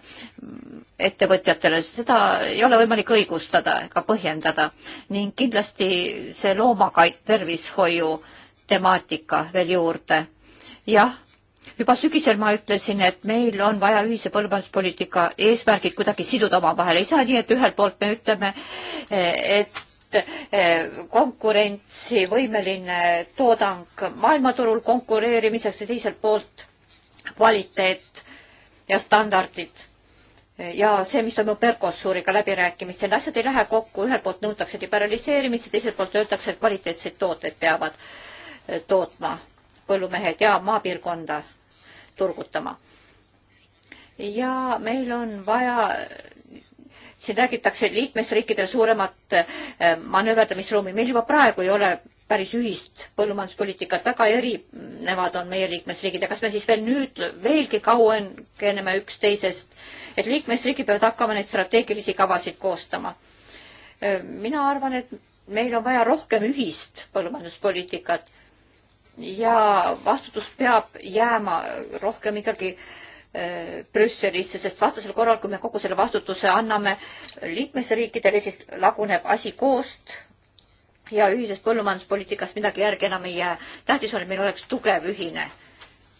ettevõtjatele, seda ei ole võimalik õigustada ega põhjendada ning kindlasti see loomakait, tervishoiu temaatika veel juurde. jah juba sügisel ma ütlesin, et meil on vaja ühise põllumajanduspoliitika eesmärgid kuidagi siduda omavahel, ei saa nii, et ühelt poolt me ütleme, et eh, konkurentsivõimeline toodang maailmaturul konkureerimiseks ja teiselt poolt kvaliteet ja standardid ja see, mis toimub Mercosuriga läbirääkimistel, asjad ei lähe kokku, ühelt poolt nõutakse liberaliseerimist ja teiselt poolt öeldakse, et kvaliteetseid tooteid peavad eh, tootma põllumehed ja maapiirkonda turgutama. ja meil on vaja siin räägitakse liikmesriikidel suuremat eh, manööverdamisruumi, meil juba praegu ei ole päris ühist põllumajanduspoliitikat, väga erinevad on meie liikmesriigid ja kas me siis veel nüüd veelgi kaugeneme üksteisest, et liikmesriigid peavad hakkama neid strateegilisi kavasid koostama? Eh, mina arvan, et meil on vaja rohkem ühist põllumajanduspoliitikat ja vastutus peab jääma rohkem ikkagi äh, Brüsselisse, sest vastasel korral, kui me kogu selle vastutuse anname liikmesriikidele, siis laguneb asi koost ja ühisest põllumajanduspoliitikast midagi järgi enam ei jää. tähtis on, et meil oleks tugev ühine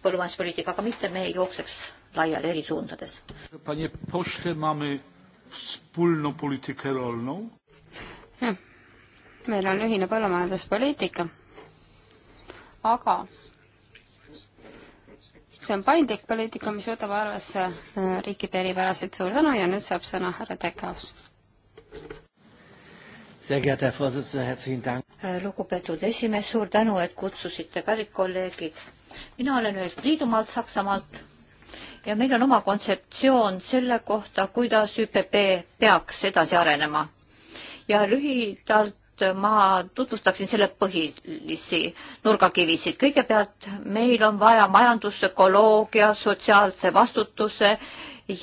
põllumajanduspoliitika, aga mitte me ei jookseks laiali eri suundades. meil on ühine põllumajanduspoliitika aga see on paindlik poliitika, mis võtab arvesse äh, riikide eripärasid. suur tänu ja nüüd saab sõna härra Tekaus. Äh, lugupeetud esimees, suur tänu, et kutsusite, kallid kolleegid. mina olen ühest Liidumaalt, Saksamaalt ja meil on oma kontseptsioon selle kohta, kuidas ÜPP peaks edasi arenema. ja lühidalt ma tutvustaksin selle põhilisi nurgakivisid. kõigepealt meil on vaja majandusökoloogia, sotsiaalse vastutuse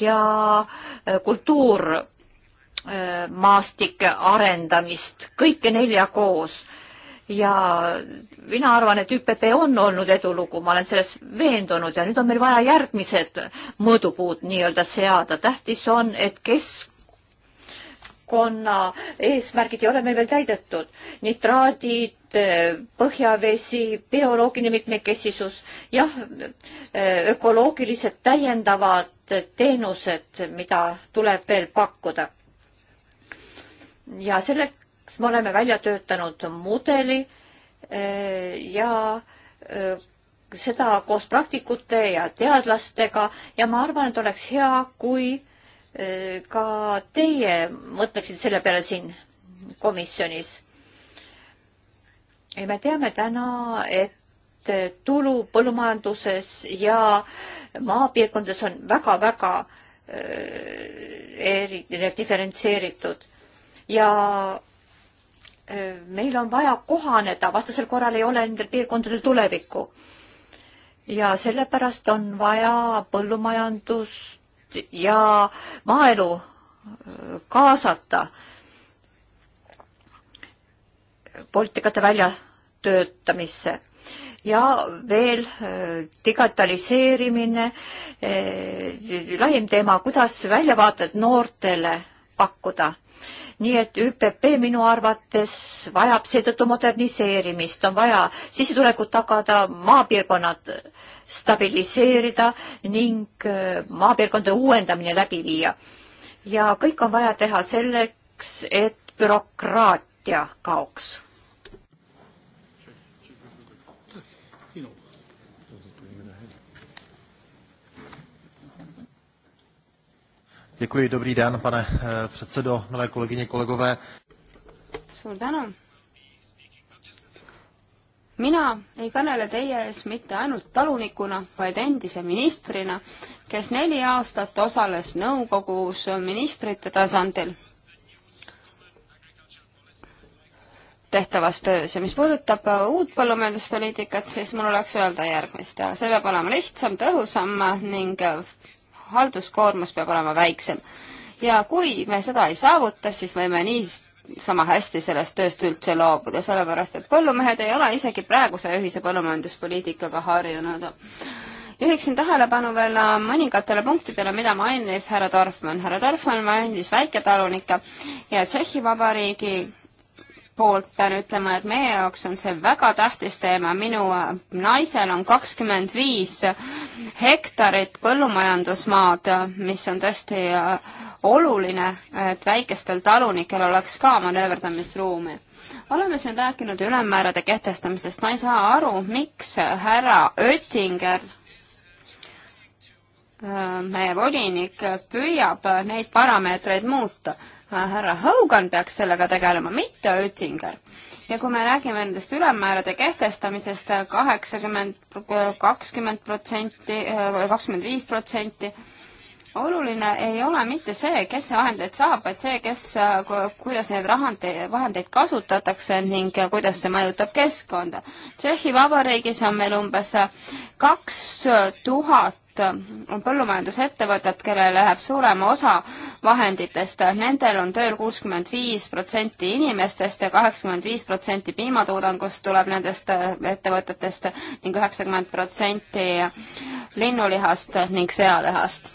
ja äh, kultuurmaastike äh, arendamist, kõike nelja koos. ja mina arvan, et ÜPP on olnud edulugu, ma olen selles veendunud ja nüüd on meil vaja järgmised mõõdupuud nii-öelda seada. tähtis on, et kesk keskkonna eesmärgid ei ole meil veel täidetud. nitraadid, põhjavesi, bioloogiline mitmekesisus, jah, ökoloogilised täiendavad teenused, mida tuleb veel pakkuda. ja selleks me oleme välja töötanud mudeli eh, ja eh, seda koos praktikute ja teadlastega ja ma arvan, et oleks hea, kui ka teie mõtleksite selle peale siin komisjonis. me teame täna, et tulu põllumajanduses ja maapiirkondades on väga-väga äh, erinev, diferentseeritud ja äh, meil on vaja kohaneda, vastasel korral ei ole nendel piirkondadel tulevikku. ja sellepärast on vaja põllumajandust ja maaelu äh, kaasata poliitikate väljatöötamisse ja veel äh, digitaliseerimine, äh, laiem teema, kuidas väljavaated noortele pakkuda. nii et ÜPP minu arvates vajab seetõttu moderniseerimist, on vaja sissetulekut tagada, maapiirkonnad stabiliseerida ning äh, maapiirkondade uuendamine läbi viia. ja kõik on vaja teha selleks, et bürokraatia kaoks Děkuji, dobrý den, pane eh, předsedo, milé kolegyně, kolegové. suur tänu. mina ei kõnele teie ees mitte ainult talunikuna, vaid endise ministrina, kes neli aastat osales nõukogus ministrite tasandil tehtavas töös ja mis puudutab uut põllumajanduspoliitikat, siis mul oleks öelda järgmist. see peab olema lihtsam, tõhusam ning halduskoormus peab olema väiksem. ja kui me seda ei saavuta, siis võime niisama hästi sellest tööst üldse loobuda, sellepärast et põllumehed ei ole isegi praeguse ühise põllumajanduspoliitikaga harjunud juhiksin tähelepanu veel äh, mõningatele punktidele, mida mainis härra Dorfmann. härra Dorfmann mainis väiketalunikke ja Tšehhi Vabariigi poolt pean ütlema, et meie jaoks on see väga tähtis teema, minu naisel on kakskümmend viis hektarit põllumajandusmaad, mis on tõesti äh, oluline, et väikestel talunikel oleks ka manööverdamisruumi oleme siin rääkinud ülemmäärade kehtestamisest, ma ei saa aru, miks härra Oettinger, äh, meie volinik, püüab neid parameetreid muuta. Äh, härra Hogan peaks sellega tegelema, mitte Oettinger. ja kui me räägime nendest ülemmäärade kehtestamisest äh, kaheksakümmend, kakskümmend protsenti, äh, kakskümmend viis protsenti, oluline ei ole mitte see, kes see vahendeid saab, vaid see, kes, kuidas neid rahandeid, vahendeid kasutatakse ning kuidas see mõjutab keskkonda. Tšehhi Vabariigis on meil umbes kaks tuhat et on põllumajandusettevõtted, kellel läheb suurema osa vahenditest, nendel on tööl kuuskümmend viis protsenti inimestest ja kaheksakümmend viis protsenti piimatoodangust tuleb nendest äh, ettevõtetest ning üheksakümmend protsenti linnulihast ning sealihast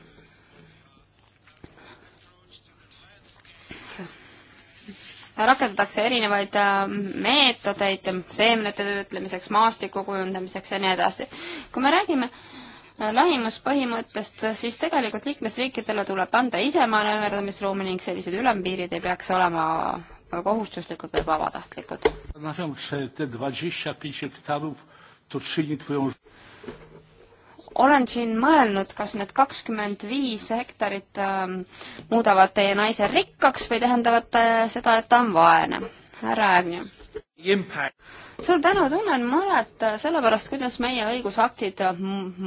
rakendatakse erinevaid äh, meetodeid seemnete töötlemiseks, maastiku kujundamiseks ja nii edasi. kui me räägime äh, lähimuspõhimõttest, siis tegelikult liikmesriikidele tuleb anda ise manööverdamisruumi ning sellised ülempiirid ei peaks olema kohustuslikud või vabatahtlikud. olen siin mõelnud, kas need kakskümmend viis hektarit ähm, muudavad teie naise rikkaks või tähendavad äh, seda, et ta on vaene. härra Ägnu suur tänu, tunnen muret selle pärast, kuidas meie õigusaktid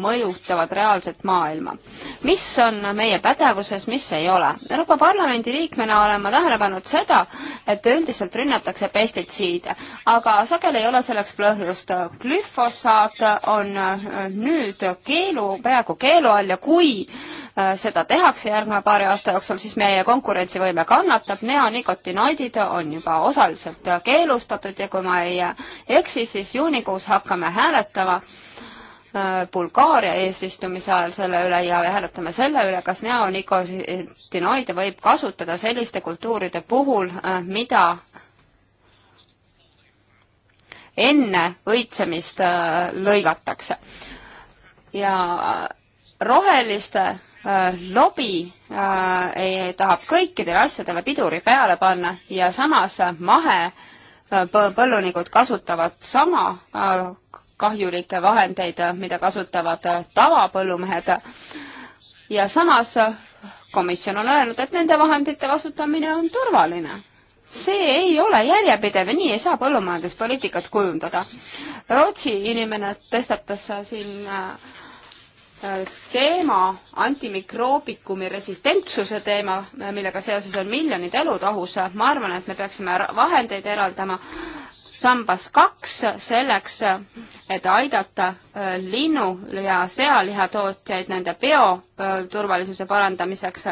mõjutavad reaalset maailma. mis on meie pädevuses, mis ei ole. Euroopa Parlamendi liikmena olen ma tähele pannud seda, et üldiselt rünnatakse pestitsiide, aga sageli ei ole selleks põhjust. glüfosaat on äh, nüüd keelu, peaaegu keelu all ja kui äh, seda tehakse järgneva paari aasta jooksul, siis meie konkurentsivõime kannatab, neonikotinoidid on juba osaliselt keelustatud ja kui ma ei ehk siis, siis juunikuus hakkame hääletama äh, Bulgaaria eesistumise ajal selle üle ja hääletame selle üle, kas neonikotinoide võib kasutada selliste kultuuride puhul, äh, mida enne õitsemist äh, lõigatakse. ja roheliste lobi äh, tahab kõikidele asjadele piduri peale panna ja samas mahe äh, põllunikud kasutavad sama äh, kahjulikke vahendeid, äh, mida kasutavad äh, tavapõllumehed ja samas komisjon on öelnud, et nende vahendite kasutamine on turvaline. see ei ole järjepidev ja nii ei saa põllumajanduspoliitikat kujundada. Rootsi inimene tõstatas siin äh, Äh, teema, antimikroobikumi resistentsuse teema, äh, millega seoses on miljonid elud ohus, ma arvan, et me peaksime vahendeid eraldama sambas kaks selleks, et aidata äh, linnu- ja sealihatootjaid nende bioturvalisuse parandamiseks,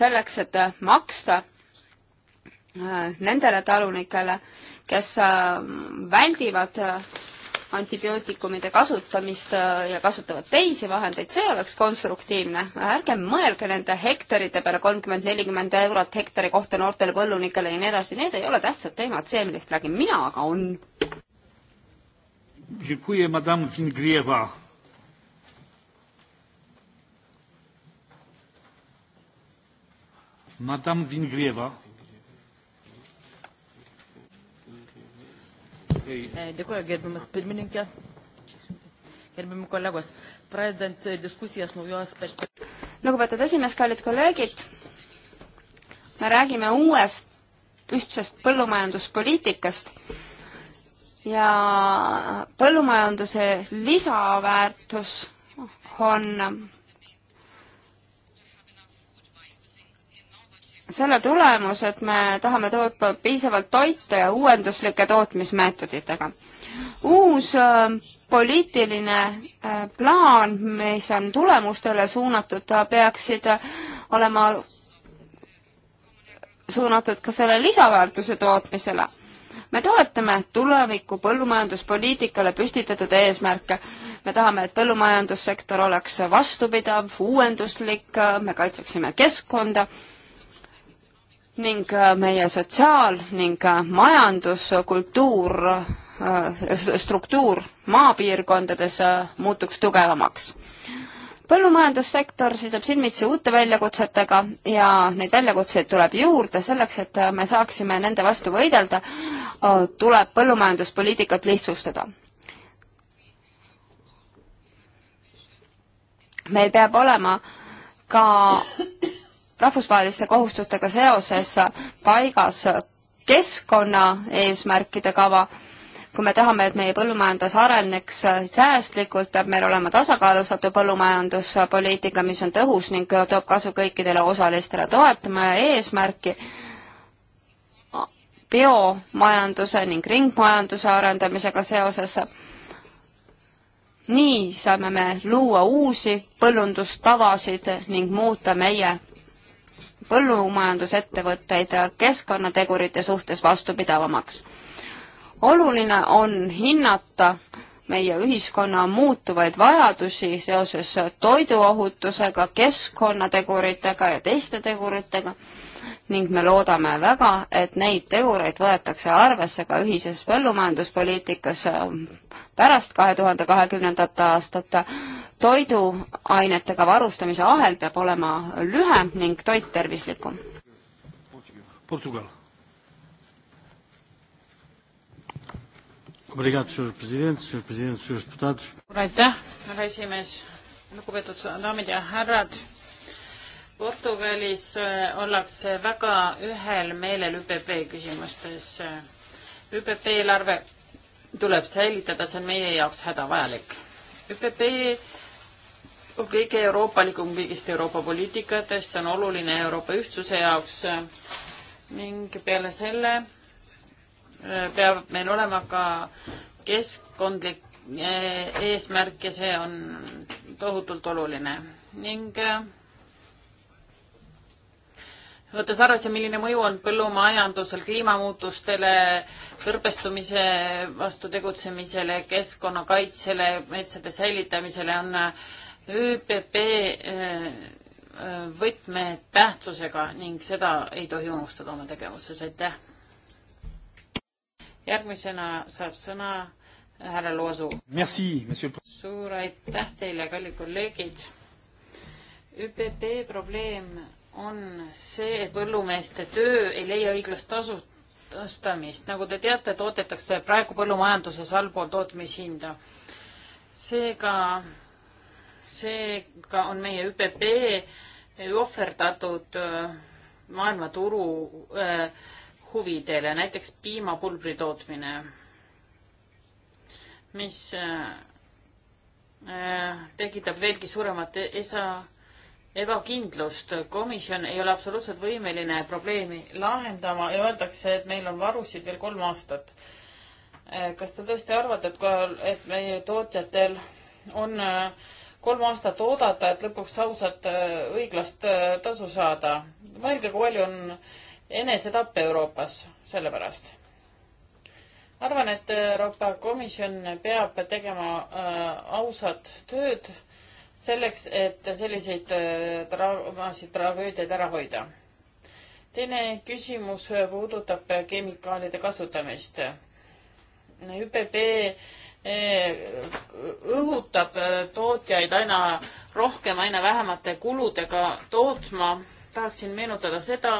selleks, et maksta nendele talunikele, kes väldivad antibiootikumide kasutamist äh, ja kasutavad teisi vahendeid, see oleks konstruktiivne. ärge mõelge nende hektarite peale, kolmkümmend, nelikümmend eurot hektari kohta noortele põllunikele ja nii edasi, need ei ole tähtsad teemad, see, millest räägin mina, aga on. Dziękuję, madame Fingrieva. Madame Wingrieva. E, Dėkuoju, gerbiamas pirmininkė, gerbiami kolegos. Pradedant e, diskusijas naujos perspektyvos. Lugupeetud esimees, kallid kolleegid, me räägime uuest ühtsest põllumajanduspoliitikast ja põllumajanduse lisaväärtus on selle tulemus, et me tahame toota piisavalt toite ja uuenduslike tootmismeetoditega. uus äh, poliitiline äh, plaan, mis on tulemustele suunatud, peaksid äh, olema suunatud ka selle lisaväärtuse tootmisele. me toetame tuleviku põllumajanduspoliitikale püstitatud eesmärke. me tahame, et põllumajandussektor oleks vastupidav, uuenduslik, äh, me kaitseksime keskkonda ning äh, meie sotsiaal- ning äh, majanduskultuur, äh, struktuur maapiirkondades muutuks tugevamaks. põllumajandussektor seisab silmitsi uute väljakutsetega ja neid väljakutseid tuleb juurde, selleks et me saaksime nende vastu võidelda, tuleb põllumajanduspoliitikat lihtsustada. meil peab olema ka rahvusvaheliste kohustustega seoses paigas keskkonnaeesmärkide kava, kui me tahame, et meie põllumajandus areneks säästlikult, peab meil olema tasakaalustatud põllumajanduspoliitika, mis on tõhus ning toob kasu kõikidele osalistele. toetame eesmärki biomajanduse ning ringmajanduse arendamisega seoses. nii saame me luua uusi põllundustavasid ning muuta meie põllumajandusettevõtteid keskkonnategurite suhtes vastupidavamaks. oluline on hinnata meie ühiskonna muutuvaid vajadusi seoses toiduohutusega, keskkonnateguritega ja teiste teguritega ning me loodame väga, et neid tegureid võetakse arvesse ka ühises põllumajanduspoliitikas pärast kahe tuhande kahekümnendat aastat toiduainetega varustamise ahel peab olema lühem ning toit tervislikum. Portugal. Obrigado, senhor presidente, senhor presidente, senhores deputados. aitäh, härra esimees, lugupeetud daamid ja härrad. Portugalis äh, ollakse väga ühel meelel ÜPP küsimustes. ÜPP eelarve tuleb säilitada, see on meie jaoks hädavajalik. ÜPP kõige euroopalikum kõigist Euroopa poliitikatest, see on oluline Euroopa ühtsuse jaoks ning peale selle äh, peab meil olema ka keskkondlik äh, eesmärk ja see on tohutult oluline ning äh, võttes arvesse, milline mõju on põllumajandusel kliimamuutustele, kõrbestumise vastu tegutsemisele, keskkonnakaitsele, metsade säilitamisele, on ÜPP äh, äh, võtmetähtsusega ning seda ei tohi unustada oma tegevuses, aitäh. järgmisena saab sõna härra Loasu. suur aitäh teile, kallid kolleegid. ÜPP probleem on see, et põllumeeste töö ei leia õiglast tasu, tõstamist. nagu te teate, toodetakse praegu põllumajanduses allpool tootmishinda. seega seega on meie ÜPP ohverdatud äh, maailmaturu äh, huvidele, näiteks piimapulbri tootmine, mis äh, tekitab veelgi suuremat esa, ebakindlust. komisjon ei ole absoluutselt võimeline probleemi lahendama ja öeldakse, et meil on varusid veel kolm aastat. kas te tõesti arvate, et, et meie tootjatel on äh, kolm aastat oodata, et lõpuks ausat äh, õiglast äh, tasu saada. mõelge, kui palju on enesetappe Euroopas selle pärast. arvan, et Euroopa Komisjon peab tegema äh, ausat tööd selleks, et selliseid draamasid, tragöödiaid ära hoida. teine küsimus puudutab kemikaalide kasutamist. ÜPP õhutab äh, tootjaid aina rohkem, aina vähemate kuludega tootma. tahaksin meenutada seda,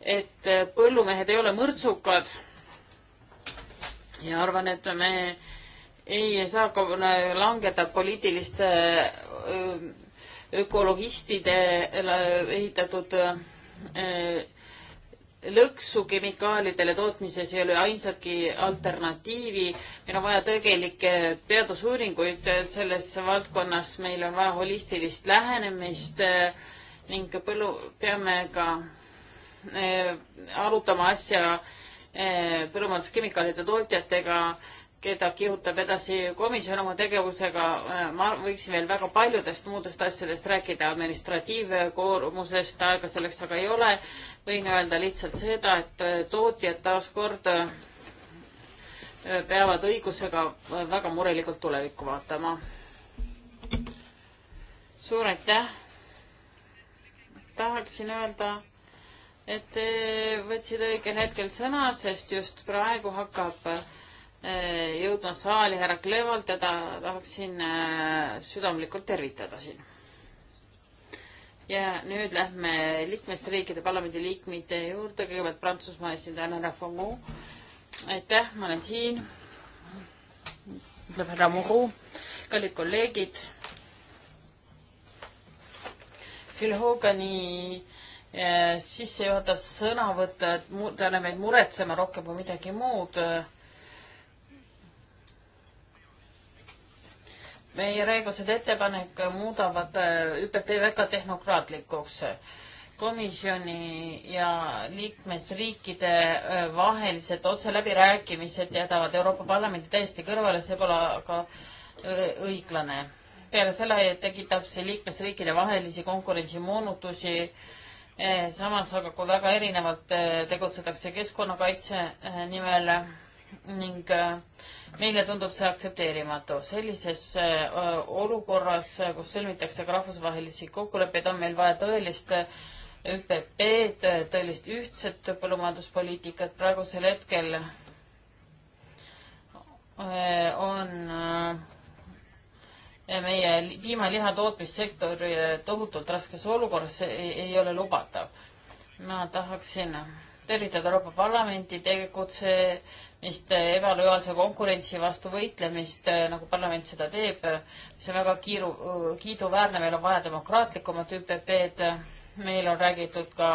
et äh, põllumehed ei ole mõrtsukad. ja arvan, et me ei saa ka langeda poliitiliste äh, ökologistide ehitatud öö, lõksu kemikaalidele tootmises ei ole ainsatki alternatiivi. meil on vaja tegelikke teadusuuringuid selles valdkonnas, meil on vaja holistilist lähenemist ning põllu, peame ka eh, arutama asja eh, põllumajanduskemikaalide tootjatega keda kihutab edasi komisjon oma tegevusega, äh, ma võiksin veel väga paljudest muudest asjadest rääkida, administratiivkoormusest aega selleks aga ei ole. võin öelda lihtsalt seda, et äh, tootjad taaskord äh, peavad õigusega väga murelikult tulevikku vaatama. suur aitäh. tahaksin öelda, et võtsid õigel hetkel sõna, sest just praegu hakkab Eh, jõudnud saali härra Klevalt, teda tahaksin eh, südamlikult tervitada siin. ja nüüd lähme liikmesriikide parlamendi liikmete juurde, kõigepealt Prantsusmaa esindajana härra Fomu. aitäh, ma olen siin, ütleb härra Muru, kallid kolleegid. Phil Hogani eh, sissejuhatav sõnavõtt, et mur-, ta annab meid muretsema rohkem kui midagi muud meie praegused ettepanek muudavad äh, ÜPP väga tehnokraatlikuks. komisjoni ja liikmesriikide äh, vahelised otseläbirääkimised jätavad Euroopa Parlamendi täiesti kõrvale, see pole aga äh, õiglane. peale selle tekitab see liikmesriikide vahelisi konkurentsimoonutusi samas aga kui väga erinevalt tegutsetakse keskkonnakaitse nimel ning äh, meile tundub see aktsepteerimatu. sellises äh, olukorras, äh, kus sõlmitakse ka rahvusvahelisi kokkuleppeid, on meil vaja tõelist ÜPP-d, tõelist ühtset põllumajanduspoliitikat. praegusel hetkel on meie piima-liha tootmissektor tohutult raskes olukorras, ei ole lubatav. ma tahaksin tervitada Euroopa Parlamenti tegutse mist äh, ebalojaalse konkurentsi vastu võitlemist, äh, nagu parlament seda teeb. see on väga kiiru, äh, kiiduväärne, meil on vaja demokraatlikumat ÜPP-d, meil on räägitud ka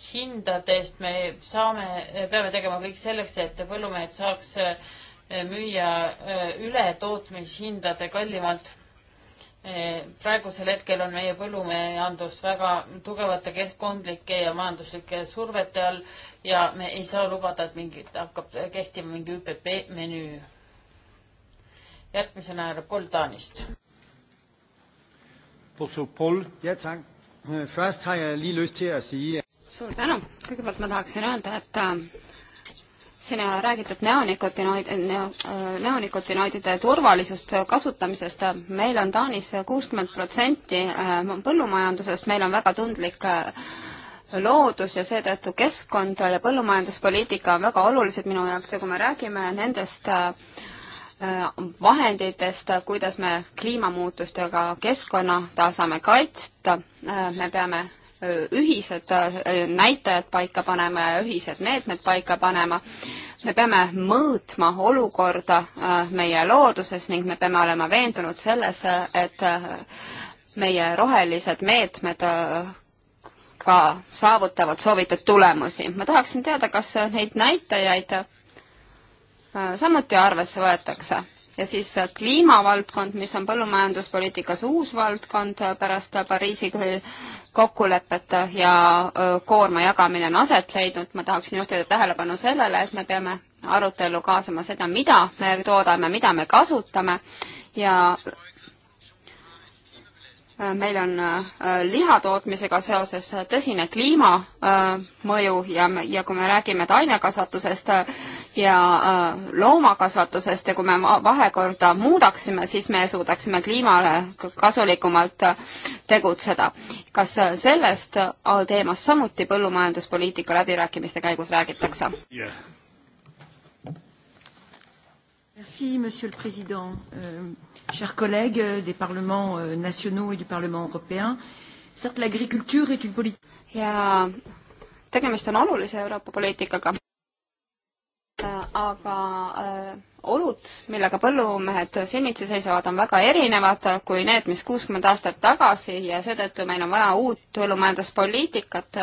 hindadest, me saame, peame tegema kõik selleks, et põllumehed saaks müüa üle tootmishindade kallimalt. Eh, praegusel hetkel on meie põllumajandus väga tugevate keskkondlike ja majanduslike survete all ja me ei saa lubada, et mingit hakkab kehtima mingi ÜPP menüü. järgmisena härra Paul Taanist. suur tänu, kõigepealt ma tahaksin öelda, et äh, siin ei ole räägitud neonikotinoid, neonikotinoidide turvalisust äh, kasutamisest. meil on Taanis kuuskümmend protsenti äh, põllumajandusest, meil on väga tundlik äh, loodus ja seetõttu keskkond ja põllumajanduspoliitika on väga olulised minu jaoks ja kui me räägime nendest vahenditest, kuidas me kliimamuutustega keskkonna tasame kaitsta, me peame ühised äh, näitajad paika panema ja ühised meetmed paika panema. me peame mõõtma olukorda äh, meie looduses ning me peame olema veendunud selles, et äh, meie rohelised meetmed ka saavutavad soovitud tulemusi. ma tahaksin teada, kas neid näitajaid samuti arvesse võetakse ja siis äh, kliimavaldkond, mis on põllumajanduspoliitikas uus valdkond äh, pärast äh, Pariisi kokkulepet ja koorma jagamine on aset leidnud, ma tahaksin juhtida tähelepanu sellele, et me peame arutellu kaasama seda, mida me toodame, mida me kasutame ja meil on lihatootmisega seoses tõsine kliimamõju ja, ja kui me räägime taimekasvatusest, ja äh, loomakasvatusest ja kui me vahekorda muudaksime, siis me suudaksime kliimale kasulikumalt äh, tegutseda. kas äh, sellest teemast samuti põllumajanduspoliitika läbirääkimiste käigus räägitakse yeah.? Merci, Monsieur le Président. Euh, chers collègues euh, des parlements euh, nationaux et du Parlement européen, certes l'agriculture est une politique... ja tegemist on olulise Euroopa poliitikaga. Äh, aga äh, olud, millega põllumehed silmitsi seisavad, on väga erinevad kui need, mis kuuskümmend aastat tagasi ja seetõttu meil on vaja uut põllumajanduspoliitikat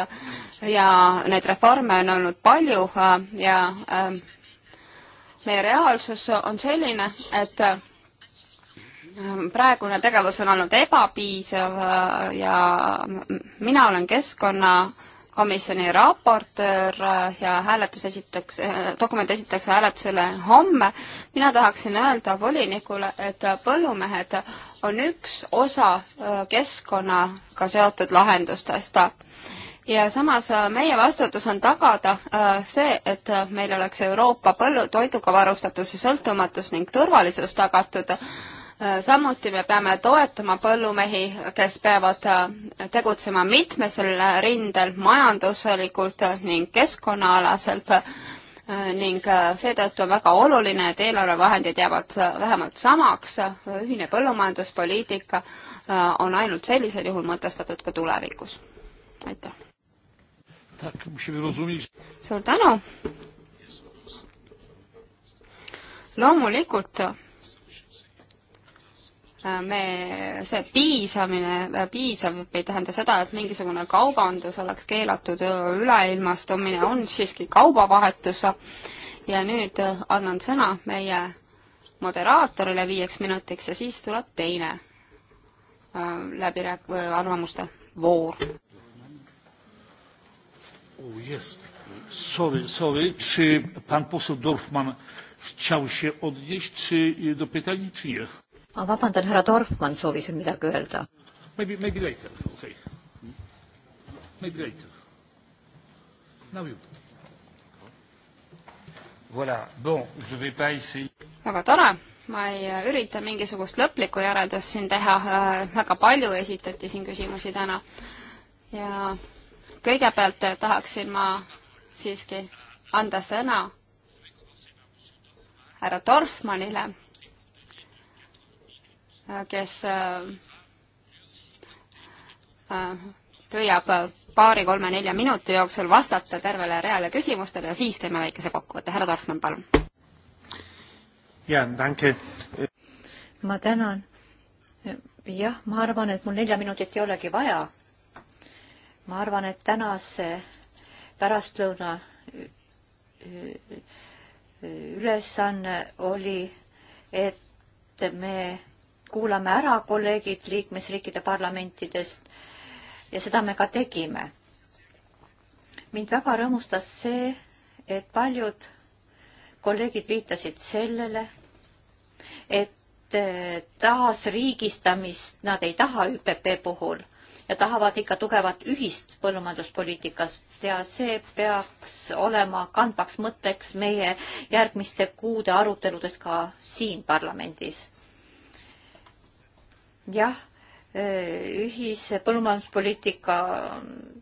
ja neid reforme on olnud palju äh, ja meie reaalsus on selline, et praegune tegevus on olnud ebapiisav ja mina olen keskkonna komisjoni raportöör ja hääletus esitakse, eh, dokument esitatakse hääletusele homme. mina tahaksin öelda volinikule, et põllumehed on üks osa eh, keskkonnaga seotud lahendustest. ja samas eh, meie vastutus on tagada see, et meil oleks Euroopa põllu, toiduga varustatuse sõltumatus ning turvalisus tagatud samuti me peame toetama põllumehi, kes peavad äh, tegutsema mitmesel äh, rindel majanduslikult ning keskkonnaalaselt äh, ning seetõttu on väga oluline, et eelarvevahendid jäävad vähemalt samaks, ühine põllumajanduspoliitika on ainult sellisel juhul mõtestatud ka tulevikus. aitäh! suur tänu! loomulikult me, see piisamine, piisav ei tähenda seda, et mingisugune kaubandus oleks keelatud, üleilmastumine on siiski kaubavahetus ja nüüd äh, annan sõna meie moderaatorile viieks minutiks ja siis tuleb teine äh, läbirääk-, arvamuste voor. Oh, yes. Sorry, sorry. Czy pan poseł Dorfman chciał się odnieść czy, do pytań, czy nie? ma ah, vabandan, härra Dorfmann soovis veel midagi öelda. Maybe, maybe later, okei okay.. Maybe later. Now you. Voilà, bon, je vais pas essayer. väga tore, ma ei äh, ürita mingisugust lõplikku järeldust siin teha, äh, väga palju esitati siin küsimusi täna. ja kõigepealt äh, tahaksin ma siiski anda sõna härra Dorfmannile kes äh, püüab paari-kolme-nelja minuti jooksul vastata tervele reale küsimustele ja siis teeme väikese kokkuvõtte. härra Dorfmann, palun. jaa, tänke. ma tänan. jah, ma arvan, et mul nelja minutit ei olegi vaja. ma arvan, et tänase pärastlõuna äh, ülesanne oli, et me kuulame ära kolleegid liikmesriikide parlamentidest ja seda me ka tegime. mind väga rõõmustas see, et paljud kolleegid viitasid sellele, et eh, taasriigistamist nad ei taha ÜPP puhul ja tahavad ikka tugevat ühist põllumajanduspoliitikast ja see peaks olema kandvaks mõtteks meie järgmiste kuude aruteludes ka siin parlamendis jah, eh, ühise põllumajanduspoliitika mm,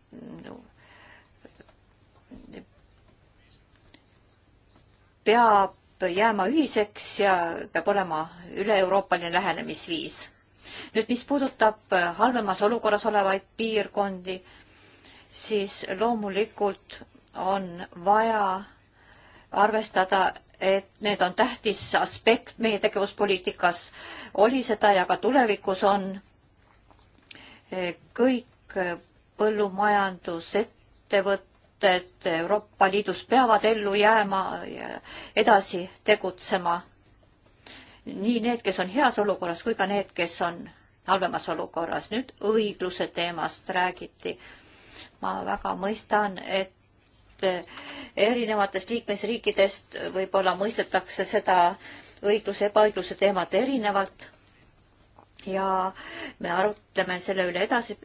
peab jääma ühiseks ja peab olema üle-euroopaline lähenemisviis. nüüd, mis puudutab eh, halvemas olukorras olevaid piirkondi, siis loomulikult on vaja arvestada et need on tähtis aspekt meie tegevuspoliitikas, oli seda ja ka tulevikus on kõik põllumajandusettevõtted Euroopa Liidus peavad ellu jääma ja edasi tegutsema. nii need, kes on heas olukorras, kui ka need, kes on halvemas olukorras. nüüd õigluse teemast räägiti. ma väga mõistan, et et eh, erinevatest liikmesriikidest võib-olla mõistetakse seda õigluse, ebaõigluse teemat erinevalt. ja me arutleme selle üle edasi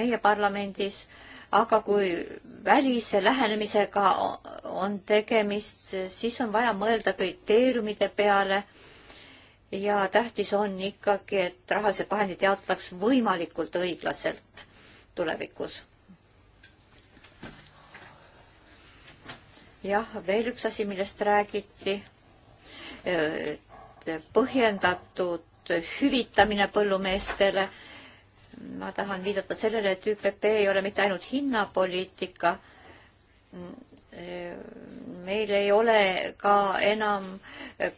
meie parlamendis, aga kui välise lähenemisega on tegemist, siis on vaja mõelda kriteeriumide peale ja tähtis on ikkagi, et rahalised vahendid jaotataks võimalikult õiglaselt tulevikus jah, veel üks asi, millest räägiti. Äh, põhjendatud hüvitamine põllumeestele. ma tahan viidata sellele, et ÜPP ei ole mitte ainult hinnapoliitika. Äh, meil ei ole ka enam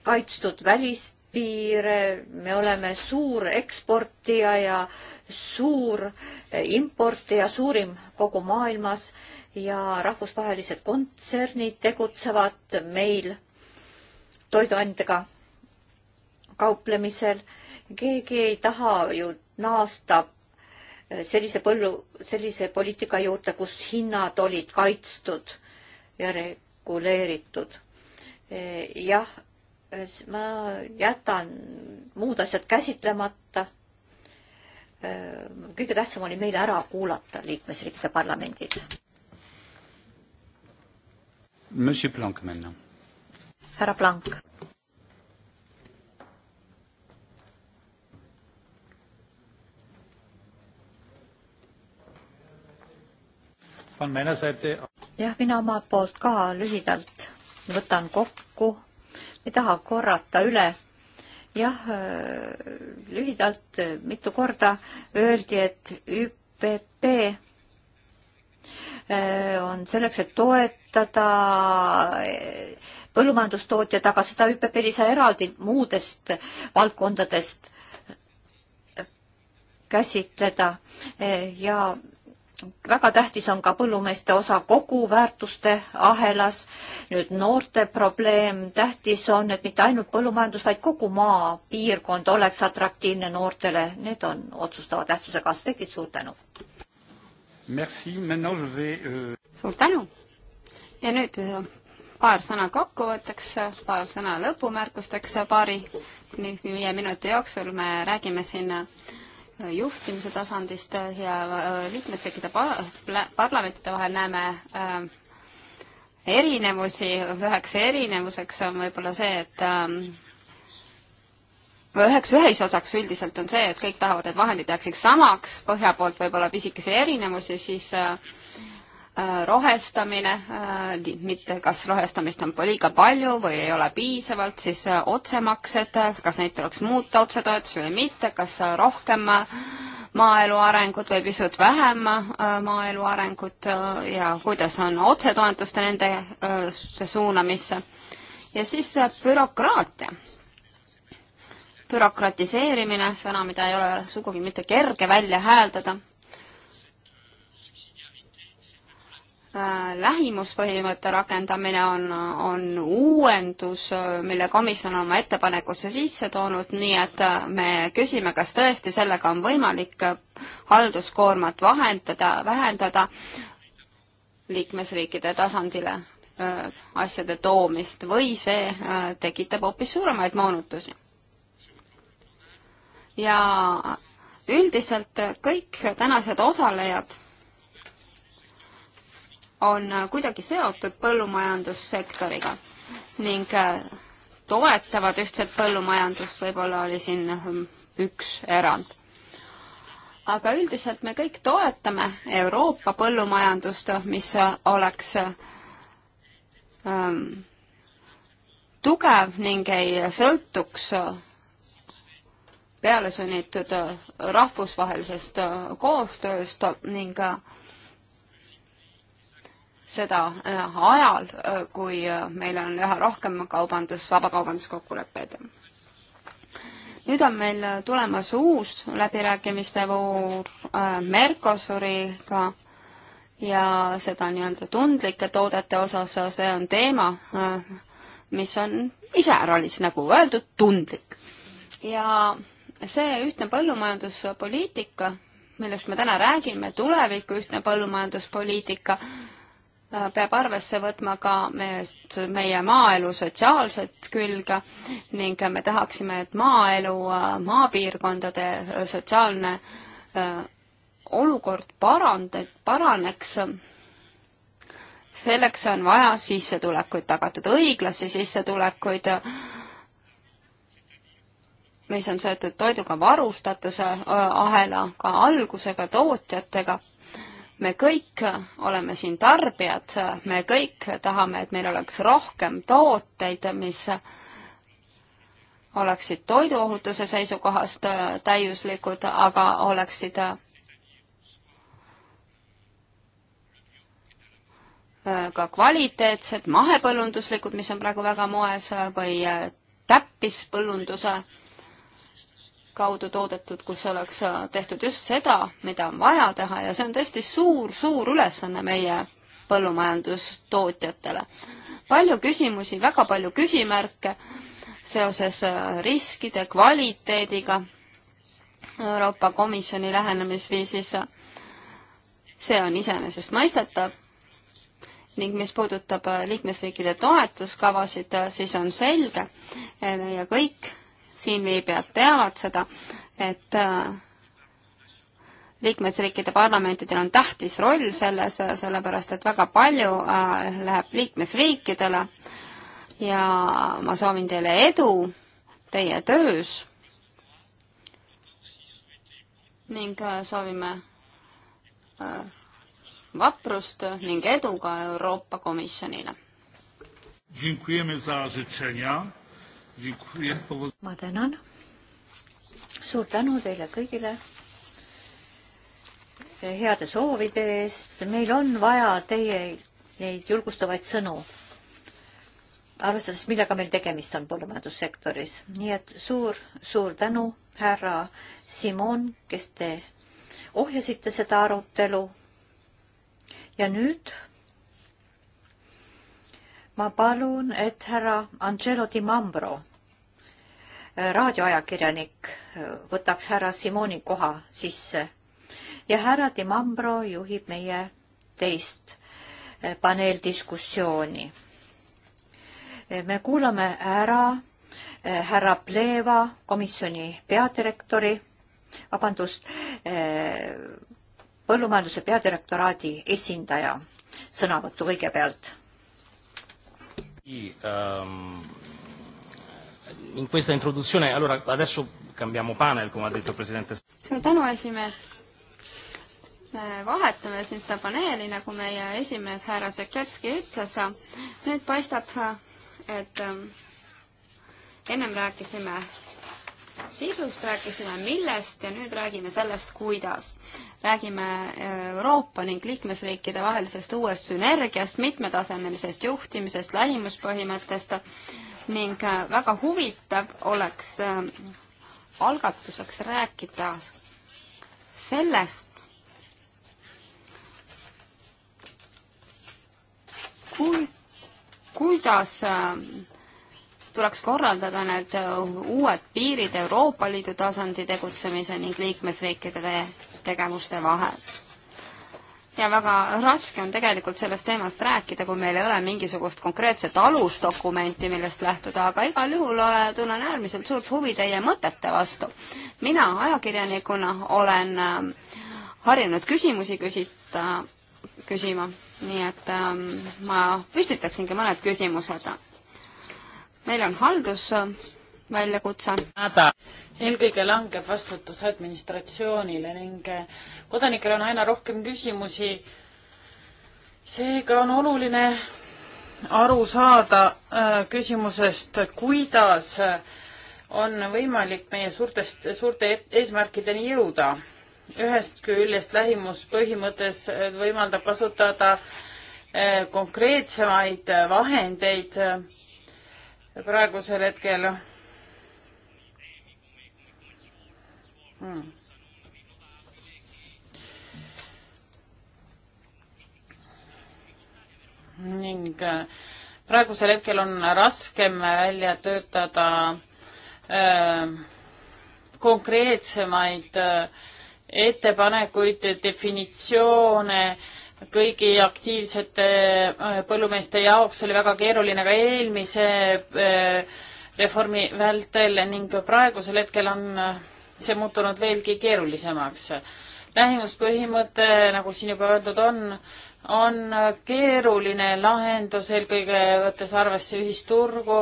kaitstud välis piire, me oleme suur eksportija ja suur eh, importija, suurim kogu maailmas ja rahvusvahelised kontsernid tegutsevad meil toiduainetega kauplemisel. keegi ei taha ju naasta eh, sellise põllu, sellise poliitika juurde, kus hinnad olid kaitstud ja reguleeritud. Eh, jah, Äh, ma jätan muud asjad käsitlemata. Äh, kõige tähtsam oli meil ära kuulata liikmesriikide parlamendid. Monsieur Blanc maintenant. härra Blanc. jah, mina omalt poolt ka lühidalt võtan kokku ei taha korrata üle. jah, äh, lühidalt äh, mitu korda öeldi, et ÜPP äh, on selleks, et toetada põllumajandustootjad, aga seda ÜPP ei saa eraldi muudest valdkondadest käsitleda ja väga tähtis on ka põllumeeste osa kogu väärtuste ahelas. nüüd noorte probleem, tähtis on, et mitte ainult põllumajandus, vaid kogu maapiirkond oleks atraktiivne noortele. Need on otsustava tähtsusega aspektid, suur tänu. Euh, suur tänu. ja nüüd äh, paar sõna kokkuvõtteks, paar sõna lõpumärkusteks, paari kuni viie minuti jooksul me räägime siin juhtimise tasandist ja äh, liikmesriikide parlamentide vahel näeme äh, erinevusi, üheks erinevuseks on võib-olla see, et või ähm, üheks ühisosaks üldiselt on see, et kõik tahavad, et vahendid jääksid samaks, põhja poolt võib-olla pisikesi erinevusi, siis äh, Äh, rohestamine, äh, mitte kas rohestamist on liiga palju või ei ole piisavalt, siis äh, otsemaksed, kas neid tuleks muuta otsetoetusi või mitte, kas rohkem maaelu arengut või pisut vähem maaelu arengut ja kuidas on otsetoetuste nendesse suunamisse. ja siis bürokraatia. bürokratiseerimine, sõna, mida ei ole sugugi mitte kerge välja hääldada Äh, lähimuspõhimõtte rakendamine on, on uuendus, mille komisjon on oma ettepanekusse sisse toonud, nii et äh, me küsime, kas tõesti sellega on võimalik äh, halduskoormat vahendada, vähendada liikmesriikide tasandile asjade toomist või see tekitab hoopis suuremaid moonutusi. ja üldiselt kõik tänased osalejad on äh, kuidagi seotud põllumajandussektoriga ning äh, toetavad ühtset põllumajandust, võib-olla oli siin ähm, üks erand. aga üldiselt me kõik toetame Euroopa põllumajandust, mis äh, oleks ähm, tugev ning ei sõltuks pealesunnitud rahvusvahelisest koostööst ning äh, seda äh, ajal, äh, kui äh, meil on üha rohkem kaubandus, vabakaubanduskokkuleppeid. nüüd on meil tulemas uus läbirääkimiste voor Mercosuriga ja seda nii-öelda tundlike toodete osas, see on teema, mis on iseäralis, nagu öeldud, tundlik. ja see ühtne põllumajanduspoliitika, millest me täna räägime, tuleviku ühtne põllumajanduspoliitika, Äh, peab arvesse võtma ka meie, meie maaelu sotsiaalset külge ning me tahaksime, et maaelu, äh, maapiirkondade äh, sotsiaalne olukord parand-, paraneks. selleks on vaja sissetulekuid tagatud, õiglasi sissetulekuid, mis on seotud toiduga varustatuse ahelaga, algusega, tootjatega me kõik oleme siin tarbijad, me kõik tahame, et meil oleks rohkem tooteid, mis oleksid toiduohutuse seisukohast äh, täiuslikud, aga oleksid äh, ka kvaliteetsed, mahepõllunduslikud, mis on praegu väga moes, äh, või täppispõllunduse kaudu toodetud, kus oleks äh, tehtud just seda, mida on vaja teha ja see on tõesti suur-suur ülesanne meie põllumajandustootjatele. palju küsimusi, väga palju küsimärke seoses äh, riskide kvaliteediga Euroopa Komisjoni lähenemisviisis. see on iseenesestmõistetav ning mis puudutab äh, liikmesriikide toetuskavasid, siis on selge ja kõik siinviibijad teavad seda, et äh, liikmesriikide parlamentidel on tähtis roll selles, äh, sellepärast et väga palju äh, läheb liikmesriikidele ja ma soovin teile edu teie töös ning soovime vaprust ning edu ka Euroopa Komisjonile. Dziękujemy za życzenia ma tänan. suur tänu teile kõigile heade soovide eest. meil on vaja teie neid julgustavaid sõnu, arvestades, millega meil tegemist on põllumajandussektoris. nii et suur-suur tänu, härra Simon, kes te ohjasite seda arutelu. ja nüüd ma palun, et härra Angelo Di Mambro raadioajakirjanik äh, võtaks härra Simoni koha sisse. ja härra Dimambro juhib meie teist äh, paneeldiskussiooni. Äh, me kuulame ära härra Pleva, komisjoni peadirektori, vabandust, põllumajanduse peadirektoraadi esindaja sõnavõttu kõigepealt. Um, in questa introduzione, allora adesso cambiamo panel, come ha detto il Presidente. suur tänu, esimees! me vahetame siin seda paneeli, nagu meie esimees härra Sekerski ütles. nüüd paistab, et ähm, ennem rääkisime sisust, rääkisime millest ja nüüd räägime sellest, kuidas. räägime äh, Euroopa ning liikmesriikide vahelisest uuest sünergiast, mitmetasemelisest juhtimisest, lähimuspõhimõttest ning äh, väga huvitav oleks äh, algatuseks rääkida sellest, kui, kuidas äh, tuleks korraldada need uued piirid Euroopa Liidu tasandi tegutsemise ning liikmesriikide tegevuste vahel ja väga raske on tegelikult sellest teemast rääkida, kui meil ei ole mingisugust konkreetset alusdokumenti, millest lähtuda, aga igal juhul ole, tunnen äärmiselt suurt huvi teie mõtete vastu. mina ajakirjanikuna olen ähm, harjunud küsimusi küsida, küsima, nii et ähm, ma püstitaksingi mõned küsimused. meil on haldus äh, väljakutse eelkõige langeb vastutus administratsioonile ning eh, kodanikel on aina rohkem küsimusi. seega on oluline aru saada eh, küsimusest, kuidas eh, on võimalik meie suurtest, suurte eesmärkideni jõuda. ühest küljest lähimuspõhimõttes võimaldab kasutada konkreetsemaid vahendeid praegusel hetkel mm.. ning äh, praegusel hetkel on raskem välja töötada äh, konkreetsemaid äh, ettepanekuid, definitsioone kõigi aktiivsete äh, põllumeeste jaoks oli väga keeruline ka eelmise äh, reformi vältel ning praegusel hetkel on see muutunud veelgi keerulisemaks. lähimuspõhimõte, nagu siin juba öeldud on, on keeruline lahendus, eelkõige võttes arvesse ühisturgu,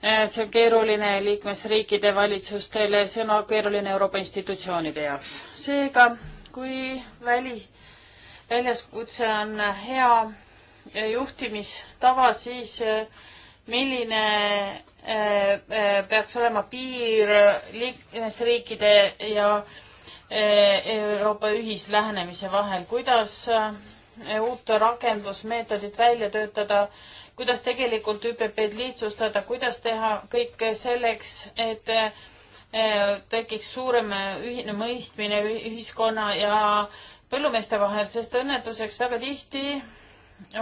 see on keeruline liikmesriikide valitsustele, see on keeruline Euroopa institutsioonide jaoks. seega, kui väli, väljaskutse on hea juhtimistava, siis milline Äh, äh, peaks olema piir liikmesriikide ja äh, Euroopa ühislähenemise vahel, kuidas uut rakendusmeetodit välja töötada, kuidas tegelikult ÜPP-d lihtsustada, kuidas teha kõik selleks, et tekiks suurem ühine mõistmine ühiskonna ja põllumeeste vahel, sest õnnetuseks väga tihti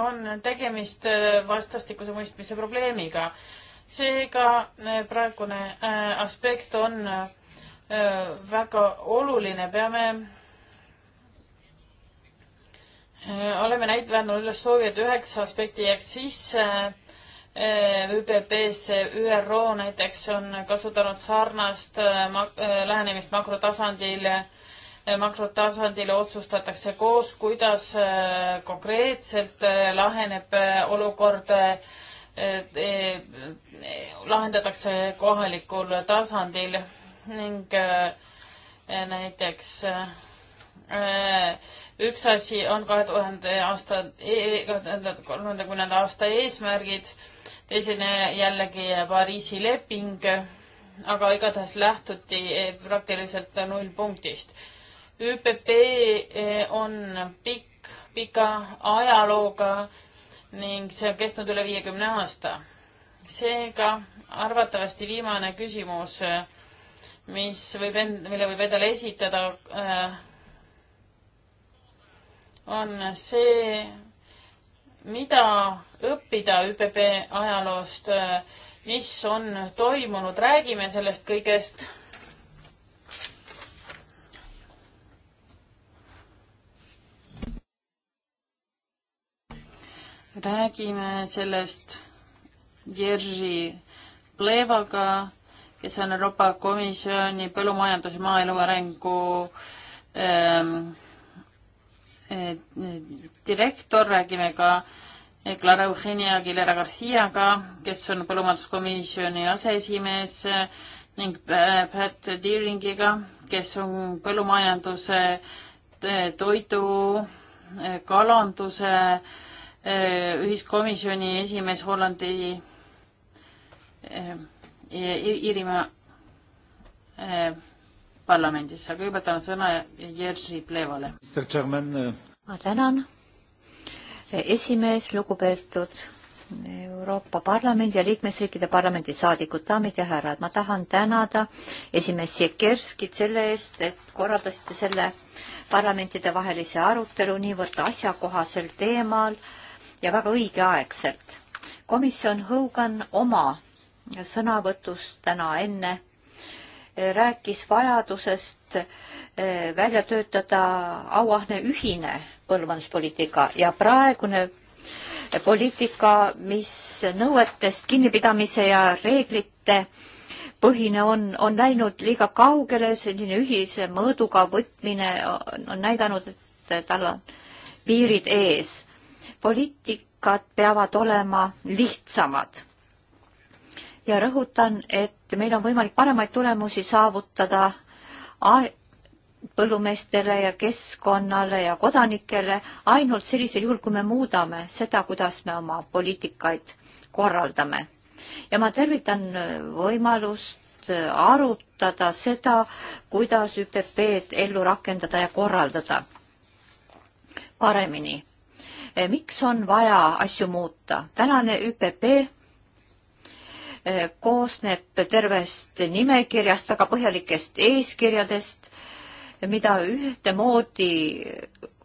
on tegemist vastastikuse mõistmise probleemiga seega eh, praegune eh, aspekt on eh, väga oluline, peame oleme näidanud üles soovi, et üheksa aspekti jääks sisse. ÜBB-s ÜRO näiteks on kasutanud sarnast mak lähenemist makrotasandil. makrotasandil otsustatakse koos, kuidas konkreetselt laheneb olukord Eh, eh, lahendatakse kohalikul tasandil ning eh, näiteks üks asi on kahe tuhande aasta, e, e, kahe tuhande kolmekümnenda aasta eesmärgid, teisene jällegi Pariisi leping, aga igatahes lähtuti praktiliselt nullpunktist. ÜPP on pikk, pika ajalooga ning see on kestnud üle viiekümne aasta. seega arvatavasti viimane küsimus, mis võib end, mille võib endale esitada äh,, on see, mida õppida ÜPP ajaloost, äh, mis on toimunud, räägime sellest kõigest räägime sellest Jerzy Plevaga, kes on Euroopa Komisjoni põllumajandus- ja maaelu arengu ähm, äh, direktor, räägime ka Clara Eugenia Aguilera Garciaga, kes on põllumajanduskomisjoni aseesimees ning Pat Deeringiga, kes on põllumajanduse, äh, toidu, äh, kalanduse äh, Äh, ühiskomisjoni esimees Hollandi äh, Iirimaa äh, parlamendis, aga kõigepealt annan sõna Jerzy Plevale. ma tänan. esimees, lugupeetud Euroopa Parlamendi ja liikmesriikide parlamendi saadikud, daamid ja härrad, ma tahan tänada esimees Sikerskit selle eest, et korraldasite selle parlamentidevahelise arutelu niivõrd asjakohasel teemal ja väga õigeaegselt. komisjon Hogan oma sõnavõtus täna enne eh, rääkis vajadusest eh, välja töötada auahne ühine põllumajanduspoliitika ja praegune poliitika, mis nõuetest kinnipidamise ja reeglite põhine on, on läinud liiga kaugele, selline ühise mõõduga võtmine on näidanud, et tal on piirid ees poliitikad peavad olema lihtsamad. ja rõhutan, et meil on võimalik paremaid tulemusi saavutada põllumeestele ja keskkonnale ja kodanikele ainult sellisel juhul, kui me muudame seda, kuidas me oma poliitikaid korraldame. ja ma tervitan võimalust arutada seda, kuidas ÜPP-d ellu rakendada ja korraldada paremini Eh, miks on vaja asju muuta? tänane ÜPP eh, koosneb tervest nimekirjast, väga põhjalikest eeskirjadest, mida ühtemoodi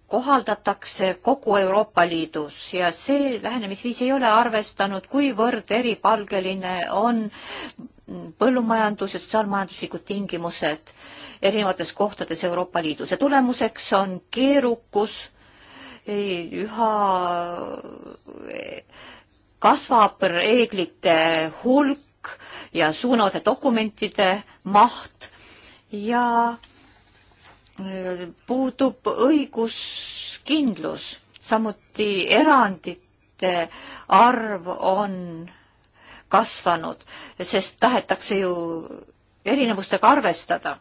kohaldatakse kogu Euroopa Liidus ja see lähenemisviis ei ole arvestanud, kuivõrd eripalgeline on põllumajandus ja sotsiaalmajanduslikud tingimused erinevates kohtades Euroopa Liidus ja tulemuseks on keerukus üha e, kasvab reeglite hulk ja suunavate dokumentide maht ja e, puudub õiguskindlus, samuti erandite arv on kasvanud, sest tahetakse ju erinevustega arvestada.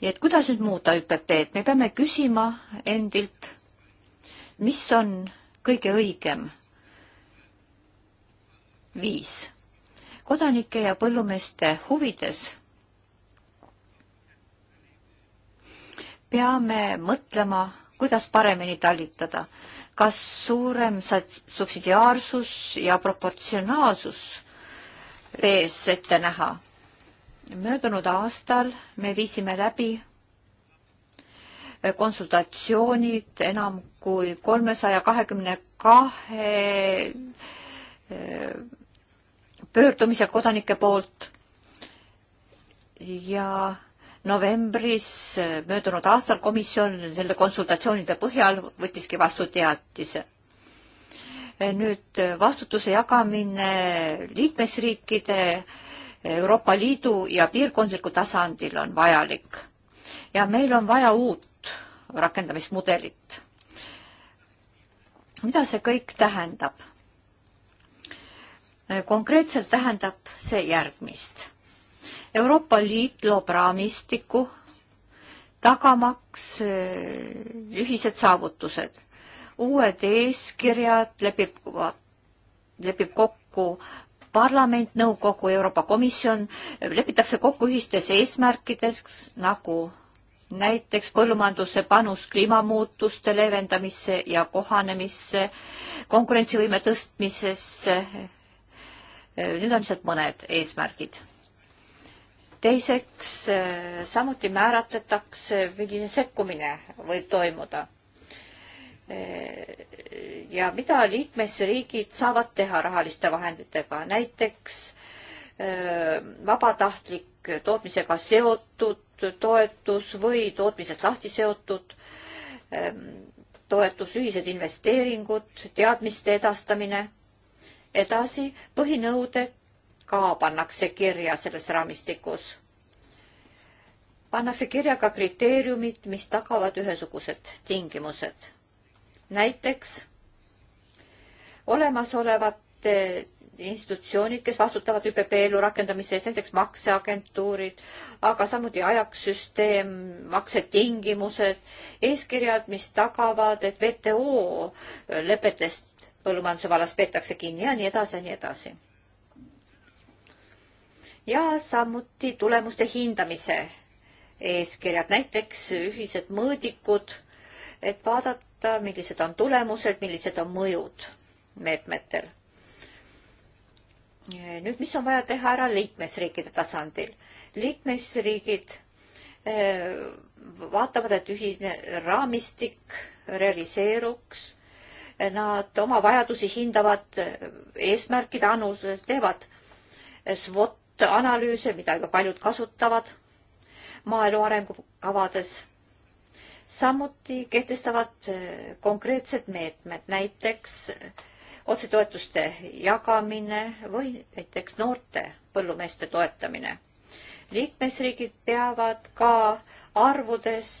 nii et kuidas nüüd muuta ÜPP-d, me peame küsima endilt mis on kõige õigem viis kodanike ja põllumeeste huvides peame mõtlema, kuidas paremini talitada, kas suurem subsidiaarsus ja proportsionaalsus vees ette näha. möödunud aastal me viisime läbi konsultatsioonid enam kui kolmesaja kahekümne kahe eh, pöördumise kodanike poolt ja novembris eh, möödunud aastal komisjon selle konsultatsioonide põhjal võttiski vastu teatise. Eh, nüüd vastutuse jagamine liikmesriikide, Euroopa Liidu ja piirkondliku tasandil on vajalik ja meil on vaja uut rakendamismudelit mida see kõik tähendab? konkreetselt tähendab see järgmist. Euroopa Liit loob raamistiku, tagamaks eh, ühised saavutused. uued eeskirjad lepib, lepib kokku parlament, nõukogu, Euroopa Komisjon, lepitakse kokku ühistes eesmärkides nagu näiteks põllumajanduse panus kliimamuutuste leevendamisse ja kohanemisse, konkurentsivõime tõstmisesse. Need on lihtsalt mõned eesmärgid. teiseks, samuti määratletakse, milline sekkumine võib toimuda. ja mida liikmesriigid saavad teha rahaliste vahenditega, näiteks vabatahtlik tootmisega seotud toetus või tootmisest lahti seotud ehm, toetus, ühised investeeringud, teadmiste edastamine. edasi, põhinõuded ka pannakse kirja selles raamistikus. pannakse kirja ka kriteeriumid, mis tagavad ühesugused tingimused. näiteks olemasolevate institutsioonid, kes vastutavad ÜPP elu rakendamise eest, näiteks makseagentuurid, aga samuti ajakssüsteem, maksetingimused, eeskirjad, mis tagavad, et WTO lepetest põllumajanduse vallas peetakse kinni ja nii edasi ja nii edasi. ja samuti tulemuste hindamise eeskirjad, näiteks ühised mõõdikud, et vaadata, millised on tulemused, millised on mõjud meetmetel nüüd, mis on vaja teha ära liikmesriikide tasandil? liikmesriigid eh, vaatavad, et ühine raamistik realiseeruks. Nad oma vajadusi hindavad eh, eesmärkide anuses, teevad eh, SWOT analüüse, mida juba paljud kasutavad maaelu arengukavades. samuti kehtestavad konkreetsed meetmed, näiteks otsetoetuste jagamine või näiteks noorte põllumeeste toetamine. liikmesriigid peavad ka arvudes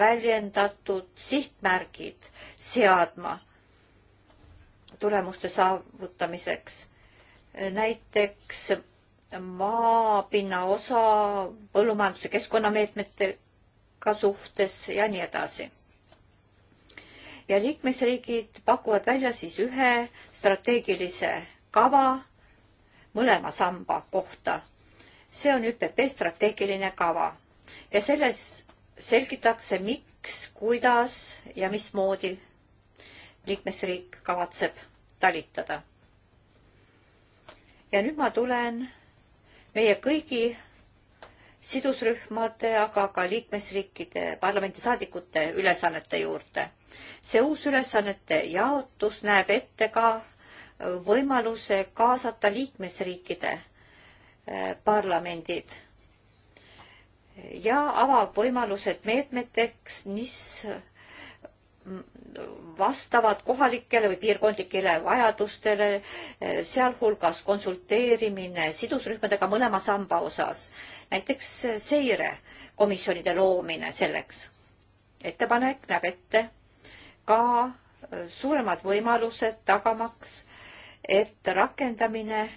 väljendatud sihtmärgid seadma tulemuste saavutamiseks. näiteks maapinna osa põllumajanduse keskkonnameetmetega suhtes ja nii edasi ja liikmesriigid pakuvad välja siis ühe strateegilise kava mõlema samba kohta. see on ÜPP strateegiline kava ja selles selgitakse, miks, kuidas ja mismoodi liikmesriik kavatseb talitada. ja nüüd ma tulen meie kõigi sidusrühmade, aga ka liikmesriikide parlamendisaadikute ülesannete juurde. see uus ülesannete jaotus näeb ette ka võimaluse kaasata liikmesriikide eh, parlamendid ja avab võimalused meetmeteks, mis vastavad kohalikele või piirkondlikele vajadustele, eh, sealhulgas konsulteerimine sidusrühmadega mõlema samba osas. näiteks eh, seirekomisjonide loomine selleks. ettepanek näeb ette ka eh, suuremad võimalused tagamaks, et rakendamine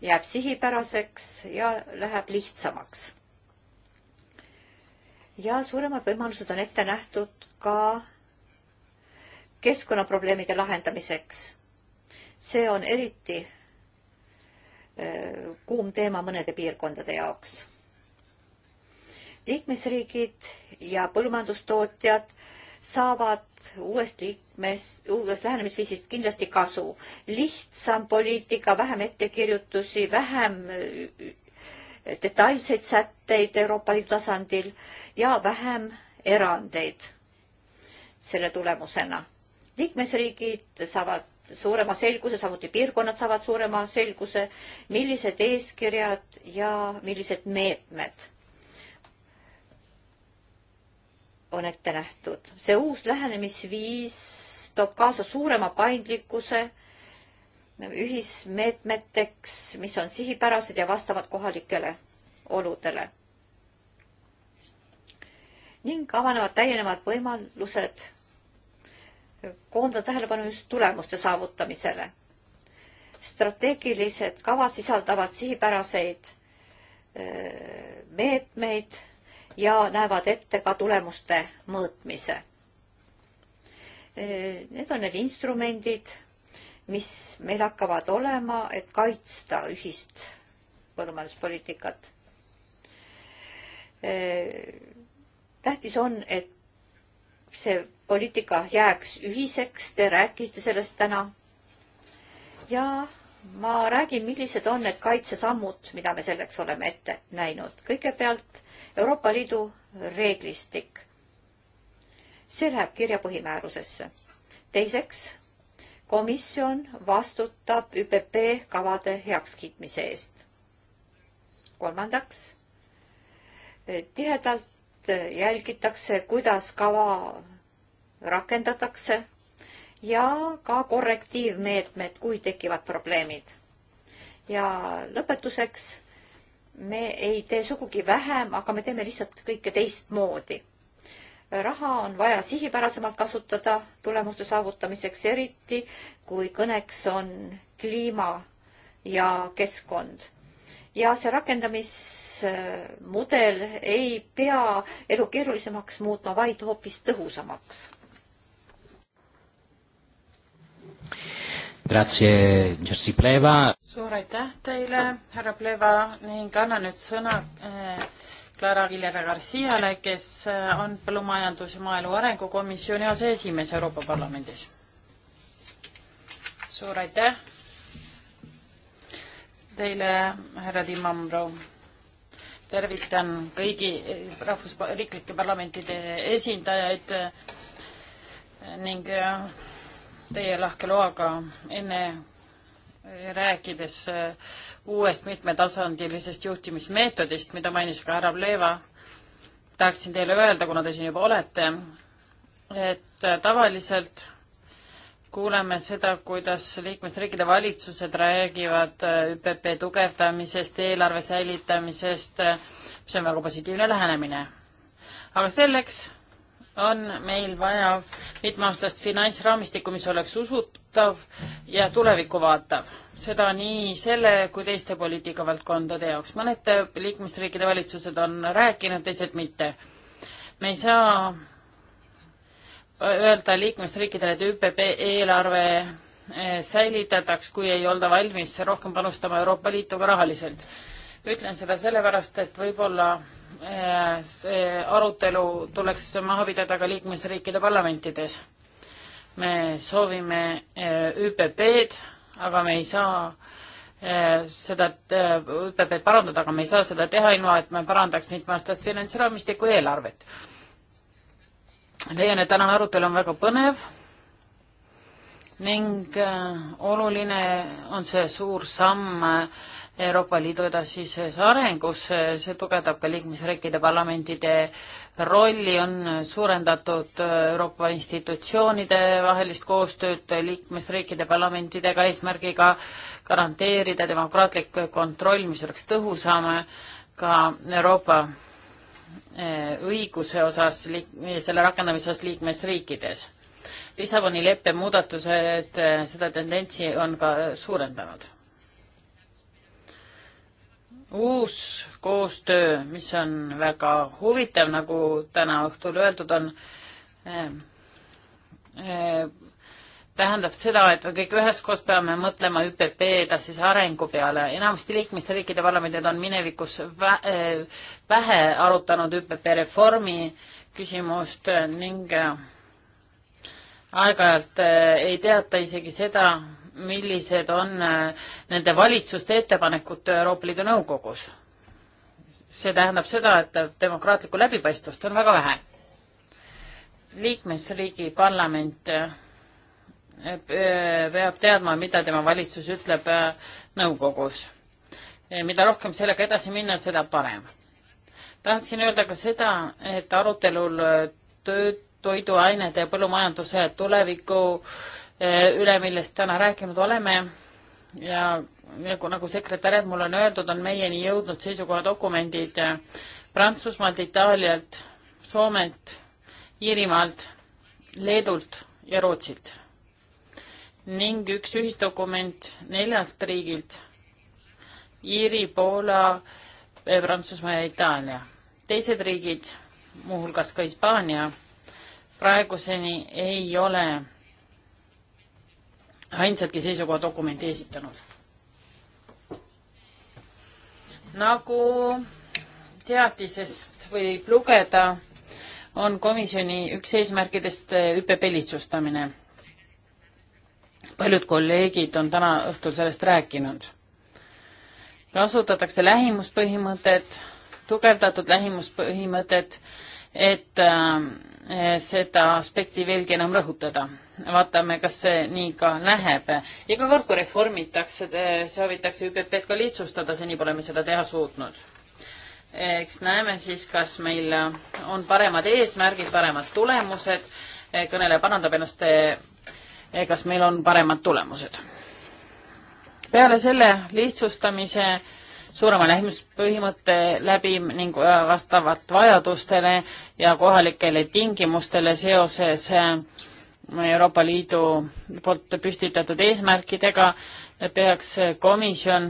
jääb sihipäraseks ja läheb lihtsamaks. ja suuremad võimalused on ette nähtud ka keskkonnaprobleemide lahendamiseks. see on eriti äh, kuum teema mõnede piirkondade jaoks. liikmesriigid ja põllumajandustootjad saavad uuest liikmes, uuest lähenemisviisist kindlasti kasu. lihtsam poliitika, vähem ettekirjutusi, vähem äh, detailseid sätteid Euroopa Liidu tasandil ja vähem erandeid selle tulemusena liikmesriigid saavad suurema selguse, samuti piirkonnad saavad suurema selguse, millised eeskirjad ja millised meetmed on ette nähtud. see uus lähenemisviis toob kaasa suurema paindlikkuse ühismeetmeteks, mis on sihipärased ja vastavad kohalikele oludele. ning avanevad täienevad võimalused koondada tähelepanu just tulemuste saavutamisele. strateegilised kavad sisaldavad sihipäraseid äh, meetmeid ja näevad ette ka tulemuste mõõtmise. Äh, need on need instrumendid, mis meil hakkavad olema, et kaitsta ühist põllumajanduspoliitikat. Äh, tähtis on, et see poliitika jääks ühiseks, te rääkisite sellest täna. ja ma räägin, millised on need kaitsesammud, mida me selleks oleme ette näinud. kõigepealt Euroopa Liidu reeglistik. see läheb kirja põhimäärusesse. teiseks, komisjon vastutab ÜPP kavade heakskiitmise eest. kolmandaks, tihedalt jälgitakse, kuidas kava rakendatakse ja ka korrektiivmeetmed, kui tekivad probleemid. ja lõpetuseks, me ei tee sugugi vähem, aga me teeme lihtsalt kõike teistmoodi. raha on vaja sihipärasemalt kasutada tulemuste saavutamiseks, eriti kui kõneks on kliima ja keskkond ja see rakendamismudel ei pea elu keerulisemaks muutma, vaid hoopis tõhusamaks. Grazie, Jerzy Pleva. suur aitäh teile, härra Pleva ning annan nüüd sõna eh, Clara Aguilera Garciale, kes eh, on Põllumajandus- ja Maaelu Arengukomisjoni aseesimees Euroopa Parlamendis. suur aitäh teile, härra Timamrov. tervitan kõigi eh, rahvusriiklike parlamentide esindajaid ning teie lahke loaga enne rääkides äh, uuest mitmetasandilisest juhtimismeetodist, mida mainis ka härra Pleva, tahaksin teile öelda, kuna te siin juba olete, et äh, tavaliselt kuuleme seda, kuidas liikmesriikide valitsused räägivad äh, ÜPP tugevdamisest, eelarve säilitamisest, mis on väga positiivne lähenemine. aga selleks, on meil vaja mitmeaastast finantsraamistikku, mis oleks usutav ja tulevikku vaatav. seda nii selle kui teiste poliitikavaldkondade jaoks. mõned liikmesriikide valitsused on rääkinud, teised mitte. me ei saa öelda liikmesriikidele, et ÜPP eelarve eh, säilitataks, kui ei olda valmis rohkem panustama Euroopa Liituga rahaliselt. ütlen seda sellepärast, et võib-olla see äh, äh, arutelu tuleks maha pidada ka liikmesriikide parlamentides. me soovime äh, ÜPP-d, aga me ei saa seda ÜPP-d parandada, aga me ei saa seda teha ilma, et me parandaks mitmeaastast finantsraamistikku ja eelarvet. leian, et tänane arutelu on väga põnev ning oluline on see suur samm Euroopa Liidu edasises arengus, see tugevdab ka liikmesriikide parlamentide rolli, on suurendatud Euroopa institutsioonide vahelist koostööd liikmesriikide parlamentidega eesmärgiga garanteerida demokraatlik kontroll, mis oleks tõhusam ka Euroopa eh, õiguse osas, selle rakendamise osas liikmesriikides. Lissaboni leppe muudatused eh, seda tendentsi on ka suurendanud uus koostöö, mis on väga huvitav, nagu täna õhtul öeldud on eh,, eh, tähendab seda, et me kõik üheskoos peame mõtlema ÜPP edasise arengu peale. enamasti liikmesriikide parlamendid on minevikus vä eh, vähe arutanud ÜPP reformi küsimust ning eh, aeg-ajalt eh, ei teata isegi seda, millised on äh, nende valitsuste ettepanekud Euroopa Liidu Nõukogus. see tähendab seda, et demokraatlikku läbipaistvust on väga vähe. liikmesriigi parlament äh, peab teadma, mida tema valitsus ütleb äh, nõukogus. mida rohkem sellega edasi minna, seda parem. tahaksin öelda ka seda, et arutelul töö, toiduainete ja põllumajanduse tuleviku äh, Eh, üle, millest täna rääkinud oleme ja nagu, nagu sekretärid mulle on öeldud, on meieni jõudnud seisukohadokumendid eh, Prantsusmaalt, Itaalialt, Soomelt, Iirimaalt, Leedult ja Rootsilt ning üks ühisdokument neljalt riigilt Iiri, Poola, eh, Prantsusmaa ja Itaalia. teised riigid, muuhulgas ka Hispaania, praeguseni ei ole ainsadki seisukohadokumenti esitanud. nagu teatisest võib lugeda, on komisjoni üks eesmärkidest eh, ÜPP lihtsustamine. paljud kolleegid on täna õhtul sellest rääkinud. kasutatakse lähimuspõhimõtet, tugevdatud lähimuspõhimõtet, et äh, seda aspekti veelgi enam rõhutada vaatame, kas see nii ka läheb. iga kord, kui reformitakse, soovitakse ÜPP-d ka lihtsustada, seni pole me seda teha suutnud. eks näeme siis, kas meil on paremad eesmärgid, paremad tulemused, kõneleja parandab ennast, kas meil on paremad tulemused. peale selle lihtsustamise suurema lähimuspõhimõtte läbi ning vastavalt vajadustele ja kohalikele tingimustele seoses äh, Euroopa Liidu poolt püstitatud eesmärkidega, peaks komisjon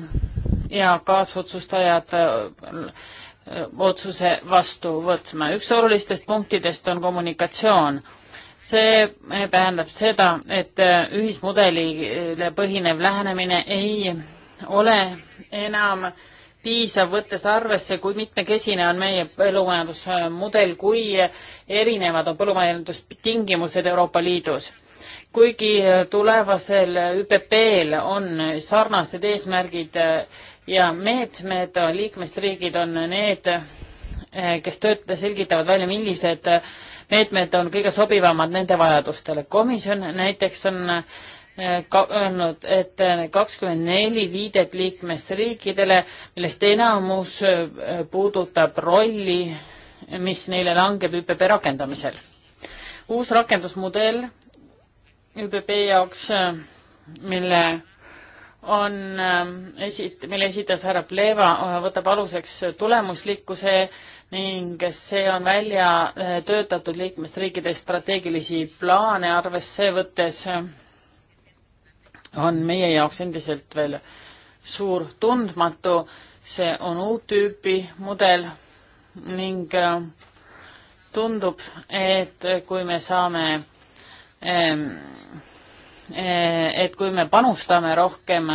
ja kaasotsustajad äh, otsuse vastu võtma. üks olulistest punktidest on kommunikatsioon. see tähendab seda, et äh, ühismudelile põhinev lähenemine ei ole enam äh, piisav, võttes arvesse, kui mitmekesine on meie põllumajandusmudel, kui erinevad on põllumajandustingimused Euroopa Liidus. kuigi tulevasel ÜPP-l on sarnased eesmärgid ja meetmed, liikmesriigid on need, kes töötajad selgitavad välja, millised meetmed on kõige sobivamad nende vajadustele. komisjon näiteks on öelnud, et kakskümmend neli viidet liikmesriikidele, millest enamus äh, puudutab rolli, mis neile langeb ÜPP rakendamisel. uus rakendusmudel ÜPP jaoks, äh, mille on äh, esit-, mille esitas härra Pleva, võtab aluseks tulemuslikkuse ning see on välja töötatud liikmesriikide strateegilisi plaane arvesse võttes on meie jaoks endiselt veel suur tundmatu, see on uut tüüpi mudel ning äh, tundub, et kui me saame, ähm, äh, et kui me panustame rohkem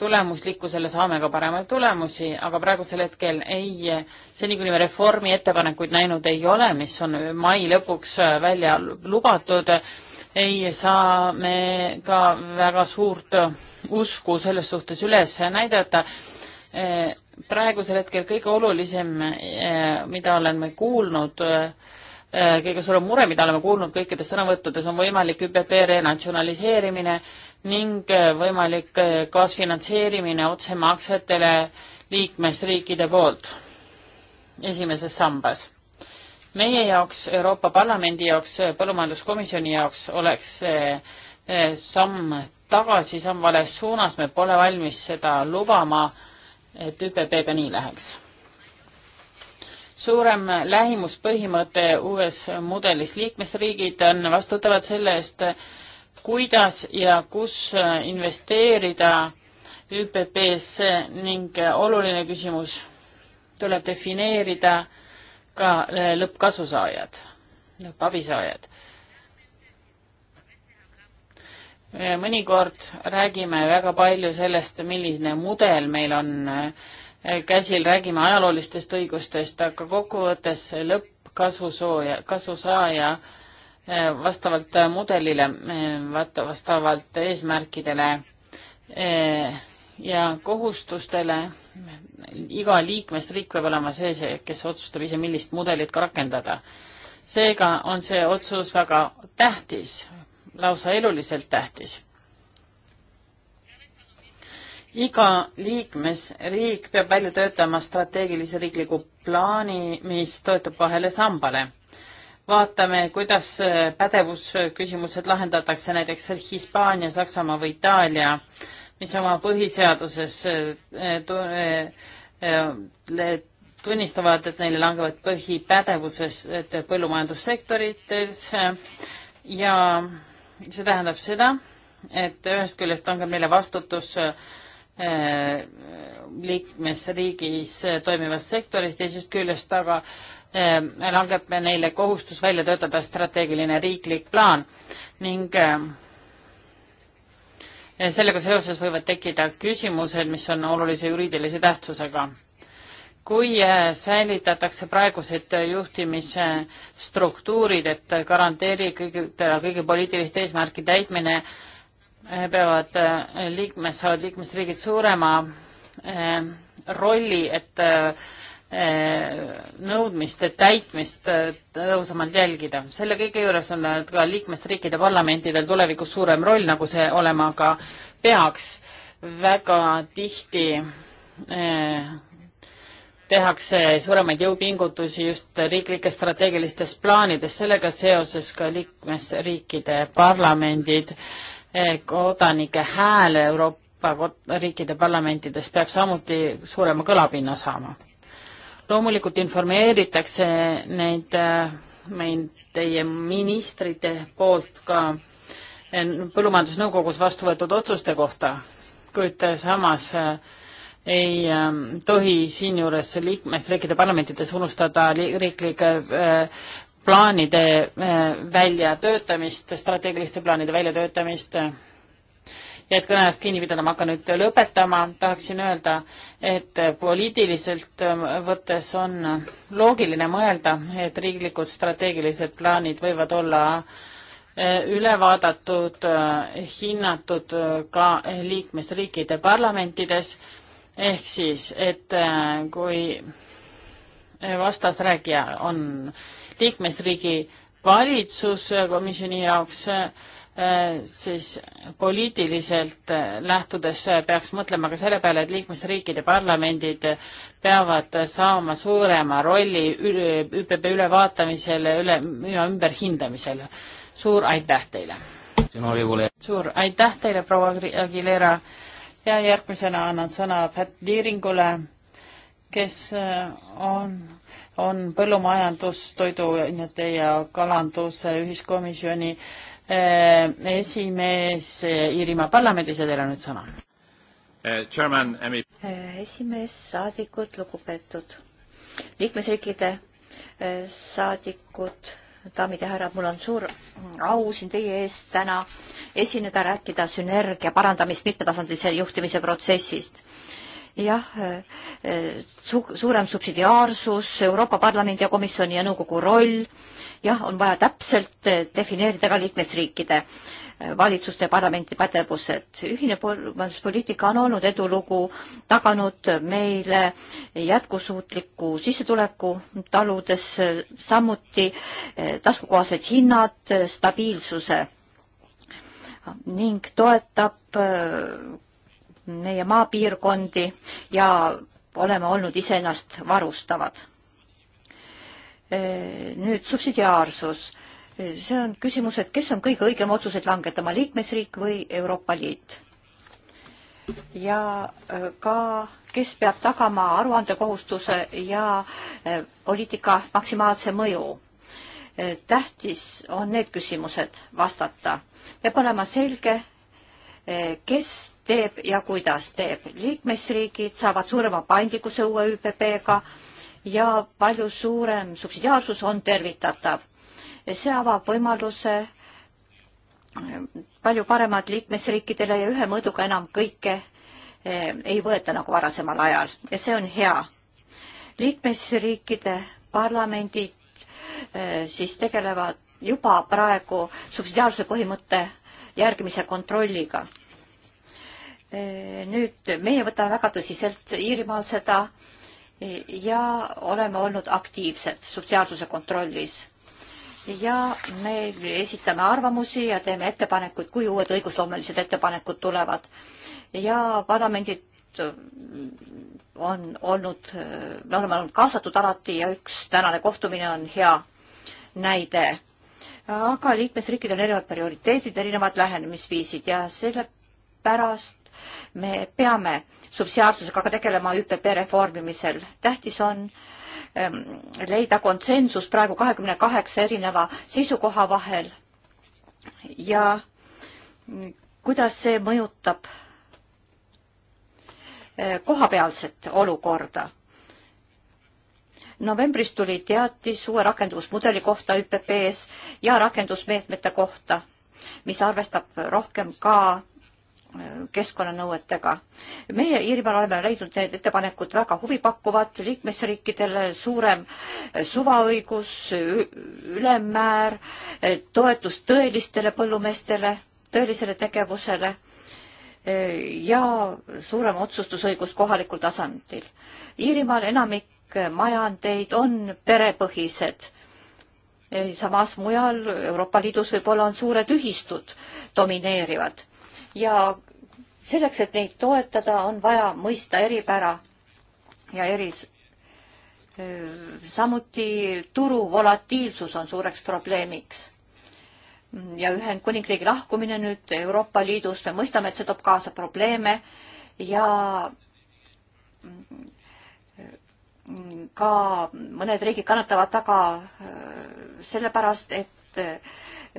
tulemuslikkusele, saame ka paremaid tulemusi, aga praegusel hetkel ei, seni kuni me reformi ettepanekuid näinud ei ole, mis on mai lõpuks äh, välja lubatud, ei saa me ka väga suurt usku selles suhtes üles näidata. E, praegusel hetkel kõige olulisem, e, mida oleme kuulnud, e, kõige suurem mure, mida oleme kuulnud kõikides sõnavõttudes, on võimalik ÜPP renatsionaliseerimine ning võimalik kaasfinantseerimine otsemaksetele liikmesriikide poolt esimeses sambas meie jaoks, Euroopa Parlamendi jaoks, põllumajanduskomisjoni jaoks oleks see eh, samm tagasi, samm vales suunas, me pole valmis seda lubama, et ÜPP-ga nii läheks. suurem lähimuspõhimõte uues mudelis, liikmesriigid on vastutavad selle eest, kuidas ja kus investeerida ÜPP-sse ning oluline küsimus tuleb defineerida ka eh, lõppkasusaajad, lõppabisaajad. mõnikord räägime väga palju sellest, milline mudel meil on eh, käsil, räägime ajaloolistest õigustest, aga kokkuvõttes lõppkasusooja, kasusaaja eh, vastavalt mudelile, vastavalt eesmärkidele ja kohustustele. iga liikmesriik peab olema see, see, kes otsustab ise, millist mudelit ka rakendada. seega on see otsus väga tähtis, lausa eluliselt tähtis. iga liikmesriik peab välja töötama strateegilise riikliku plaani, mis toetub kahele sambale vaatame, kuidas pädevusküsimused lahendatakse näiteks Hispaania, Saksamaa või Itaalia äh, mis oma põhiseaduses eh, eh, eh, tunnistavad, et neile langevad põhipädevused põllumajandussektorites ja see tähendab seda, et ühest küljest langeb neile vastutus liikmesriigis toimivast sektorist, teisest küljest aga langeb neile kohustus välja töötada strateegiline riiklik plaan ning sellega seoses võivad tekkida küsimused, mis on olulise juriidilise tähtsusega. kui äh, säilitatakse praegused juhtimisstruktuurid, et garanteerida kõigi, kõigi poliitiliste eesmärki täitmine, äh, peavad äh, liikmes, saavad liikmesriigid suurema rolli, et Eh, nõudmiste täitmist tõhusamalt jälgida. selle kõige juures on ka liikmesriikide parlamentidel tulevikus suurem roll, nagu see olema ka peaks. väga tihti eh, tehakse suuremaid jõupingutusi just riiklikes strateegilistes plaanides, sellega seoses ka liikmesriikide parlamendid eh,, kodanike hääl Euroopa riikide parlamentides peab samuti suurema kõlapinna saama loomulikult informeeritakse neid, äh, meid teie ministrite poolt ka äh, põllumajandusnõukogus vastu võetud otsuste kohta, kuid äh, samas ei ähm, tohi siinjuures liikmesriikide parlamentides unustada riiklike plaanide väljatöötamist, strateegiliste plaanide väljatöötamist ja et kõneajast kinni pidada, ma hakkan nüüd lõpetama, tahaksin öelda, et poliitiliselt ähm, võttes on loogiline mõelda, et riiklikud strateegilised plaanid võivad olla äh, üle vaadatud, äh, hinnatud äh, ka liikmesriikide parlamentides, ehk siis, et kui vastasrääkija on liikmesriigi valitsus komisjoni jaoks äh, Äh, siis poliitiliselt äh, lähtudes äh, peaks mõtlema ka selle peale, et liikmesriikide parlamendid peavad saama suurema rolli ÜPP ülevaatamisel ja üle, ümberhindamisel. suur aitäh teile! suur aitäh teile, proua Aguilera! ja järgmisena annan sõna Pat Liiringule, kes on on põllumajandus, toiduainete ja kalanduse ühiskomisjoni äh, Äh, esimees äh, Iirimaa parlamendis ja teil on nüüd sõna. Äh, esimees, saadikud, lugupeetud liikmesriikide saadikud, daamid ja härrad, mul on suur au siin teie ees täna esineda, rääkida sünergia parandamist mitmetasandilise juhtimise protsessist jah, eh, su-, suurem subsidiaarsus, Euroopa Parlamendi ja Komisjoni ja Nõukogu roll, jah, on vaja täpselt eh, defineerida ka liikmesriikide eh, valitsuste ja parlamenti pädevused. ühine põllumajanduspoliitika on olnud edulugu, taganud meile jätkusuutliku sissetuleku taludes, samuti taskukohased hinnad, stabiilsuse ning toetab meie maapiirkondi ja oleme olnud iseennast varustavad. nüüd subsidiaarsus. see on küsimus, et kes on kõige õigem otsuseid langetama, liikmesriik või Euroopa Liit? ja ka, kes peab tagama aruandekohustuse ja eh, poliitika maksimaalse mõju eh, tähtis on need küsimused vastata. peab olema selge, Eh, kes teeb ja kuidas teeb. liikmesriigid saavad suurema paindlikkuse uue ÜPP-ga ja palju suurem subsidiaarsus on tervitatav. Eh, see avab võimaluse eh, palju paremad liikmesriikidele ja ühe mõõduga enam kõike ei võeta nagu varasemal ajal ja see on hea. liikmesriikide parlamendid siis tegelevad juba praegu subsidiaarsuse põhimõtte järgimise kontrolliga Eh, nüüd meie võtame väga tõsiselt Iirimaal seda eh, ja oleme olnud aktiivsed sotsiaalsuse kontrollis. ja me esitame arvamusi ja teeme ettepanekuid, kui uued õigusloomelised ettepanekud tulevad. ja parlamendid eh, on olnud, me oleme olnud kaasatud alati ja üks tänane kohtumine on hea näide. aga liikmesriikidel on erinevad prioriteedid, erinevad lähenemisviisid ja sellepärast me peame subsidiaarsusega ka tegelema ÜPP reformimisel. tähtis on ähm, leida konsensus praegu kahekümne kaheksa erineva seisukoha vahel ja kuidas see mõjutab äh, kohapealset olukorda. novembris tuli teatis uue rakendusmudeli kohta ÜPP-s ja rakendusmeetmete kohta, mis arvestab rohkem ka keskkonnanõuetega. meie Iirimaal oleme leidnud need ettepanekud väga huvipakkuvad, liikmesriikidele suurem suvaõigus, ülemmäär, toetus tõelistele põllumeestele, tõelisele tegevusele ja suurem otsustusõigus kohalikul tasandil. Iirimaal enamik majandeid on perepõhised samas mujal Euroopa Liidus võib-olla on suured ühistud domineerivad ja selleks, et neid toetada, on vaja mõista eripära ja eris-. samuti turu volatiilsus on suureks probleemiks. ja Ühendkuningriigi lahkumine nüüd Euroopa Liidust, me mõistame, et see toob kaasa probleeme ja mm, ka mõned riigid kannatavad väga sellepärast, et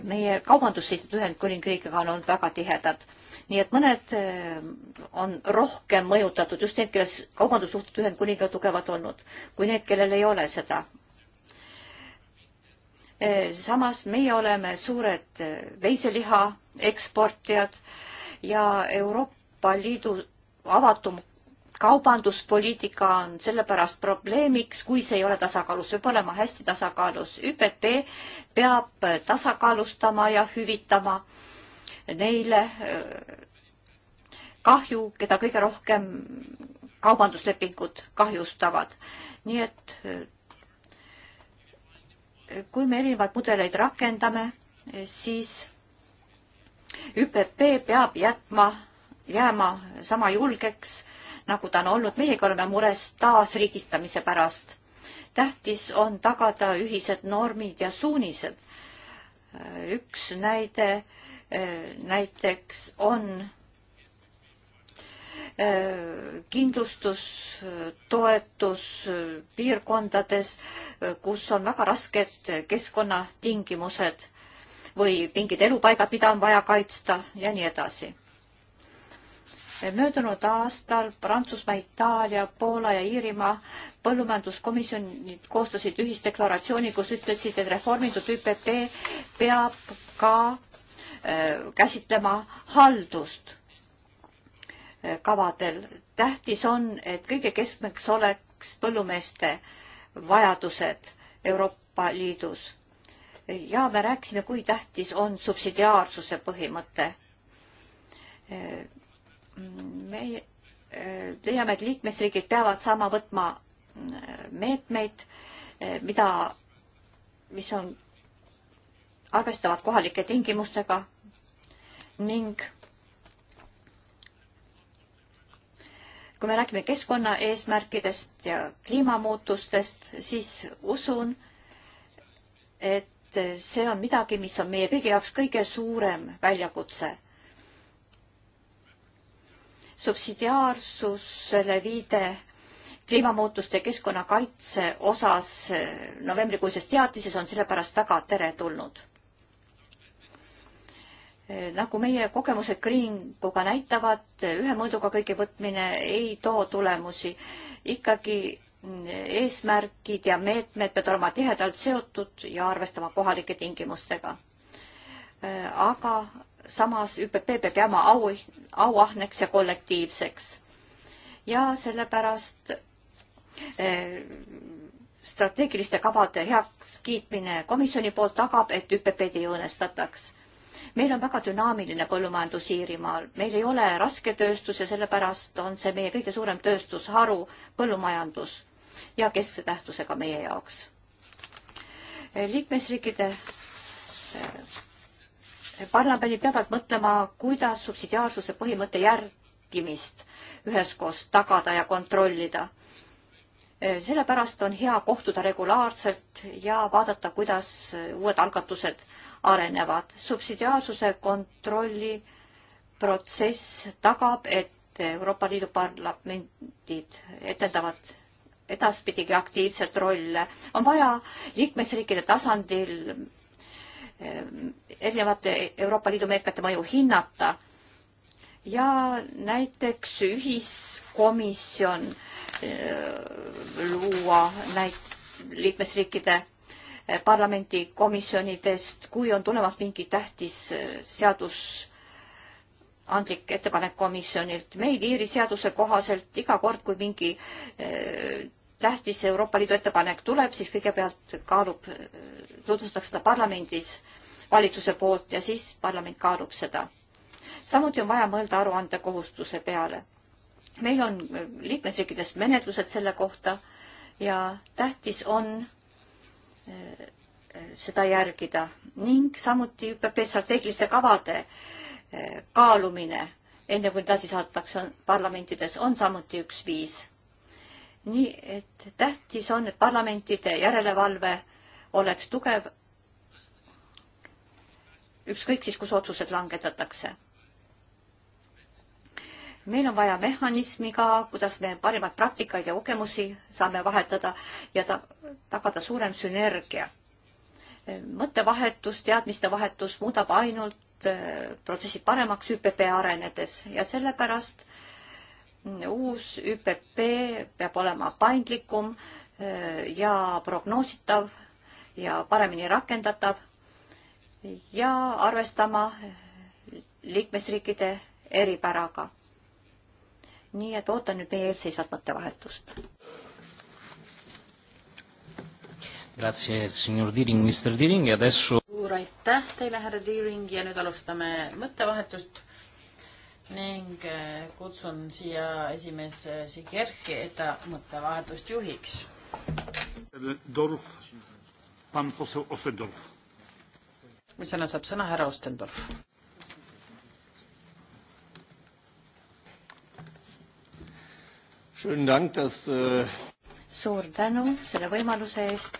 meie kaubandusliidud Ühendkuningriigiga on olnud väga tihedad. nii et mõned eh, on rohkem mõjutatud, just need, kellel kaubandussuhted Ühendkuningiga tugevad olnud, kui need, kellel ei ole seda. Eh, samas meie oleme suured eh, veiseliha eksportijad ja Euroopa Liidu avatum kaubanduspoliitika on sellepärast probleemiks, kui see ei ole tasakaalus, peab olema hästi tasakaalus. ÜPP peab tasakaalustama ja hüvitama neile äh, kahju, keda kõige rohkem kaubanduslepingud kahjustavad. nii et äh, kui me erinevaid mudeleid rakendame, siis ÜPP peab jätma, jääma sama julgeks nagu ta on olnud. meiegi oleme mures taasriigistamise pärast. tähtis on tagada ühised normid ja suunised. üks näide eh, näiteks on eh, kindlustustoetus eh, piirkondades, kus on väga rasked keskkonnatingimused või mingid elupaigad, mida on vaja kaitsta ja nii edasi möödunud aastal Prantsusmaa, Itaalia, Poola ja Iirimaa põllumajanduskomisjonid koostasid ühisdeklaratsiooni, kus ütlesid, et reformitud ÜPP peab ka äh, käsitlema haldust äh, kavadel. tähtis on, et kõige keskmeks oleks põllumeeste vajadused Euroopa Liidus. ja me rääkisime, kui tähtis on subsidiaarsuse põhimõte äh, meie äh, leiame, et liikmesriigid peavad saama võtma äh, meetmeid, äh, mida, mis on, arvestavad kohalike tingimustega ning kui me räägime keskkonnaeesmärkidest ja kliimamuutustest, siis usun, et see on midagi, mis on meie kõigi jaoks kõige suurem väljakutse subsidiaarsusele viide kliimamuutuste keskkonnakaitse osas eh, novembrikuises teatises on sellepärast väga teretulnud. Eh, nagu meie kogemused Greenbuga näitavad, eh, ühe mõõduga kõige võtmine ei too tulemusi. ikkagi mm, eesmärgid ja meetmed peavad olema tihedalt seotud ja arvestama kohalike tingimustega. aga samas ÜPP peab jääma au, auahneks ja kollektiivseks. ja sellepärast eh, strateegiliste kavade heakskiitmine komisjoni poolt tagab, et ÜPP-d ei õõnestataks meil on väga dünaamiline põllumajandus Iirimaal, meil ei ole rasketööstus ja sellepärast on see meie kõige suurem tööstusharu, põllumajandus ja keskse tähtsusega meie jaoks. Eh, liikmesriikide eh, parlamendid peavad mõtlema, kuidas subsidiaarsuse põhimõtte järgimist üheskoos tagada ja kontrollida. sellepärast on hea kohtuda regulaarselt ja vaadata, kuidas uued algatused arenevad. subsidiaarsuse kontrolli protsess tagab, et Euroopa Liidu parlamendid etendavad edaspidigi aktiivset rolle. on vaja liikmesriikide tasandil erinevate Euroopa Liidu meetmete mõju hinnata. ja näiteks ühiskomisjon äh, luua näit-, liikmesriikide äh, parlamendikomisjonidest, kui on tulemas mingi tähtis äh, seadusandlik ettepanek komisjonilt. meil Iiri seaduse kohaselt iga kord, kui mingi tähtis Euroopa Liidu ettepanek tuleb, siis kõigepealt kaalub, tutvustatakse seda parlamendis valitsuse poolt ja siis parlament kaalub seda. samuti on vaja mõelda aruandekohustuse peale. meil on liikmesriikides menetlused selle kohta ja tähtis on eh, seda järgida ning samuti ÜPP strateegiliste kavade eh, kaalumine, enne kui edasi saadetakse parlamentides, on samuti üks viis nii et tähtis on, et parlamentide järelevalve oleks tugev, ükskõik siis, kus otsused langetatakse. meil on vaja mehhanismi ka, kuidas me parimaid praktikaid ja kogemusi saame vahetada ja ta, tagada suurem sünergia. mõttevahetus, teadmiste vahetus muudab ainult eh, protsessid paremaks ÜPP arenedes ja sellepärast uus ÜPP peab olema paindlikum eh, ja prognoositav ja paremini rakendatav ja arvestama liikmesriikide eripäraga. nii et ootan nüüd meie eelseisvat mõttevahetust. suur aitäh teile, härra Deering ja nüüd alustame mõttevahetust ning äh, kutsun siia esimees Sikerski, et ta mõttevahetust juhiks. Dorf, pan posel Ostendorf. järgmisena saab sõna härra Ostendorf. Äh, suur tänu selle võimaluse eest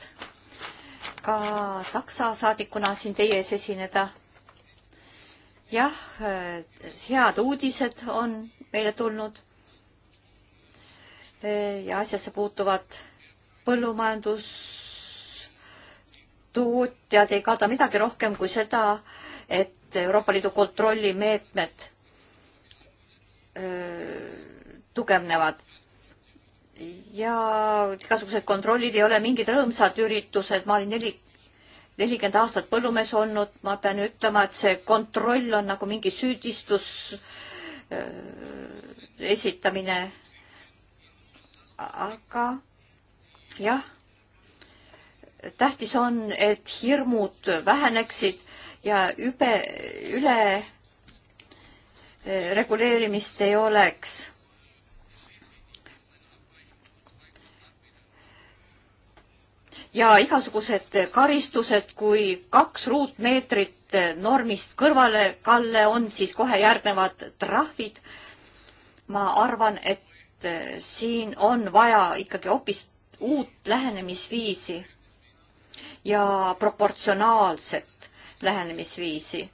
ka Saksa saadikuna siin teie ees esineda jah, äh, head uudised on meile tulnud. Äh, ja asjasse puutuvad põllumajandustootjad ei karda midagi rohkem kui seda, et Euroopa Liidu kontrollimeetmed äh, tugevnevad ja igasugused kontrollid ei ole mingid rõõmsad üritused, ma olin neli nelikümmend aastat põllumees olnud, ma pean ütlema, et see kontroll on nagu mingi süüdistus äh, esitamine. aga jah, tähtis on, et hirmud väheneksid ja übe, üle äh, reguleerimist ei oleks ja igasugused karistused, kui kaks ruutmeetrit normist kõrvalekalle on, siis kohe järgnevad trahvid. ma arvan, et äh, siin on vaja ikkagi hoopis uut lähenemisviisi ja proportsionaalset lähenemisviisi.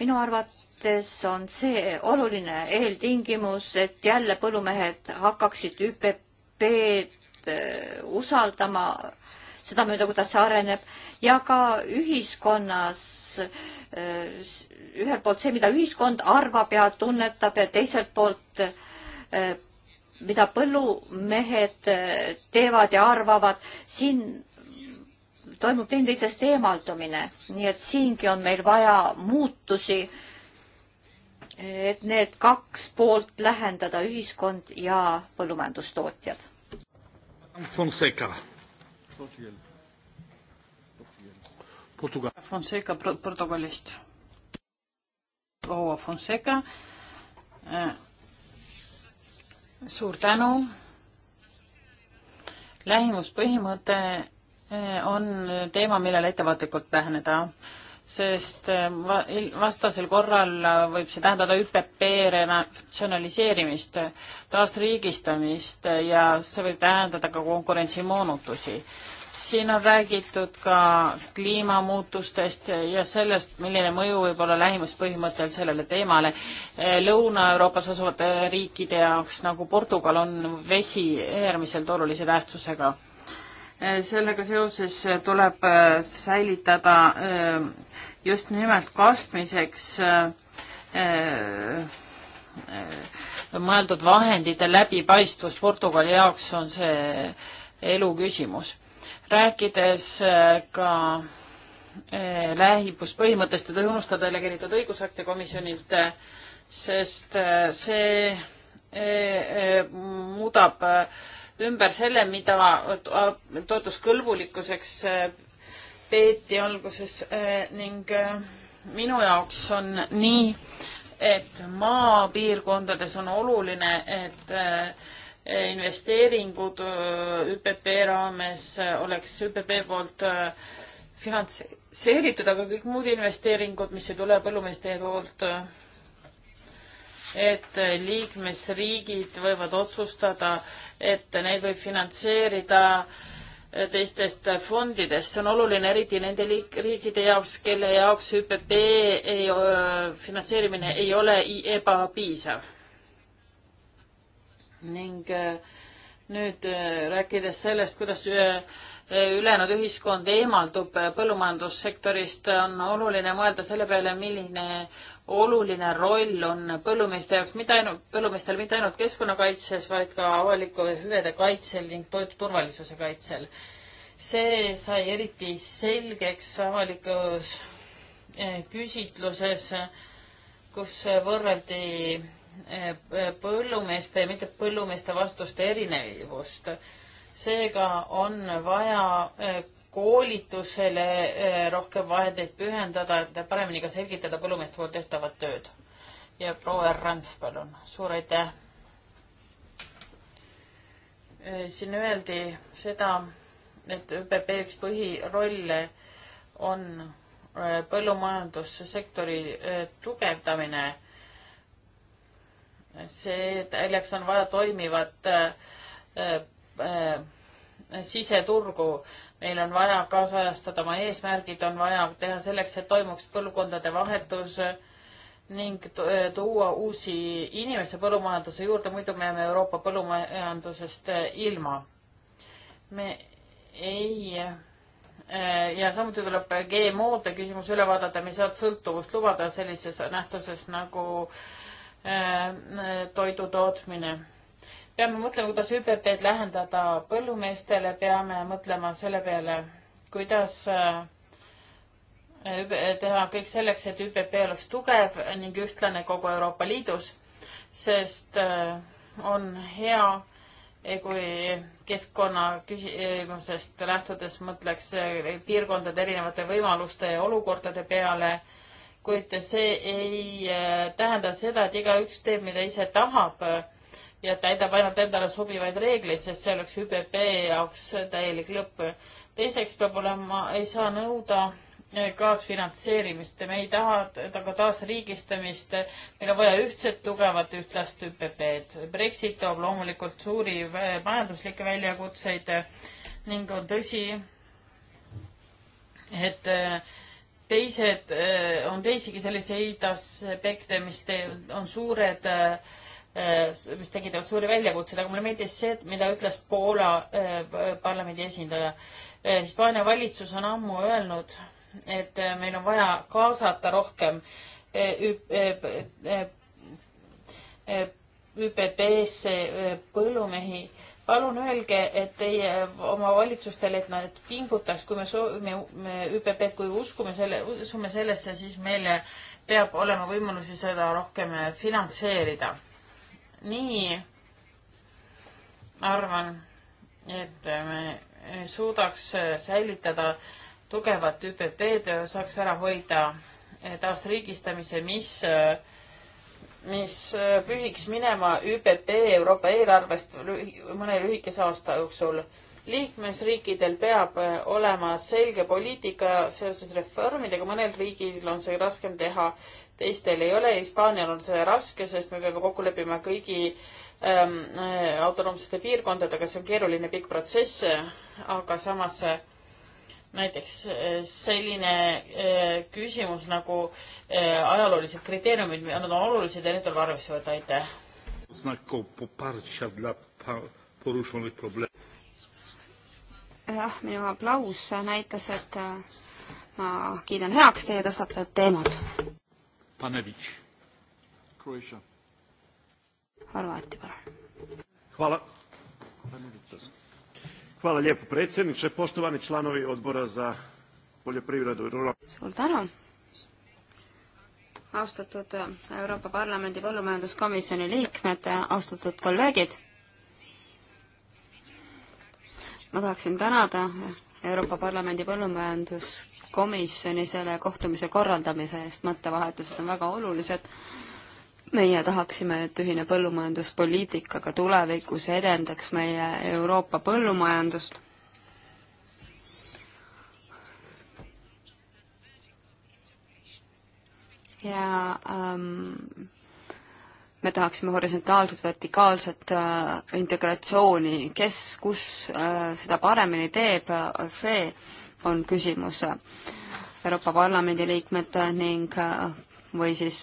minu arvates on see oluline eeltingimus, et jälle põllumehed hakkaksid ÜPP-d äh, usaldama sedamööda, kuidas see areneb ja ka ühiskonnas eh, ühelt poolt see, mida ühiskond arvab ja tunnetab ja teiselt poolt eh, mida põllumehed eh, teevad ja arvavad, siin toimub teineteisest eemaldumine, nii et siingi on meil vaja muutusi, et need kaks poolt lähendada, ühiskond ja põllumajandustootjad. Fonseca Portugal. Portugal. Fonseca Portugalist. proua Fonseca. Eh, suur tänu. lähimuspõhimõte eh, on teema, millele ettevaatlikult läheneda sest äh, vastasel korral äh, võib see tähendada ÜPP renatsionaliseerimist, taasriigistamist äh, ja see võib tähendada ka konkurentsimoonutusi. siin on räägitud ka kliimamuutustest ja sellest, milline mõju võib olla lähimuspõhimõttel sellele teemale. Lõuna-Euroopas asuvate riikide jaoks nagu Portugal on vesi äärmiselt olulise tähtsusega sellega seoses tuleb äh, säilitada äh, just nimelt kastmiseks äh, mõeldud vahendite läbipaistvus Portugali jaoks on see elu küsimus. rääkides ka lähimuspõhimõttest ja tunnustada delegeeritud õigusakte komisjonilt, sest see muudab äh, ümber selle, mida toetuskõlbulikkuseks äh, peeti alguses äh, ning äh, minu jaoks on nii, et maapiirkondades on oluline, et investeeringud ÜPP raames oleks ÜPP poolt finantseeritud, aga kõik muud investeeringud, mis ei tule põllumeeste poolt, et liikmesriigid võivad otsustada, et neid võib finantseerida äh, teistest fondidest, see on oluline eriti nende liik-, riikide jaoks, kelle jaoks ÜPP ei, äh, finantseerimine ei ole ebapiisav. ning äh, nüüd rääkides sellest, kuidas ülejäänud ühiskond eemaldub põllumajandussektorist, on oluline mõelda selle peale, milline oluline roll on põllumeeste jaoks, mitte ainult, põllumeestel mitte ainult keskkonnakaitses, vaid ka avaliku hüvede kaitsel ning toidu turvalisuse kaitsel. see sai eriti selgeks avalikus eh, küsitluses, kus võrreldi eh, põllumeeste ja mitte põllumeeste vastuste erinevust seega on vaja eh, koolitusele eh, rohkem vahendeid pühendada, et paremini ka selgitada põllumeeste poolt tehtavat tööd. ja proua Rants, palun, suur aitäh. Eh, siin öeldi seda, et ÜPP üks põhirolle on põllumajandussektori tugevdamine. see, selleks on vaja toimivat Äh, siseturgu, meil on vaja kaasajastada oma eesmärgid, on vaja teha selleks, et toimuks põlvkondade vahetus ning äh, tuua uusi inimesi põllumajanduse juurde, muidu me jääme Euroopa põllumajandusest äh, ilma. me ei ja samuti tuleb GMO-de küsimus üle vaadata, me ei saa sõltuvust lubada sellises nähtuses nagu toidu tootmine peame mõtlema, kuidas ÜPP-d lähendada põllumeestele, peame mõtlema selle peale, kuidas äh, teha kõik selleks, et ÜPP oleks tugev ning ühtlane kogu Euroopa Liidus, sest äh, on hea, eh, kui keskkonnaküsimusest lähtudes mõtleks äh, piirkondade erinevate võimaluste ja olukordade peale, kuid see ei tähenda seda, et igaüks teeb, mida ise tahab ja täidab ainult endale sobivaid reegleid, sest see oleks ÜPP jaoks täielik lõpp. teiseks peab olema, ei saa nõuda eh, kaasfinantseerimist ja me ei taha ka taasriigistamist. meil on vaja ühtset, tugevat, ühtlast ÜPP-d. Brexit toob loomulikult suuri eh, majanduslikke väljakutseid eh, ning on tõsi, et teised, on teisigi selliseid aspekte, mis te, on suured äh, Äh, mis tekitavad suuri väljakutseid, aga mulle meeldis see, mida ütles Poola äh, parlamendi esindaja. Äh, Hispaania valitsus on ammu öelnud, et meil on vaja kaasata rohkem ÜPP-sse põllumehi. palun öelge, et teie oma valitsustele, et nad pingutaks, kui me soovime ÜPP-d, kui uskume selle, usume sellesse, siis meile peab olema võimalusi seda rohkem finantseerida nii arvan, et me suudaks säilitada tugevat ÜPP-d, saaks ära hoida taasriigistamise, mis, mis pühiks minema ÜPP Euroopa eelarvest mõne lühikese aasta jooksul. liikmesriikidel peab olema selge poliitika seoses reformidega, mõnel riigil on see raskem teha, teistel ei ole, Hispaanial on see raske, sest me peame kokku leppima kõigi ähm, äh, autonoomsete piirkondadega, see on keeruline pikk protsess, aga samas äh, näiteks äh, selline äh, küsimus nagu äh, ajaloolised kriteeriumid, nad on olulised ja need tuleb arvesse võtta, aitäh. jah, minu aplaus näitas, et ma kiidan heaks teie tõstatatud teemad. Panević. Croatia. Horvati, pardon. Hvala. Panević. Hvala lijepo predsjedniče, poštovani članovi odbora za poljoprivredu i ruralnu. Suur tänu. Austatud eh, Euroopa Parlamendi põllumajanduskomisjoni liikmed, eh, austatud kolleegid. Ma tahaksin tänada eh, Euroopa Parlamendi põllumajandus komisjoni selle kohtumise korraldamise eest, mõttevahetused on väga olulised. meie tahaksime, et ühine põllumajanduspoliitika ka tulevikus edendaks meie Euroopa põllumajandust ja ähm, me tahaksime horisontaalset, vertikaalset äh, integratsiooni, kes kus äh, seda paremini teeb äh,, see on küsimus äh, Euroopa Parlamendi liikmed äh, ning äh, või siis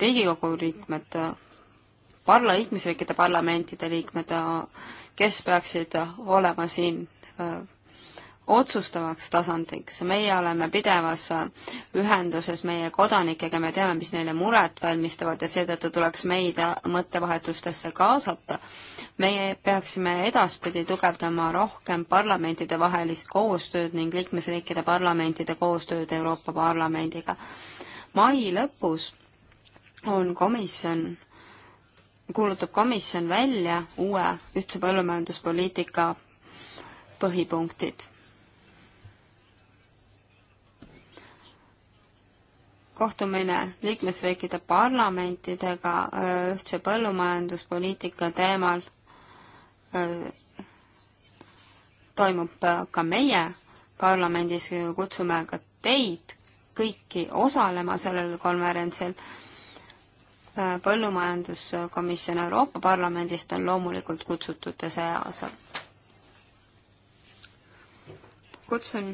Riigikogu liikmed, parla-, liikmesriikide parlamentide liikmed, kes peaksid olema siin otsustavaks tasandiks. meie oleme pidevas äh, ühenduses meie kodanikega, me teame, mis neile muret valmistavad ja seetõttu tuleks meid äh, mõttevahetustesse kaasata. meie peaksime edaspidi tugevdama rohkem parlamentidevahelist koostööd ning liikmesriikide parlamentide koostööd Euroopa Parlamendiga. mai lõpus on komisjon kuulutab komisjon välja uue ühtse põllumajanduspoliitika põhipunktid kohtumine liikmesriikide parlamentidega ühtse põllumajanduspoliitika teemal toimub ka meie parlamendis, kutsume ka teid kõiki osalema sellel konverentsil. põllumajanduskomisjon Euroopa Parlamendist on loomulikult kutsutute seas. kutsun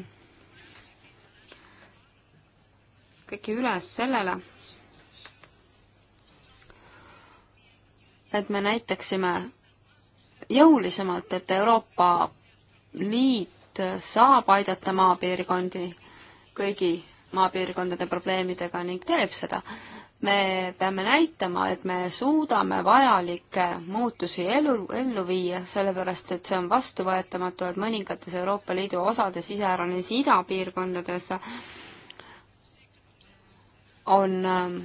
kõiki üles sellele, et me näitaksime jõulisemalt, et Euroopa Liit saab aidata maapiirkondi kõigi maapiirkondade probleemidega ning teeb seda. me peame näitama, et me suudame vajalikke muutusi ellu, ellu viia, sellepärast et see on vastuvõetamatu, et mõningates Euroopa Liidu osades, iseäranis idapiirkondades, on ähm,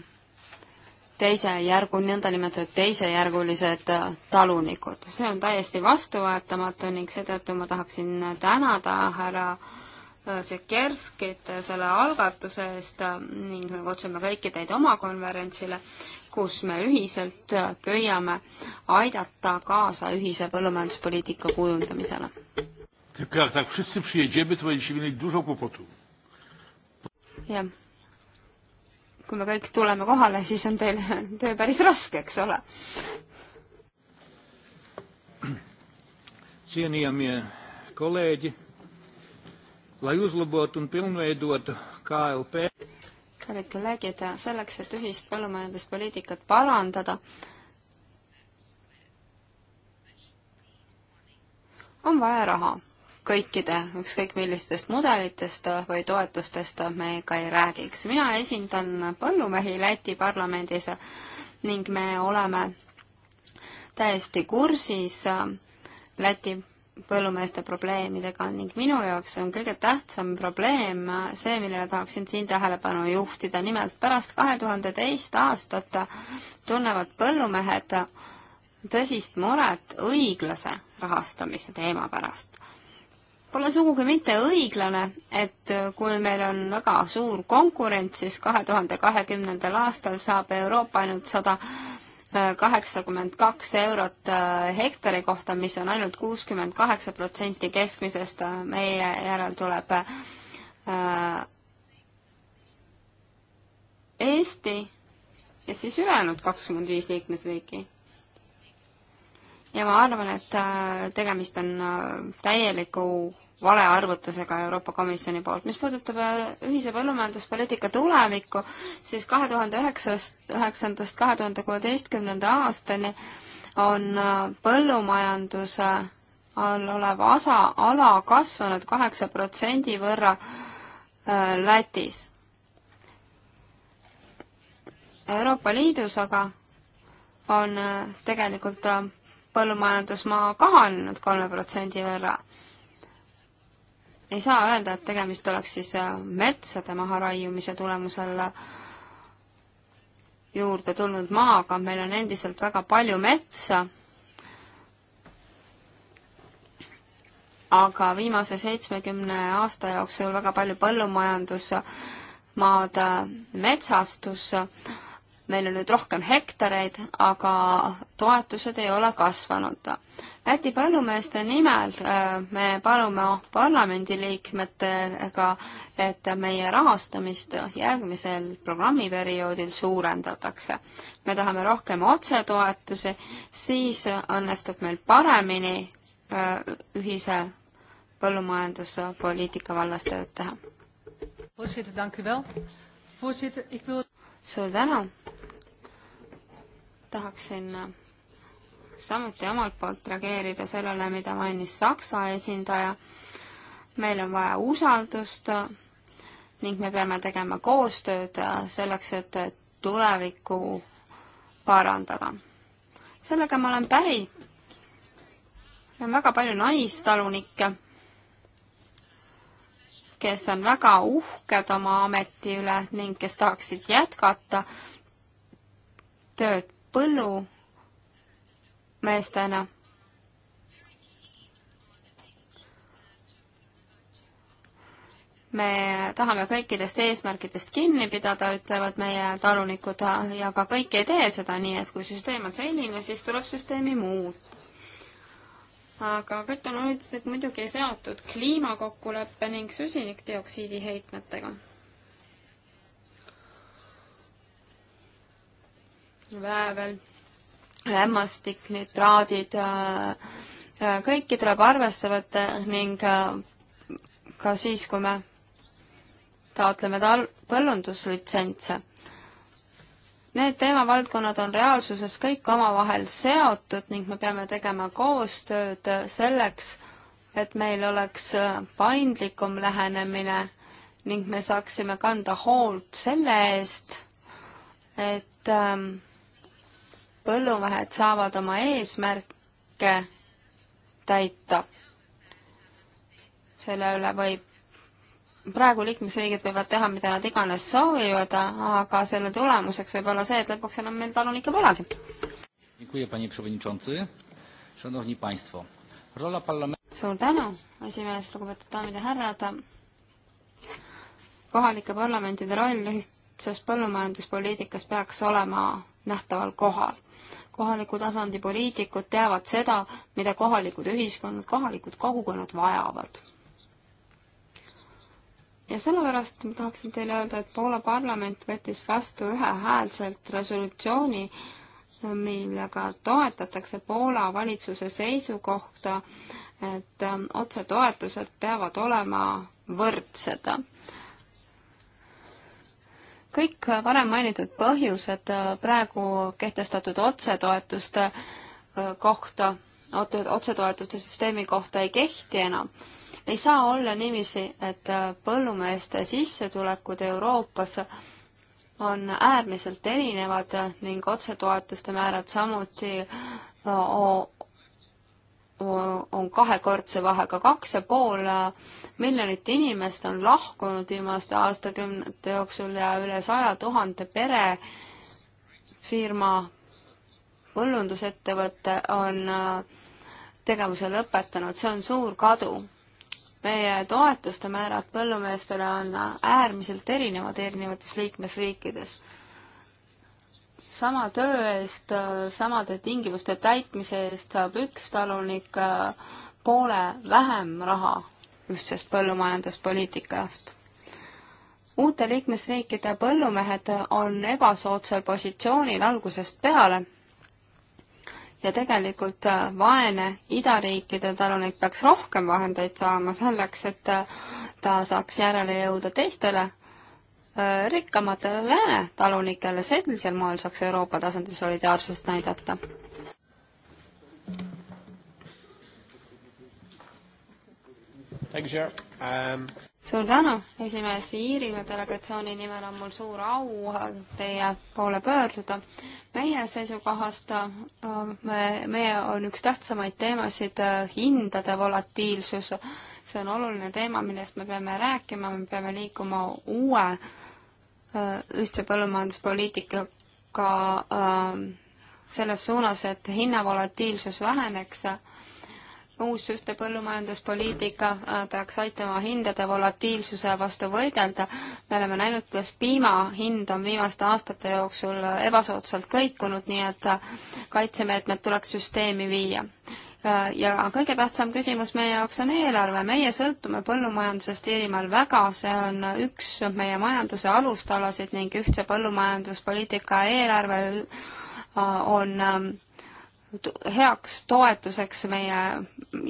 teise järgu, nõndanimetatud teisejärgulised äh, talunikud. see on täiesti vastuvõetamatu ning seetõttu ma tahaksin tänada härra äh, Sikerskit äh, selle algatuse eest ning me kutsume kõiki teid oma konverentsile, kus me ühiselt püüame aidata kaasa ühise põllumajanduspoliitika kujundamisele. jah kui me kõik tuleme kohale, siis on teil töö päris raske, eks ole. Cienījamie kolēģi, lai uzlabotu un pilnveidotu KLP. kallid kolleegid, selleks, et ühist põllumajanduspoliitikat parandada, on vaja raha kõikide ükskõik millistest mudelitest või toetustest me ka ei räägiks. mina esindan põllumehi Läti parlamendis ning me oleme täiesti kursis Läti põllumeeste probleemidega ning minu jaoks on kõige tähtsam probleem see, millele tahaksin siin tähelepanu juhtida. nimelt pärast kahe tuhande teist aastat tunnevad põllumehed tõsist muret õiglase rahastamise teema pärast. Pole sugugi mitte õiglane, et äh, kui meil on väga suur konkurents, siis kahe tuhande kahekümnendal aastal saab Euroopa ainult sada äh, kaheksakümmend kaks eurot äh, hektari kohta, mis on ainult kuuskümmend kaheksa protsenti keskmisest, meie järel tuleb Eesti ja siis ülejäänud kakskümmend viis liikmesriiki. ja ma arvan, et tegemist on täieliku valearvutusega Euroopa Komisjoni poolt. mis puudutab äh, ühise põllumajanduspoliitika tulevikku, siis kahe tuhande üheksast, üheksandast kahe tuhande kuueteistkümnenda aastani on äh, põllumajanduse all olev osa, ala kasvanud kaheksa protsendi võrra äh, Lätis. Euroopa Liidus aga on tegelikult põllumajandusmaa kahanenud kolme protsendi võrra ei saa öelda, et tegemist oleks siis äh, metsade maharaiumise tulemusel äh, juurde tulnud maaga, meil on endiselt väga palju metsa, aga viimase seitsmekümne aasta jooksul väga palju põllumajandusmaad äh, metsastus meil on nüüd rohkem hektareid, aga toetused ei ole kasvanud. Läti põllumeeste nimel äh, me palume parlamendiliikmetega, et meie rahastamist järgmisel programmiperioodil suurendatakse. me tahame rohkem otsetoetusi, siis õnnestub meil paremini äh, ühise põllumajanduspoliitika vallas tööd teha. Voorzitter, dank u wel. Voorzitter, ik wil suur tänu! tahaksin äh, samuti omalt poolt reageerida sellele, mida mainis Saksa esindaja. meil on vaja usaldust äh, ning me peame tegema koostööd äh, selleks, et tulevikku parandada. sellega ma olen päri. on väga palju naistalunikke kes on väga uhked oma ameti üle ning kes tahaksid jätkata tööd põllumeestena. me tahame kõikidest eesmärkidest kinni pidada, ütlevad meie talunikud ja ka kõik ei tee seda, nii et kui süsteem on selline, siis tuleb süsteemi muuta aga kütteanalüütikud muidugi ei seotud kliimakokkuleppe ning süsinikdioksiidi heitmetega. väävel, lämmastik, nitraadid, äh, äh, kõiki tuleb arvesse võtta ning äh, ka siis, kui me taotleme tal-, põllunduslitsentse Need teemavaldkonnad on reaalsuses kõik omavahel seotud ning me peame tegema koostööd selleks, et meil oleks paindlikum lähenemine ning me saaksime kanda hoolt selle eest, et ähm, põllumehed saavad oma eesmärke täita. selle üle võib praegu liikmesriigid võivad teha, mida nad iganes soovivad, aga selle tulemuseks võib olla see, et lõpuks enam meil talunikke polegi. suur tänu, esimees, lugupeetud daamid ja härrad. kohalike parlamentide roll ühtses põllumajanduspoliitikas peaks olema nähtaval kohal. kohaliku tasandi poliitikud teavad seda, mida kohalikud ühiskonnad, kohalikud kogukonnad vajavad ja sellepärast ma tahaksin teile öelda, et Poola parlament võttis vastu ühehäälselt resolutsiooni, millega toetatakse Poola valitsuse seisukohta, et ähm, otsetoetused peavad olema võrdsed. kõik varem mainitud põhjused äh, praegu kehtestatud otsetoetuste äh, kohta, otsetoetuste süsteemi kohta ei kehti enam ei saa olla niiviisi, et äh, põllumeeste sissetulekud Euroopas on äärmiselt erinevad ning otsetoetuste määrad samuti äh, on kahekordse vahega, kaks ja pool äh, miljonit inimest on lahkunud viimaste aastakümnete jooksul ja üle saja tuhande pere firma põllundusettevõte on tegevuse lõpetanud, see on suur kadu meie toetuste määrad põllumeestele on äärmiselt erinevad erinevates liikmesriikides. sama töö eest, samade tingimuste täitmise eest saab üks talunik poole vähem raha ühtsest põllumajanduspoliitikast. uute liikmesriikide põllumehed on ebasoodsal positsioonil algusest peale ja tegelikult äh, vaene idariikide talunik peaks rohkem vahendeid saama selleks, et äh, ta saaks järele jõuda teistele äh, rikkamatele lääne talunikele, sellisel moel saaks Euroopa tasandil solidaarsust näidata. Thanks, Chair. Um suur tänu, esimees Iirimaa delegatsiooni nimel on mul suur au teie poole pöörduda. meie seisukohast me, meie on üks tähtsamaid teemasid äh, hindade volatiilsus. see on oluline teema, millest me peame rääkima, me peame liikuma uue äh, ühtse põllumajanduspoliitikaga äh, selles suunas, et hinnavolatiilsus väheneks uus ühtne põllumajanduspoliitika äh, peaks aitama hindade volatiilsuse vastu võidelda. me oleme näinud, kuidas piima hind on viimaste aastate jooksul äh, ebasoodsalt kõikunud, nii et äh, kaitsemeetmed tuleks süsteemi viia ja kõige tähtsam küsimus meie jaoks on eelarve. meie sõltume põllumajandusest Iirimaal väga, see on üks meie majanduse alustalasid ning ühtse põllumajanduspoliitika eelarve on ähm, heaks toetuseks meie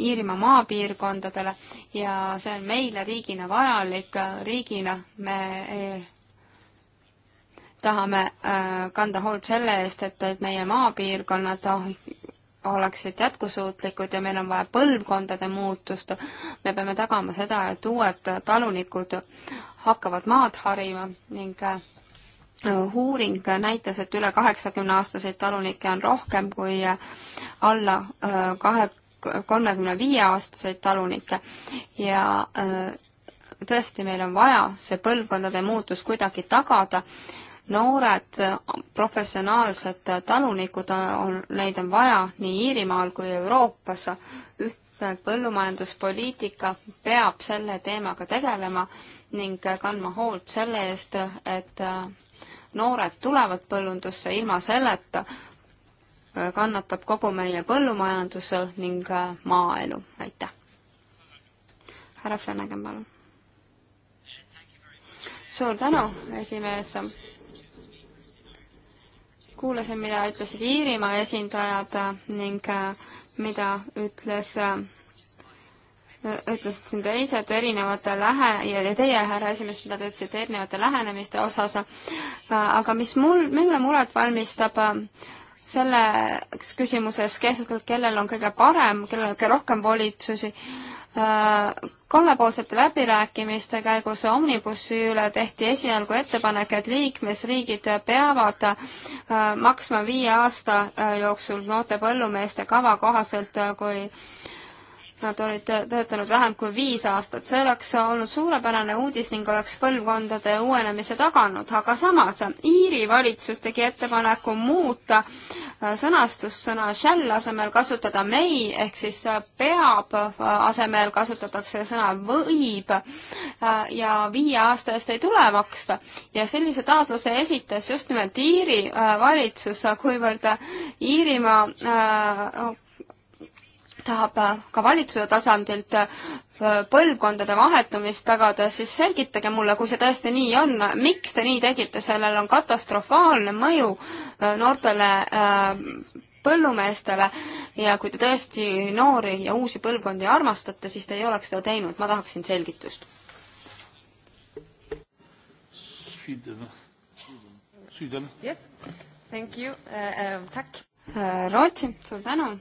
Iirimaa maapiirkondadele ja see on meile riigina vajalik, riigina me eh, tahame äh, kanda hoolt selle eest, et, et meie maapiirkonnad oh, oleksid jätkusuutlikud ja meil on vaja põlvkondade muutust. me peame tagama seda, et uued talunikud hakkavad maad harima ning äh, uuring näitas, et üle kaheksakümne aastaseid talunikke on rohkem kui alla äh, kahe, kolmekümne viie aastaseid talunikke ja äh, tõesti, meil on vaja see põlvkondade muutus kuidagi tagada. noored äh, professionaalsed talunikud on, neid on vaja nii Iirimaal kui Euroopas. ühtne põllumajanduspoliitika peab selle teemaga tegelema ning kandma hoolt selle eest, et noored tulevad põllundusse, ilma selleta äh, kannatab kogu meie põllumajandus äh, ning äh, maaelu, aitäh. härra Flanagan, palun. suur tänu, esimees. kuulasin, mida ütlesid Iirimaa esindajad ning mida ütles ütlesid siin teised erinevate lähe- ja teie, härra esimees, mida te ütlesite erinevate lähenemiste osas, aga mis mul, mulle muret valmistab, selles küsimuses, kes, kellel on kõige parem, kellel on kõige rohkem volitusi, kolmepoolsete läbirääkimiste käigus Omnibussi üle tehti esialgu ettepanek, et liikmesriigid peavad äh, maksma viie aasta äh, jooksul noorte põllumeeste kava kohaselt, äh, kui Nad olid töötanud vähem kui viis aastat, see oleks olnud suurepärane uudis ning oleks põlvkondade uuenemise taganud, aga samas Iiri valitsus tegi ettepaneku muuta äh, sõnastust sõna shall asemel kasutada may ehk siis äh, peab äh, asemel kasutatakse sõna võib ja viie aasta eest ei tule maksta. ja sellise taotluse esitas just nimelt Iiri valitsus, kuivõrd Iirimaa tahab äh, ka valitsuse tasandilt äh, põlvkondade vahetumist tagada, siis selgitage mulle, kui see tõesti nii on, miks te nii tegite, sellel on katastrofaalne mõju äh, noortele põllumeestele ja kui te tõesti noori ja uusi põlvkondi armastate, siis te ei oleks seda teinud, ma tahaksin selgitust. Rootsi, suur tänu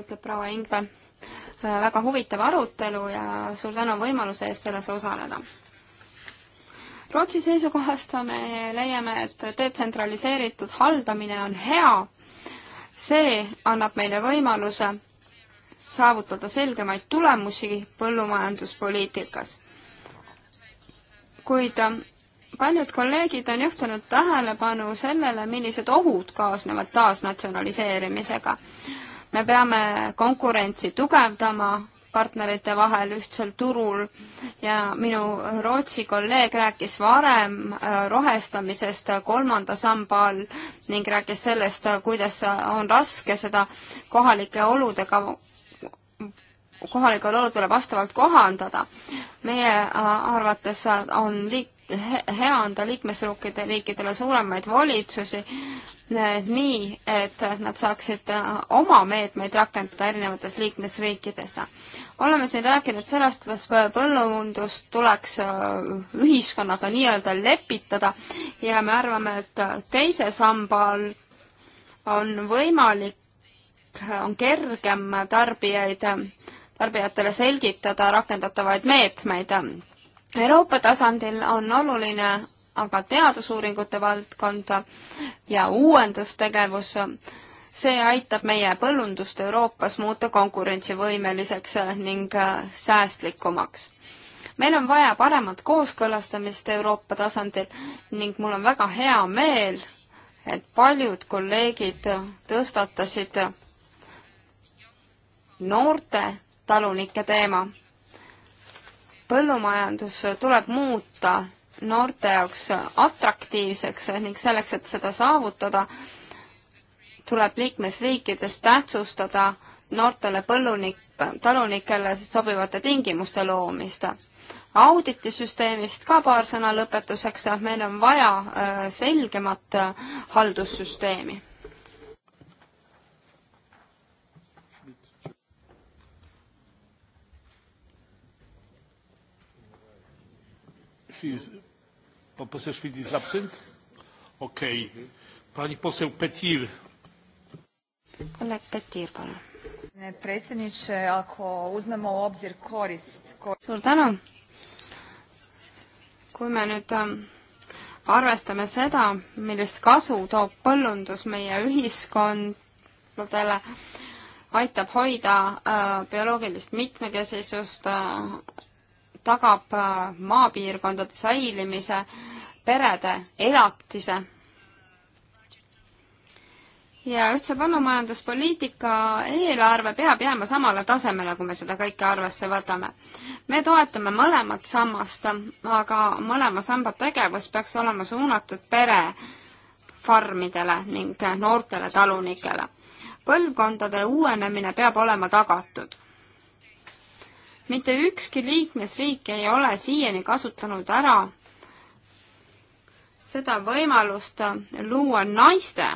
ütleb proua Ingve. väga huvitav arutelu ja suur tänu võimaluse eest selles osaleda. Rootsi seisukohast me leiame, et detsentraliseeritud haldamine on hea. see annab meile võimaluse saavutada selgemaid tulemusi põllumajanduspoliitikas. kuid ähm, paljud kolleegid on juhtinud tähelepanu sellele, millised ohud kaasnevad taasnatsionaliseerimisega me peame konkurentsi tugevdama partnerite vahel ühtsel turul ja minu Rootsi kolleeg rääkis varem äh, rohestamisest kolmanda samba all ning rääkis sellest, äh, kuidas on raske seda kohalike oludega kohalikele oludele vastavalt kohandada. meie äh, arvates on liik-, hea anda liikmesriikide, riikidele suuremaid volitsusi nii, et nad saaksid äh, oma meetmeid rakendada erinevates liikmesriikides. oleme siin rääkinud sellest, kuidas põllumundust tuleks äh, ühiskonnaga nii-öelda lepitada ja me arvame, et teise samba all on võimalik, on kergem tarbijaid, tarbijatele selgitada rakendatavaid meetmeid Euroopa tasandil on oluline aga teadusuuringute valdkond ja uuendustegevus, see aitab meie põllundust Euroopas muuta konkurentsivõimeliseks ning säästlikumaks. meil on vaja paremat kooskõlastamist Euroopa tasandil ning mul on väga hea meel, et paljud kolleegid tõstatasid noorte talunike teema. põllumajandus tuleb muuta noorte jaoks atraktiivseks ning selleks, et seda saavutada, tuleb liikmesriikides tähtsustada noortele põllunik, talunikele sobivate tingimuste loomist. auditisüsteemist ka paar sõna lõpetuseks, meil on vaja äh, selgemat äh, haldussüsteemi please, Pan poseł Schmidt jest absent? Okei okay.. Pani poseł Petir. Kolek Petir, palun. Predsjedniče, ako uzmemo u obzir korist... Suur tänu. Kui me nüüd ähm, arvestame seda, millist kasu toob põllundus meie ühiskondadele, aitab hoida äh, bioloogilist mitmekesisust äh,, tagab äh, maapiirkondade säilimise, perede elatise. ja üldse põllumajanduspoliitika eelarve peab jääma samale tasemele, kui me seda kõike arvesse võtame. me toetame mõlemat sammast, aga mõlema samba tegevus peaks olema suunatud pere farmidele ning noortele talunikele. põlvkondade uuenemine peab olema tagatud mitte ükski liikmesriik ei ole siiani kasutanud ära seda võimalust luua naiste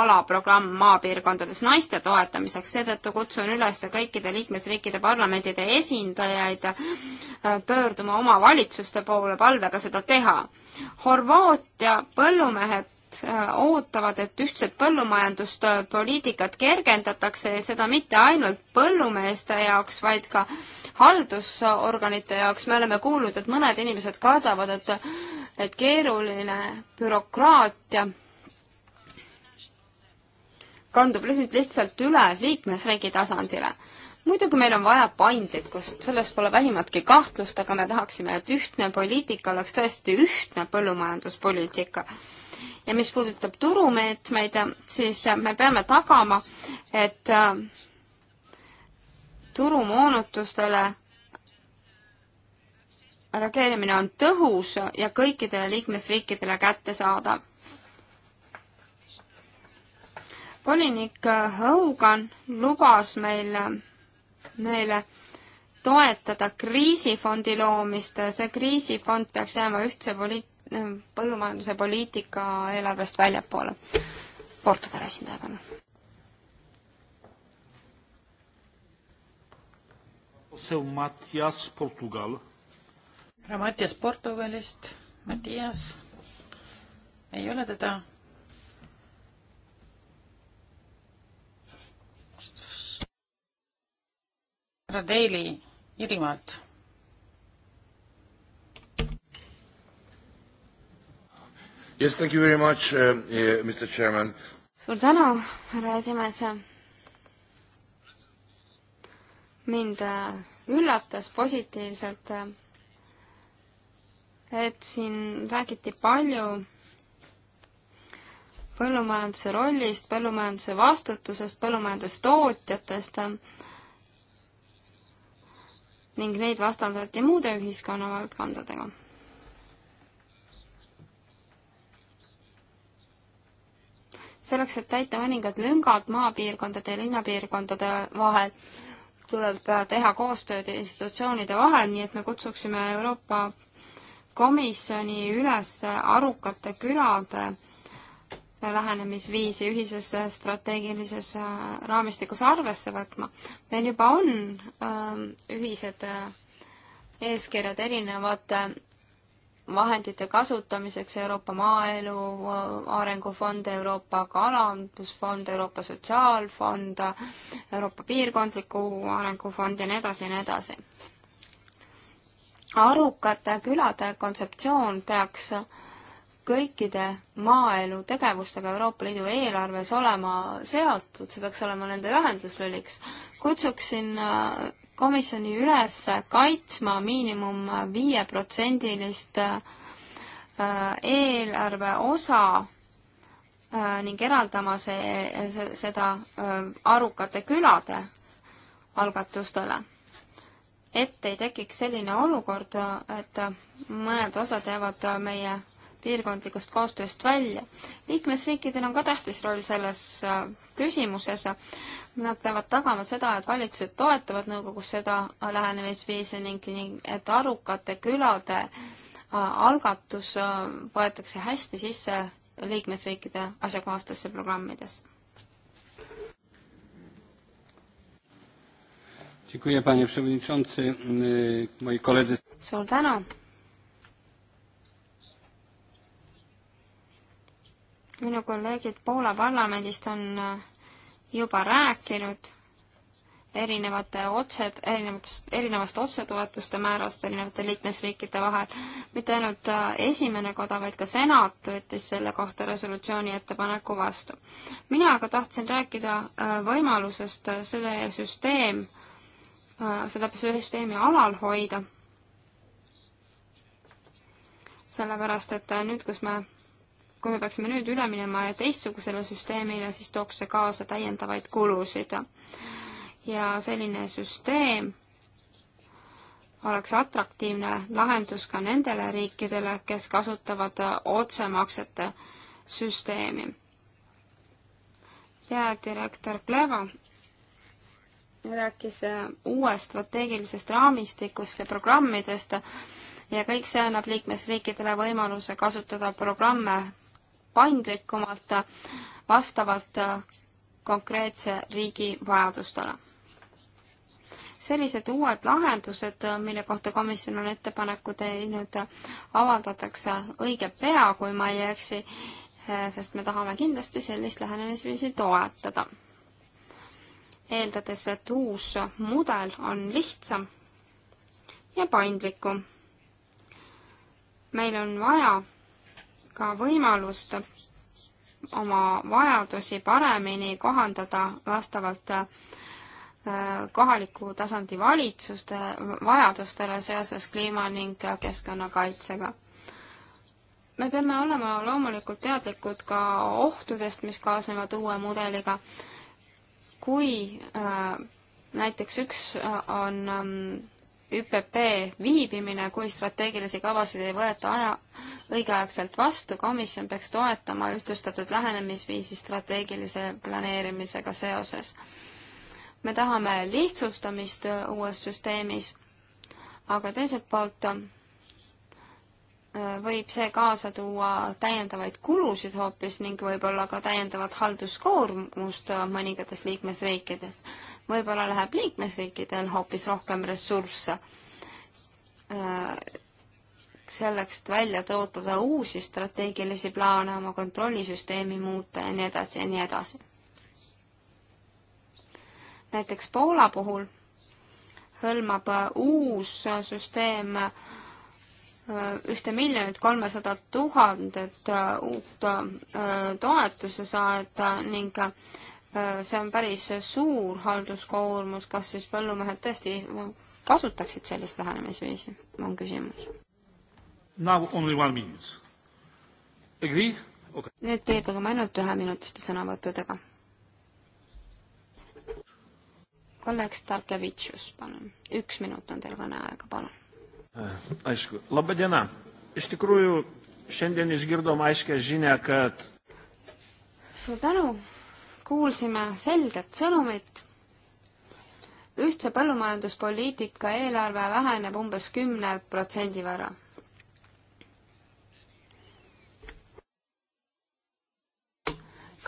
alaprogramm maapiirkondades naiste toetamiseks, seetõttu kutsun üles kõikide liikmesriikide parlamendide esindajaid äh, pöörduma oma valitsuste poole palvega seda teha. Horvaatia põllumehed Äh, ootavad, et ühtset põllumajanduspoliitikat kergendatakse ja seda mitte ainult põllumeeste jaoks, vaid ka haldusorganite jaoks. me oleme kuulnud, et mõned inimesed kardavad, et, et keeruline bürokraatia kandub nüüd lihtsalt üle liikmesriigi tasandile. muidugi meil on vaja paindlikkust, selles pole vähimatki kahtlust, aga me tahaksime, et ühtne poliitika oleks tõesti ühtne põllumajanduspoliitika ja mis puudutab turumeetmeid, siis me peame tagama, et äh, turumoonutustele reageerimine on tõhus ja kõikidele liikmesriikidele kättesaadav. volinik Hogan lubas meil, neile toetada kriisifondi loomist, see kriisifond peaks jääma ühtse poliit-, Ehm, põllumajanduse poliitika eelarvest väljapoole. Portugal esindaja, palun. Matias Portugal. härra Matias Portugalist, Matias, ei ole teda? härra Daly Iirimaalt Yes, thank you very much uh,, uh, Mr Chairman. suur tänu, härra esimees. mind äh, üllatas positiivselt, äh, et siin räägiti palju põllumajanduse rollist, põllumajanduse vastutusest, põllumajandustootjatest äh, ning neid vastandati muude ühiskonna valdkondadega selleks, et täita mõningad lüngad maapiirkondade ja linnapiirkondade vahel, tuleb teha koostööd institutsioonide vahel, nii et me kutsuksime Euroopa Komisjoni üles arukate külade lähenemisviisi ühises strateegilises raamistikus arvesse võtma. meil juba on öö, ähm, ühised äh, eeskirjad erinevate vahendite kasutamiseks Euroopa Maaelu Arengufond, Euroopa Kalandusfond, Euroopa Sotsiaalfond, Euroopa Piirkondliku Arengufond ja nii edasi ja nii edasi. arukate külade kontseptsioon peaks kõikide maaelu tegevustega Euroopa Liidu eelarves olema seotud, see peaks olema nende ühenduslüliks. kutsuksin komisjoni üles kaitsma miinimum viieprotsendilist äh, eelarve osa äh, ning eraldama see, seda äh, arukate külade algatustele. et ei tekiks selline olukord, et mõned osad jäävad meie piirkondlikust koostööst välja. liikmesriikidel on ka tähtis roll selles äh, küsimuses. Nad peavad tagama seda, et valitsused toetavad nõukogus seda äh, lähenemisviisi ning, ning et arukate külade äh, algatus võetakse hästi sisse liikmesriikide asjakohastesse programmidesse. Dziękuję panie przewodniczący, moi koledzy. Suur tänu. minu kolleegid Poola parlamendist on äh, juba rääkinud erinevate otse, erinevatest, erinevast otsetoetuste määrast erinevate liikmesriikide vahel. mitte ainult äh, esimene koda, vaid ka senat võttis selle kohta resolutsiooni ettepaneku vastu. mina aga tahtsin rääkida äh, võimalusest selle süsteem, seda süsteemi alal hoida. sellepärast, et nüüd, kus me kui me peaksime nüüd üle minema teistsugusele süsteemile, siis tooks see kaasa täiendavaid kulusid. ja selline süsteem oleks atraktiivne lahendus ka nendele riikidele, kes kasutavad otsemaksete süsteemi. peadirektor Pleva rääkis uuest strateegilisest raamistikust ja programmidest ja kõik see annab liikmesriikidele võimaluse kasutada programme paindlikumalt vastavalt konkreetse riigi vajadustele. sellised uued lahendused, mille kohta komisjon on ettepaneku teinud, avaldatakse õige pea, kui ma ei eksi, sest me tahame kindlasti sellist lähenemisviisi toetada. eeldades, et uus mudel on lihtsam ja paindlikum. meil on vaja ka võimalust oma vajadusi paremini kohandada vastavalt äh, kohaliku tasandi valitsuste vajadustele seoses kliima ning keskkonnakaitsega. me peame olema loomulikult teadlikud ka ohtudest, mis kaasnevad uue mudeliga. kui äh, näiteks üks äh, on ähm, ÜPP viibimine, kui strateegilisi kavasid ei võeta aja, õigeaegselt vastu, komisjon peaks toetama ühtlustatud lähenemisviisi strateegilise planeerimisega seoses. me tahame lihtsustamist uues süsteemis, aga teiselt poolt äh, võib see kaasa tuua täiendavaid kulusid hoopis ning võib-olla ka täiendavat halduskoormust mõningates liikmesriikides võib-olla läheb liikmesriikidel hoopis rohkem ressursse äh, selleks, et välja tootada uusi strateegilisi plaane, oma kontrollisüsteemi muuta ja nii edasi ja nii edasi. näiteks Poola puhul hõlmab äh, uus äh, süsteem ühte miljonit kolmesadat tuhandet uut toetuse saajat ning Äh, see on päris suur halduskoormus, kas siis põllumehed tõesti kasutaksid sellist lähenemisviisi, on küsimus. Okay. nüüd piirdugem ainult üheminutiste sõnavõttudega. kolleeg Starkevitšus, palun. üks minut on teil kõneaega, palun. Äh, aišku, labadiena. iš tikrųjų šiandien išgirdom aiškę žinę, kad suur tänu kuulsime selget sõnumit. ühtse põllumajanduspoliitika eelarve väheneb umbes kümne protsendi võrra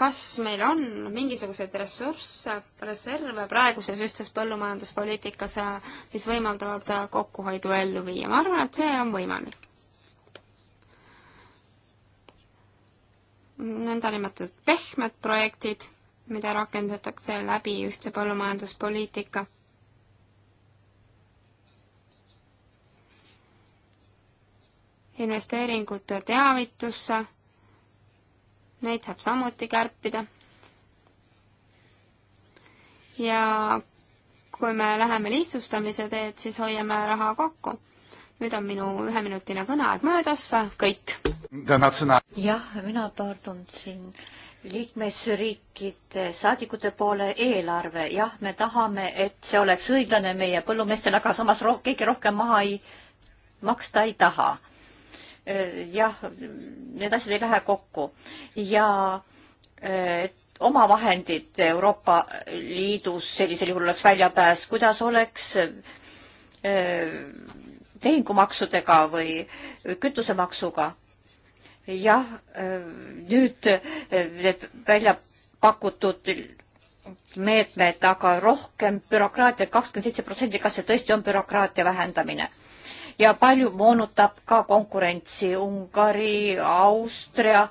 kas meil on mingisuguseid ressursse, reserve praeguses ühtses põllumajanduspoliitikas, mis võimaldavad kokkuhoidu ellu viia, ma arvan, et see on võimalik. nõndanimetatud pehmed projektid mida rakendatakse läbi ühtse põllumajanduspoliitika. investeeringud teavitusse, neid saab samuti kärpida. ja kui me läheme lihtsustamise teed, siis hoiame raha kokku. nüüd on minu üheminutine kõneaeg möödas, kõik. jah, mina pöördun siin äh, liikmesriikide saadikute poole eelarve, jah, me tahame, et see oleks õiglane meie põllumeestele, aga samas roh keegi rohkem maha ei, maksta ei taha. jah, need asjad ei lähe kokku ja omavahendid Euroopa Liidus sellisel juhul oleks väljapääs, kuidas oleks eh, tehingumaksudega või kütusemaksuga jah, nüüd eh, need välja pakutud meetmed, aga rohkem bürokraatiat, kakskümmend seitse protsenti, kas see tõesti on bürokraatia vähendamine? ja palju moonutab ka konkurentsi Ungari, Austria,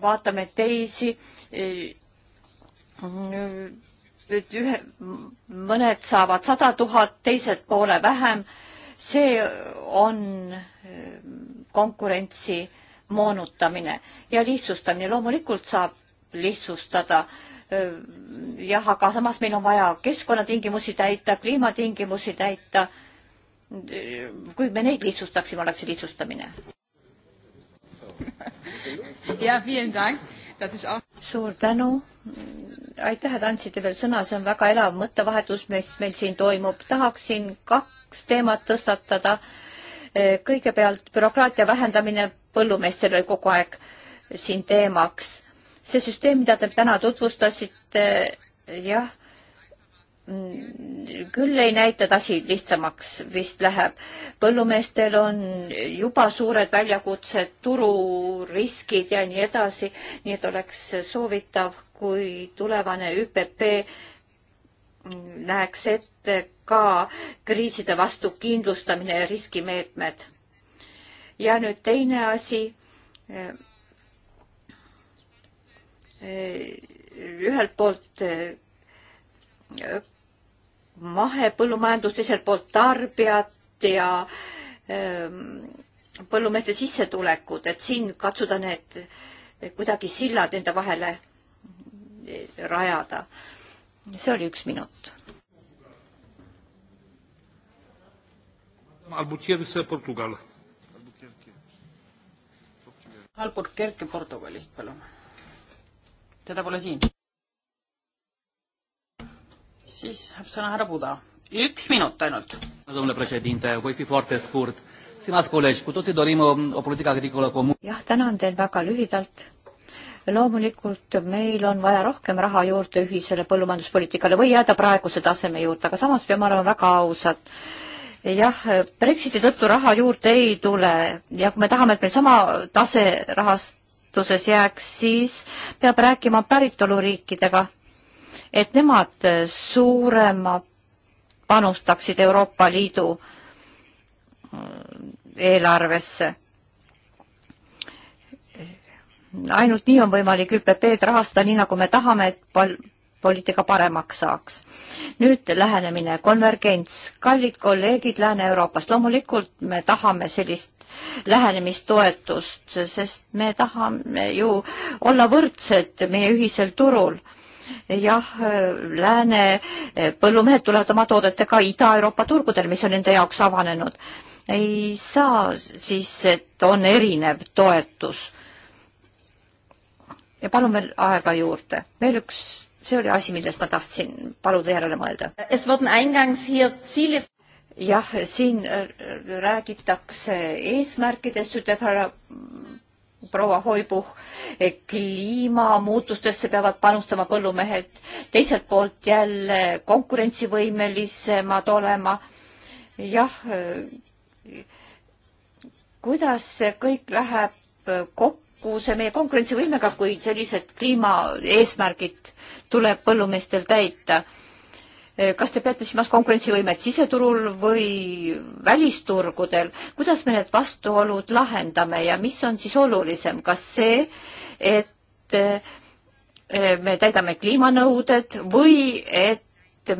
vaatame teisi, eh, ühe, mõned saavad sada tuhat, teised poole vähem, see on eh, konkurentsi äh, moonutamine ja lihtsustamine. loomulikult saab lihtsustada jah, aga samas meil on vaja keskkonnatingimusi täita, kliimatingimusi täita. kui me neid lihtsustaksime, oleks see lihtsustamine. jah, suur tänu. aitäh, et andsite veel sõna, see on väga elav mõttevahetus, mis meil siin toimub. tahaksin kaks teemat tõstatada. kõigepealt bürokraatia vähendamine põllumeestel oli kogu aeg siin teemaks. see süsteem, mida te täna tutvustasite, jah, küll ei näita, et asi lihtsamaks vist läheb. põllumeestel on juba suured väljakutsed, tururiskid ja nii edasi, nii et oleks soovitav, kui tulevane ÜPP näeks ette ka kriiside vastu kindlustamine ja riskimeetmed ja nüüd teine asi. Eh, ühelt poolt eh, mahepõllumajandus, teiselt poolt tarbijad ja eh, põllumeeste sissetulekud, et siin katsuda need kuidagi sillad enda vahele rajada. see oli üks minut. Albuquerque, Portugal Halbur Kerke Portugalist, palun. teda pole siin. siis saab sõna härra Buda. üks minut ainult. jah, tänan teil väga lühidalt loomulikult meil on vaja rohkem raha juurde ühisele põllumajanduspoliitikale või jääda praeguse taseme juurde, aga samas peame olema väga ausad jah, Brexiti tõttu raha juurde ei tule ja kui me tahame, et meil sama tase rahastuses jääks, siis peab rääkima päritoluriikidega, et nemad suurema panustaksid Euroopa Liidu mm, eelarvesse. ainult nii on võimalik ÜPP-d rahastada, nii nagu me tahame, et pal-, poliitika paremaks saaks. nüüd lähenemine, konvergents. kallid kolleegid Lääne-Euroopast, loomulikult me tahame sellist lähenemistoetust, sest me tahame ju olla võrdsed meie ühisel turul jah, lääne põllumehed tulevad oma toodetega Ida-Euroopa turgudel, mis on nende jaoks avanenud. ei saa siis, et on erinev toetus. ja palun veel aega juurde. veel üks see oli asi, millest ma tahtsin paluda järele mõelda. jah, siin räägitakse eesmärkidest, ütleb härra proua Hoibuh, kliimamuutustesse peavad panustama põllumehed, teiselt poolt jälle konkurentsivõimelisemad olema. jah, kuidas see kõik läheb kokku, see meie konkurentsivõimega, kui sellised kliimaeesmärgid tuleb põllumeestel täita. kas te peate silmas konkurentsivõimet siseturul või välisturgudel, kuidas me need vastuolud lahendame ja mis on siis olulisem, kas see, et eh, me täidame kliimanõuded või et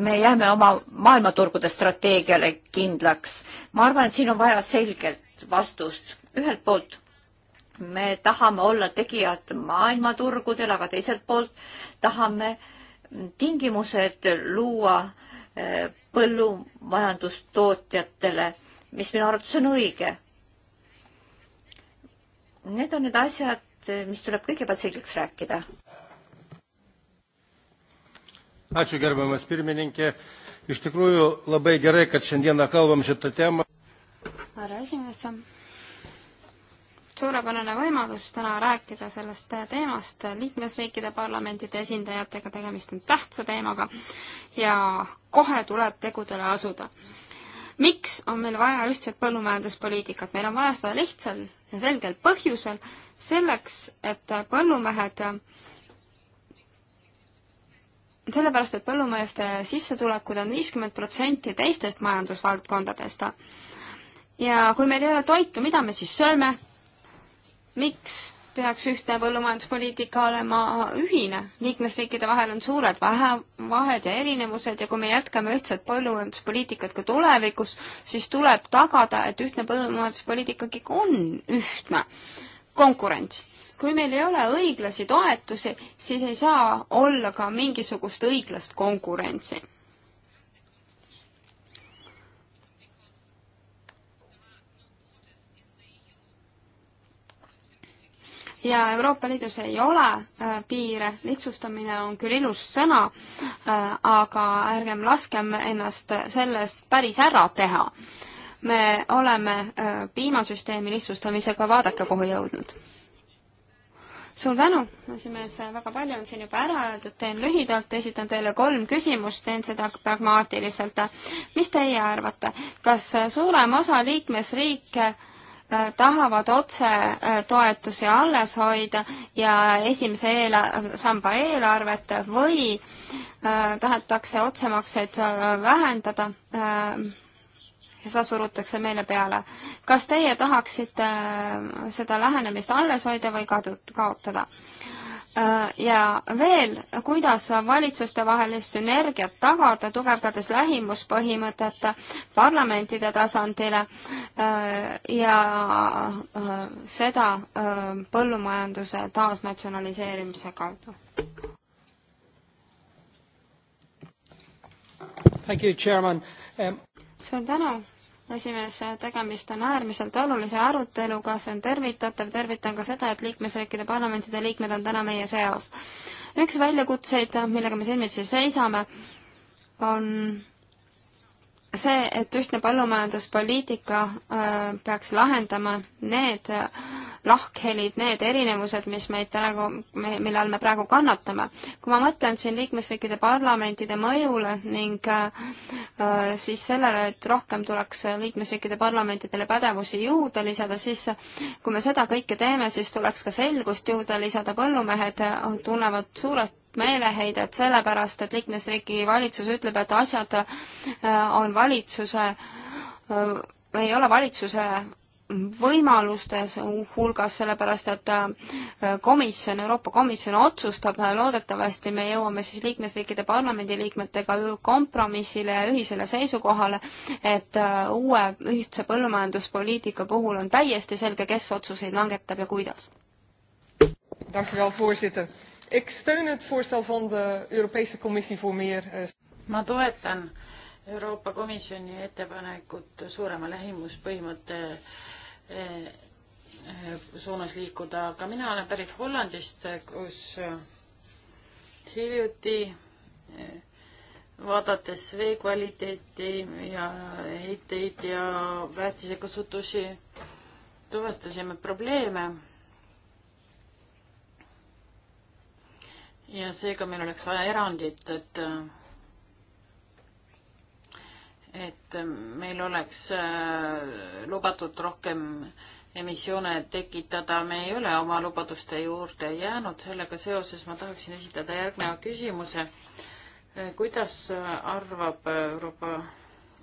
me jääme oma maailmaturgude strateegiale kindlaks. ma arvan, et siin on vaja selgelt vastust. ühelt poolt me tahame olla tegijad maailmaturgudel, aga teiselt poolt tahame tingimused luua eh, põllumajandustootjatele, mis minu arvates on õige. Need on need asjad, mis tuleb kõigepealt selgeks rääkida. ačiū, gerbiamas pirmininkė. iš tikrųjų labai gerai, kad šiandieną kalbam šitą temą. härra esimees suurepärane võimalus täna rääkida sellest teemast liikmesriikide parlamentide esindajatega, tegemist on tähtsa teemaga ja kohe tuleb tegudele asuda. miks on meil vaja ühtset põllumajanduspoliitikat? meil on vaja seda lihtsal ja selgel põhjusel, selleks, et põllumehed sellepärast, et põllumeeste sissetulekud on viiskümmend protsenti teistest majandusvaldkondadest ja kui meil ei ole toitu, mida me siis sööme, miks peaks ühtne põllumajanduspoliitika olema ühine, liikmesriikide vahel on suured vahe, vahed ja erinevused ja kui me jätkame ühtset põllumajanduspoliitikat ka tulevikus, siis tuleb tagada, et ühtne põllumajanduspoliitika ikkagi on ühtne. konkurents. kui meil ei ole õiglasi toetusi, siis ei saa olla ka mingisugust õiglast konkurentsi ja Euroopa Liidus ei ole äh, piire, lihtsustamine on küll ilus sõna, äh, aga ärgem laskem ennast sellest päris ära teha. me oleme äh, piimasüsteemi lihtsustamisega vaadake kuhu jõudnud. suur tänu, esimees, väga palju on siin juba ära öeldud, teen lühidalt, esitan teile kolm küsimust, teen seda pragmaatiliselt. mis teie arvate, kas suurem osa liikmesriike Äh, tahavad otsetoetusi äh, alles hoida ja esimese eela-, samba eelarvet või äh, tahetakse otsemakseid vähendada ja seda surutakse meile peale. kas teie tahaksite seda lähenemist alles hoida või kadu-, kaotada? Äh, ja veel, kuidas valitsustevahelist sünergiat tagada, tugevdades lähimuspõhimõtet parlamentide tasandile äh, ja äh, seda põllumajanduse taasnatsionaliseerimise kaudu? Um, suur tänu esimees, tegemist on äärmiselt olulise aruteluga, see on tervitatav, tervitan ka seda, et liikmesriikide parlamentide liikmed on täna meie seas. üks väljakutseid, millega me silmitsi seisame, on see, et ühtne põllumajanduspoliitika äh, peaks lahendama need lahkhelid, need erinevused, mis meid praegu, mille all me praegu kannatame. kui ma mõtlen siin liikmesriikide parlamentide mõjule ning äh, äh, siis sellele, et rohkem tuleks liikmesriikide parlamentidele pädevusi juurde lisada, siis kui me seda kõike teeme, siis tuleks ka selgust juurde lisada, põllumehed tunnevad suurelt meeleheidet sellepärast, et liikmesriigi valitsus ütleb, et asjad äh, on valitsuse, äh, ei ole valitsuse võimaluste hulgas, sellepärast et äh, komisjon, Euroopa Komisjon otsustab, äh, loodetavasti me jõuame siis liikmesriikide parlamendiliikmetega kompromissile ja ühisele seisukohale, et äh, uue ühtse põllumajanduspoliitika puhul on täiesti selge, kes otsuseid langetab ja kuidas. Eh, ma toetan Euroopa Komisjoni ettepanekut suurema lähimuspõhimõtte eh, suunas liikuda, aga mina olen pärit Hollandist, kus hiljuti eh, vaadates vee kvaliteeti ja heiteid ja väetisekasutusi, tuvastasime probleeme. ja seega meil oleks vaja erandit, et et meil oleks äh, lubatud rohkem emissioone tekitada, me ei ole oma lubaduste juurde jäänud, sellega seoses ma tahaksin esitada järgneva küsimuse. Äh, kuidas arvab Euroopa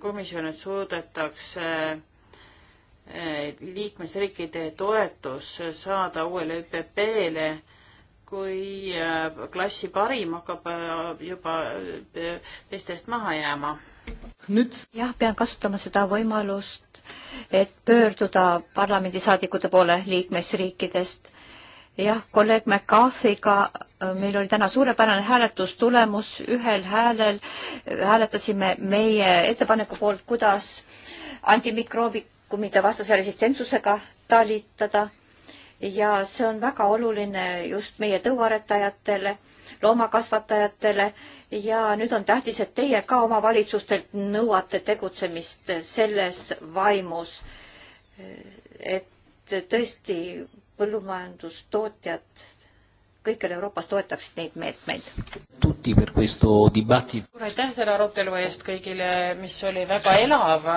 Komisjon, et suudetakse äh, liikmesriikide toetus saada uuele ÜPP-le, kui klassi parim hakkab juba teistest maha jääma? nüüd? jah, pean kasutama seda võimalust, et pöörduda parlamendisaadikute poole liikmesriikidest. jah, kolleeg McCarthy'ga äh, meil oli täna suurepärane hääletustulemus, ühel häälel äh, hääletasime meie ettepaneku poolt, kuidas antimikroobikumide vastase resistentsusega talitada ja see on väga oluline just meie tõuaretajatele loomakasvatajatele ja nüüd on tähtis, et teie ka oma valitsustelt nõuate tegutsemist selles vaimus, et tõesti põllumajandustootjad kõikjal Euroopas toetaksid neid meetmeid. suur aitäh selle arutelu eest kõigile, mis oli väga elav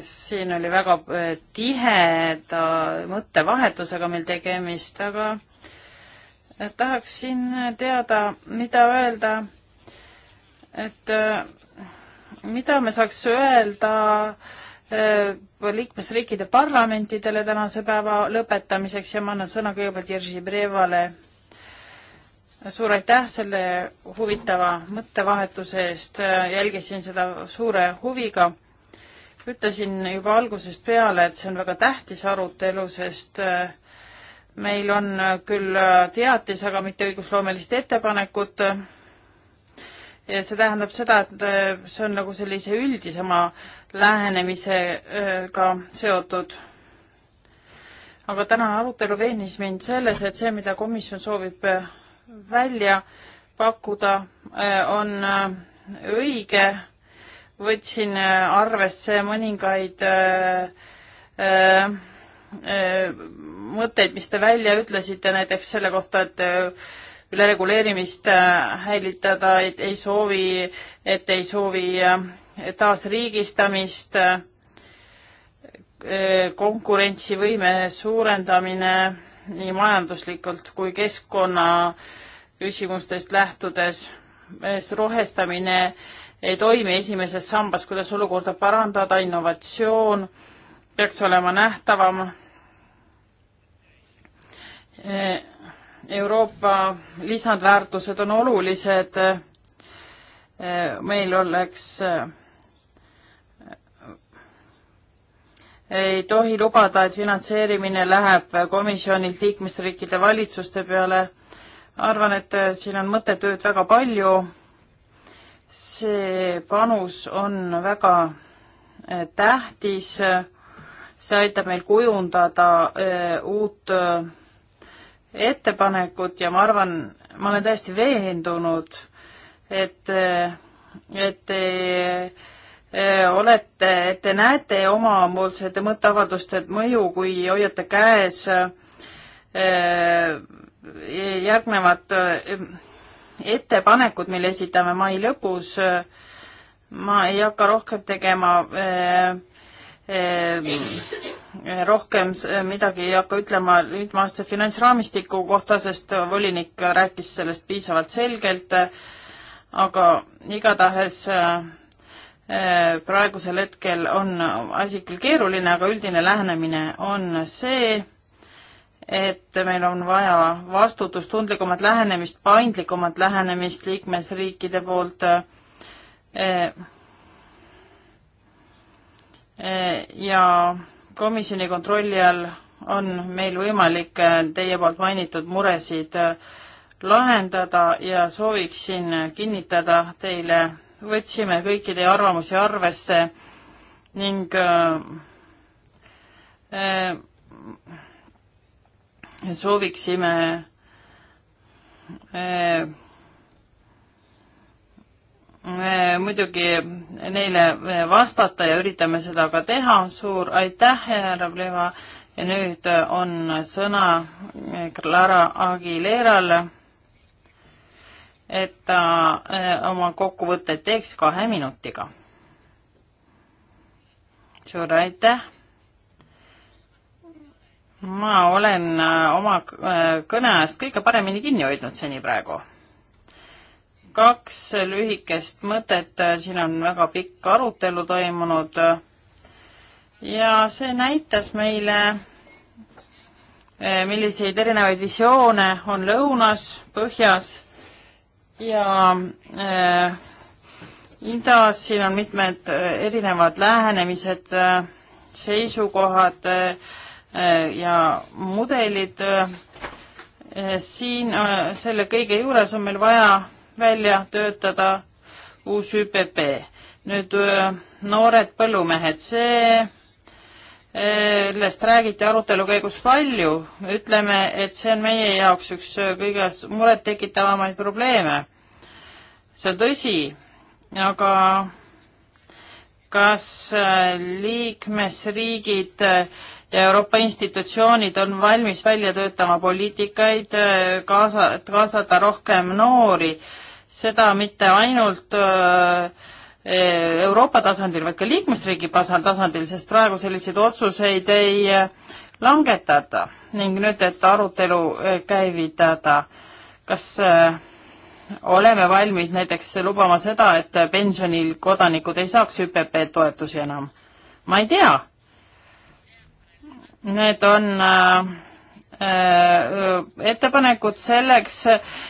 siin oli väga äh, tiheda mõttevahetusega meil tegemist, aga äh, tahaksin teada, mida öelda, et äh, mida me saaks öelda liikmesriikide parlamentidele tänase päeva lõpetamiseks ja ma annan sõna kõigepealt Jerzy Brevale. suur aitäh selle huvitava mõttevahetuse eest, jälgisin seda suure huviga ütlesin juba algusest peale, et see on väga tähtis arutelu, sest äh, meil on äh, küll äh, teatis, aga mitte õigusloomelist ettepanekut. ja see tähendab seda, et see on nagu sellise üldisema lähenemisega seotud. aga tänane arutelu veenis mind selles, et see, mida komisjon soovib välja pakkuda, on õige võtsin äh, arvesse mõningaid äh, äh, mõtteid, mis te välja ütlesite, näiteks selle kohta, et ülereguleerimist häilitada ei, ei soovi, et ei soovi taasriigistamist, konkurentsivõime suurendamine nii majanduslikult kui keskkonna küsimustest lähtudes, rohestamine äh, ei toimi esimeses sambas, kuidas olukorda parandada, innovatsioon peaks olema nähtavam. Euroopa lisandväärtused on olulised. meil oleks, ei tohi lubada, et finantseerimine läheb komisjonilt liikmesriikide valitsuste peale. arvan, et siin on mõttetööd väga palju see panus on väga eh, tähtis, see aitab meil kujundada eh, uut eh, ettepanekut ja ma arvan, ma olen täiesti veendunud, et, et te olete, et te näete omapoolsete mõtteavalduste mõju, kui hoiate käes järgnevad ettepanekud, mille esitame mai lõpus, ma ei hakka rohkem tegema eh, eh, rohkem midagi ei hakka ütlema nüüdmaaste finantsraamistiku kohta, sest volinik rääkis sellest piisavalt selgelt, aga igatahes eh, praegusel hetkel on asi küll keeruline, aga üldine lähenemine on see, et meil on vaja vastutustundlikumat lähenemist, paindlikumat lähenemist liikmesriikide poolt äh, äh, ja komisjoni kontrolli all on meil võimalik äh, teie poolt mainitud muresid lahendada ja sooviksin kinnitada teile, võtsime kõiki teie arvamusi arvesse ning äh, äh, sooviksime äh, äh, muidugi neile vastata ja üritame seda ka teha. suur aitäh, härra Pleva. ja nüüd on sõna eh, Clara Aguileral, et ta äh, oma kokkuvõtted teeks kahe minutiga. suur aitäh ma olen äh, oma äh, kõneajast kõige paremini kinni hoidnud seni praegu. kaks lühikest mõtet, äh, siin on väga pikk arutelu toimunud ja see näitas meile, milliseid erinevaid visioone on lõunas, põhjas ja äh, idas, siin on mitmed erinevad lähenemised, seisukohad äh,, Äh, ja mudelid. Äh, siin äh, selle kõige juures on meil vaja välja töötada uus ÜPP. nüüd noored põllumehed, see sellest räägiti arutelu käigus palju, ütleme, et see on meie jaoks üks kõige murettekitavamaid probleeme. see on tõsi, aga kas liikmesriigid äh, ja Euroopa institutsioonid on valmis välja töötama poliitikaid, äh, kaasa, kaasata rohkem noori, seda mitte ainult äh, Euroopa tasandil, vaid ka liikmesriigi tasandil, sest praegu selliseid otsuseid ei äh, langetada ning nüüd, et arutelu käivitada, kas oleme valmis näiteks lubama seda, et pensionil kodanikud ei saaks ÜPP toetusi enam? ma ei tea Need on äh, äh, ettepanekud selleks,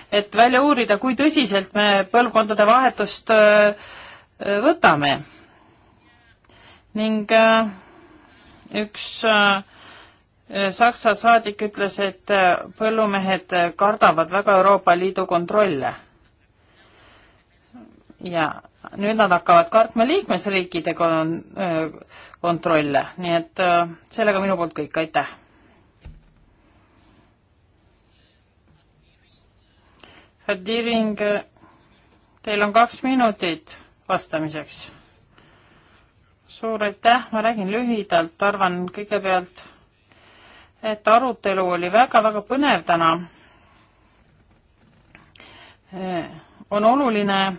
et välja uurida, kui tõsiselt me põlvkondade vahetust äh, võtame. ning üks Saksa saadik ütles, et põllumehed kardavad väga Euroopa Liidu kontrolle. ja nüüd nad hakkavad kartma liikmesriikide kon-, kontrolle, nii et sellega minu poolt kõik, aitäh. Hadiring, teil on kaks minutit vastamiseks. suur aitäh, ma räägin lühidalt, arvan kõigepealt, et arutelu oli väga-väga põnev täna. on oluline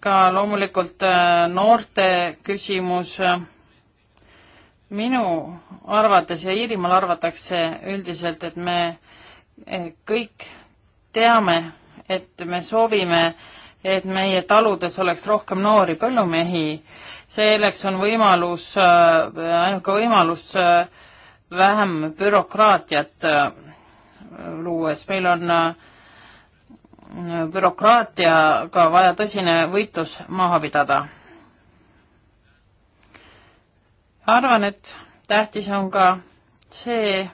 ka loomulikult äh, noorte küsimus. minu arvates ja Iirimaal arvatakse üldiselt, et me eh, kõik teame, et me soovime, et meie taludes oleks rohkem noori põllumehi. selleks on võimalus, äh, ainuke võimalus äh, vähem bürokraatiat luues. meil on äh, bürokraatiaga vaja tõsine võitlus maha pidada. arvan, et tähtis on ka see,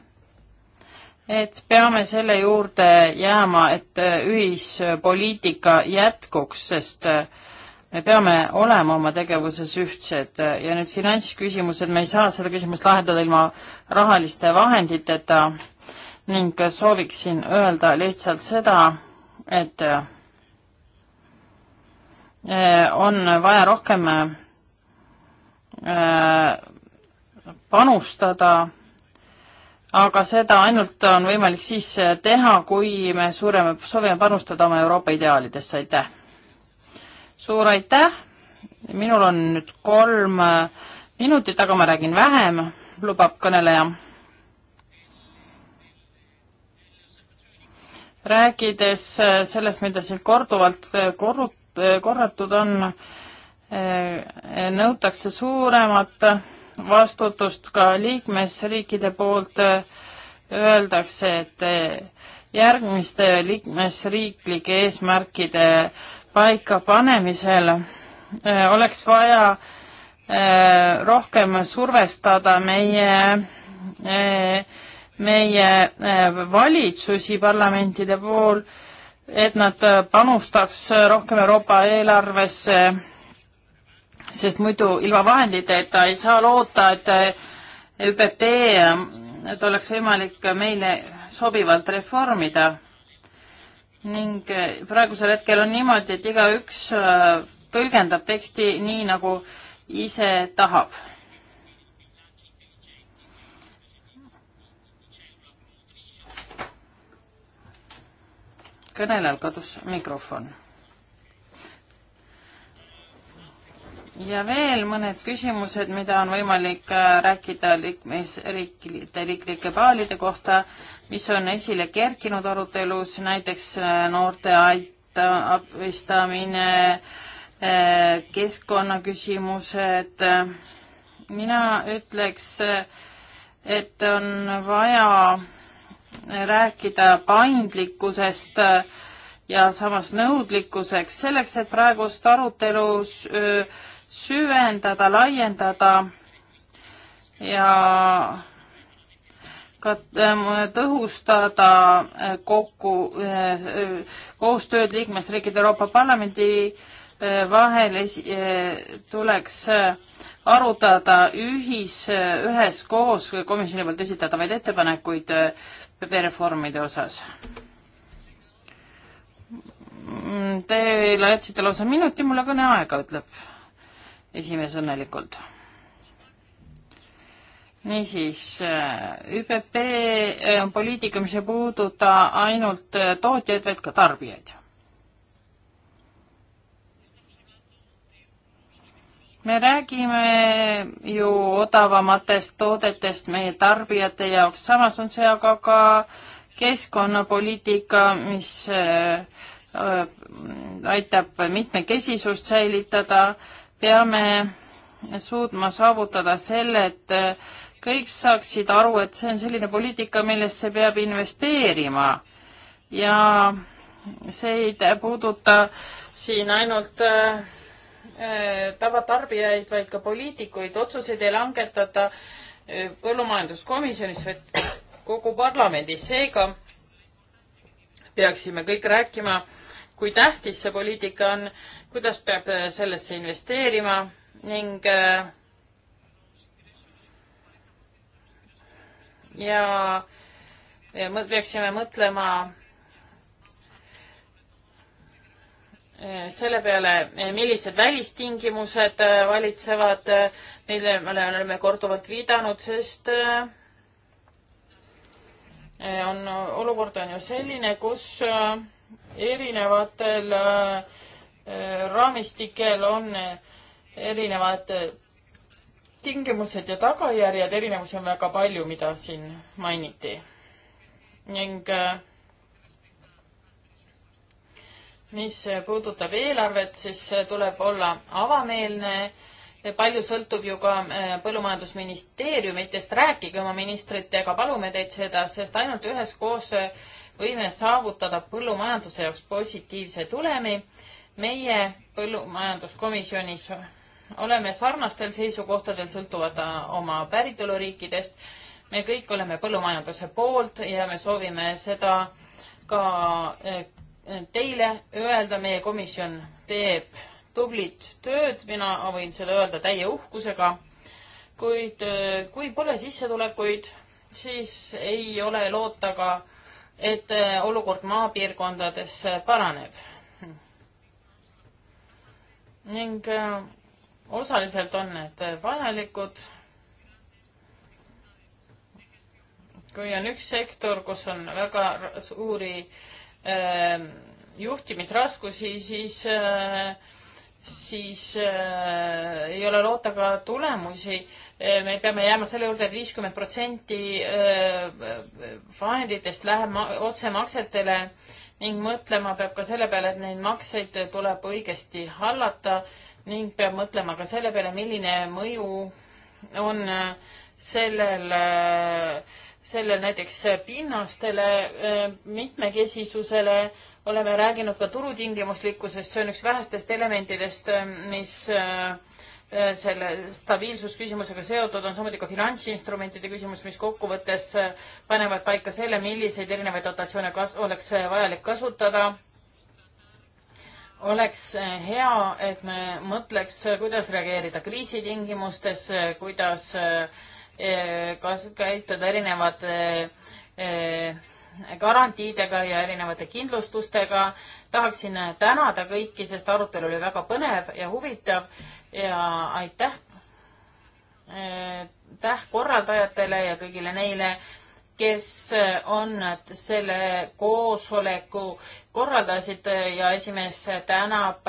et peame selle juurde jääma, et ühispoliitika jätkuks, sest me peame olema oma tegevuses ühtsed ja need finantsküsimused, me ei saa seda küsimust lahendada ilma rahaliste vahenditeta ning sooviksin öelda lihtsalt seda, et eh, on vaja rohkem eh, panustada, aga seda ainult on võimalik siis teha, kui me suureme, soovime panustada oma Euroopa ideaalidesse, aitäh! suur aitäh, minul on nüüd kolm minutit, aga ma räägin vähem, lubab kõneleja rääkides äh, sellest, mida siin korduvalt äh, korrut-, äh, korratud on, nõutakse suuremat vastutust ka liikmesriikide poolt, öeldakse, et järgmiste liikmesriiklike eesmärkide paikapanemisel oleks vaja rohkem survestada meie meie äh, valitsusi parlamentide pool, et nad äh, panustaks äh, rohkem Euroopa eelarvesse, sest muidu ilma vahenditeta ei saa loota, et ÜPP, et oleks võimalik meile sobivalt reformida. ning praegusel hetkel on niimoodi, et igaüks tõlgendab teksti nii, nagu ise tahab kõnelejal kadus mikrofon. ja veel mõned küsimused, mida on võimalik äh, rääkida liikmesriikide, riiklike paalide kohta, mis on esile kerkinud arutelus, näiteks äh, noorte aita, abistamine, äh, keskkonnaküsimused. mina ütleks, et on vaja rääkida paindlikkusest äh, ja samas nõudlikkuseks, selleks et praegust arutelu äh, süvendada, laiendada ja ka äh, tõhustada kokku koostööd liikmesriikide Euroopa Parlamendi vahel tuleks arutada ühis, üheskoos komisjoni poolt esitatavaid ettepanekuid reformide osas. Teile jätsite lausa minuti mulle kõneaega, ütleb esimees õnnelikult. niisiis, äh, ÜPP äh, on poliitika, mis ei puuduta ainult äh, tootjaid, vaid ka tarbijaid me räägime ju odavamatest toodetest meie tarbijate jaoks, samas on see aga ka keskkonnapoliitika, mis äh, aitab mitmekesisust säilitada, peame suutma saavutada selle, et kõik saaksid aru, et see on selline poliitika, millesse peab investeerima ja see ei puuduta siin ainult äh, Äh, tavatarbijaid, vaid ka poliitikuid, otsuseid ei langetata äh, põllumajanduskomisjonis, vaid kogu parlamendis, seega peaksime kõik rääkima, kui tähtis see poliitika on, kuidas peab äh, sellesse investeerima ning ja, ja me peaksime mõtlema selle peale, millised välistingimused äh, valitsevad, mille me oleme korduvalt viidanud, sest äh, on, olukord on ju selline, kus äh, erinevatel raamistikel on erinevad tingimused ja tagajärjed, erinevusi on väga palju, mida siin mainiti. ning äh, mis puudutab eelarvet, siis tuleb olla avameelne. palju sõltub ju ka äh, põllumajandusministeeriumitest, rääkige oma ministritega, palume teid seda, sest ainult üheskoos võime saavutada põllumajanduse jaoks positiivse tulemi. meie põllumajanduskomisjonis oleme sarnastel seisukohtadel, sõltuvad oma päritoluriikidest. me kõik oleme põllumajanduse poolt ja me soovime seda ka äh, teile öelda, meie komisjon teeb tublit tööd, mina võin seda öelda täie uhkusega, kuid äh, kui pole sissetulekuid, siis ei ole loota ka, et äh, olukord maapiirkondades äh, paraneb. ning osaliselt on need vajalikud. kui on üks sektor, kus on väga suuri äh, Ähm, juhtimisraskusi, siis, äh, siis äh, ei ole loota ka tulemusi. Äh, me peame jääma selle juurde et, et viiskümmend protsenti vahenditest läheb otsemaksetele ning mõtlema peab ka selle peale, et neid makseid tuleb õigesti hallata ning peab mõtlema ka selle peale, milline mõju on sellel äh, sellel näiteks pinnastele, eh, mitmekesisusele, oleme rääkinud ka turutingimuslikkusest, see on üks vähestest elementidest, eh, mis eh, selle stabiilsusküsimusega seotud on samuti ka finantsinstrumentide küsimus, mis kokkuvõttes panevad paika selle, milliseid erinevaid dotatsioone kas-, oleks vajalik kasutada. oleks hea, et me mõtleks, kuidas reageerida kriisitingimustes, kuidas äh, Eh, kas käituda erinevate eh, garantiidega ja erinevate kindlustustega. tahaksin tänada kõiki, sest arutelu oli väga põnev ja huvitav ja aitäh, aitäh eh, korraldajatele ja kõigile neile, kes on selle koosoleku korraldasid ja esimees tänab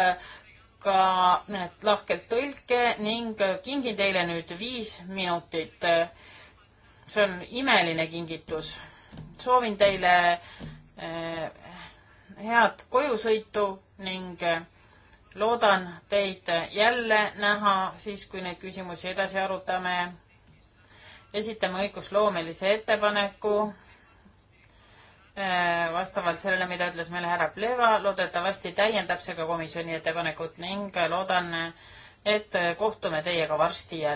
ka näed, lahkelt tõlke ning kingin teile nüüd viis minutit. see on imeline kingitus. soovin teile eh, head kojusõitu ning eh, loodan teid jälle näha siis, kui neid küsimusi edasi arutame. esitame õigusloomelise ettepaneku Äh, vastavalt sellele, mida ütles meile härra Pleva, loodetavasti täiendab see ka komisjoni ettepanekut ning loodan, et kohtume teiega varsti jälle.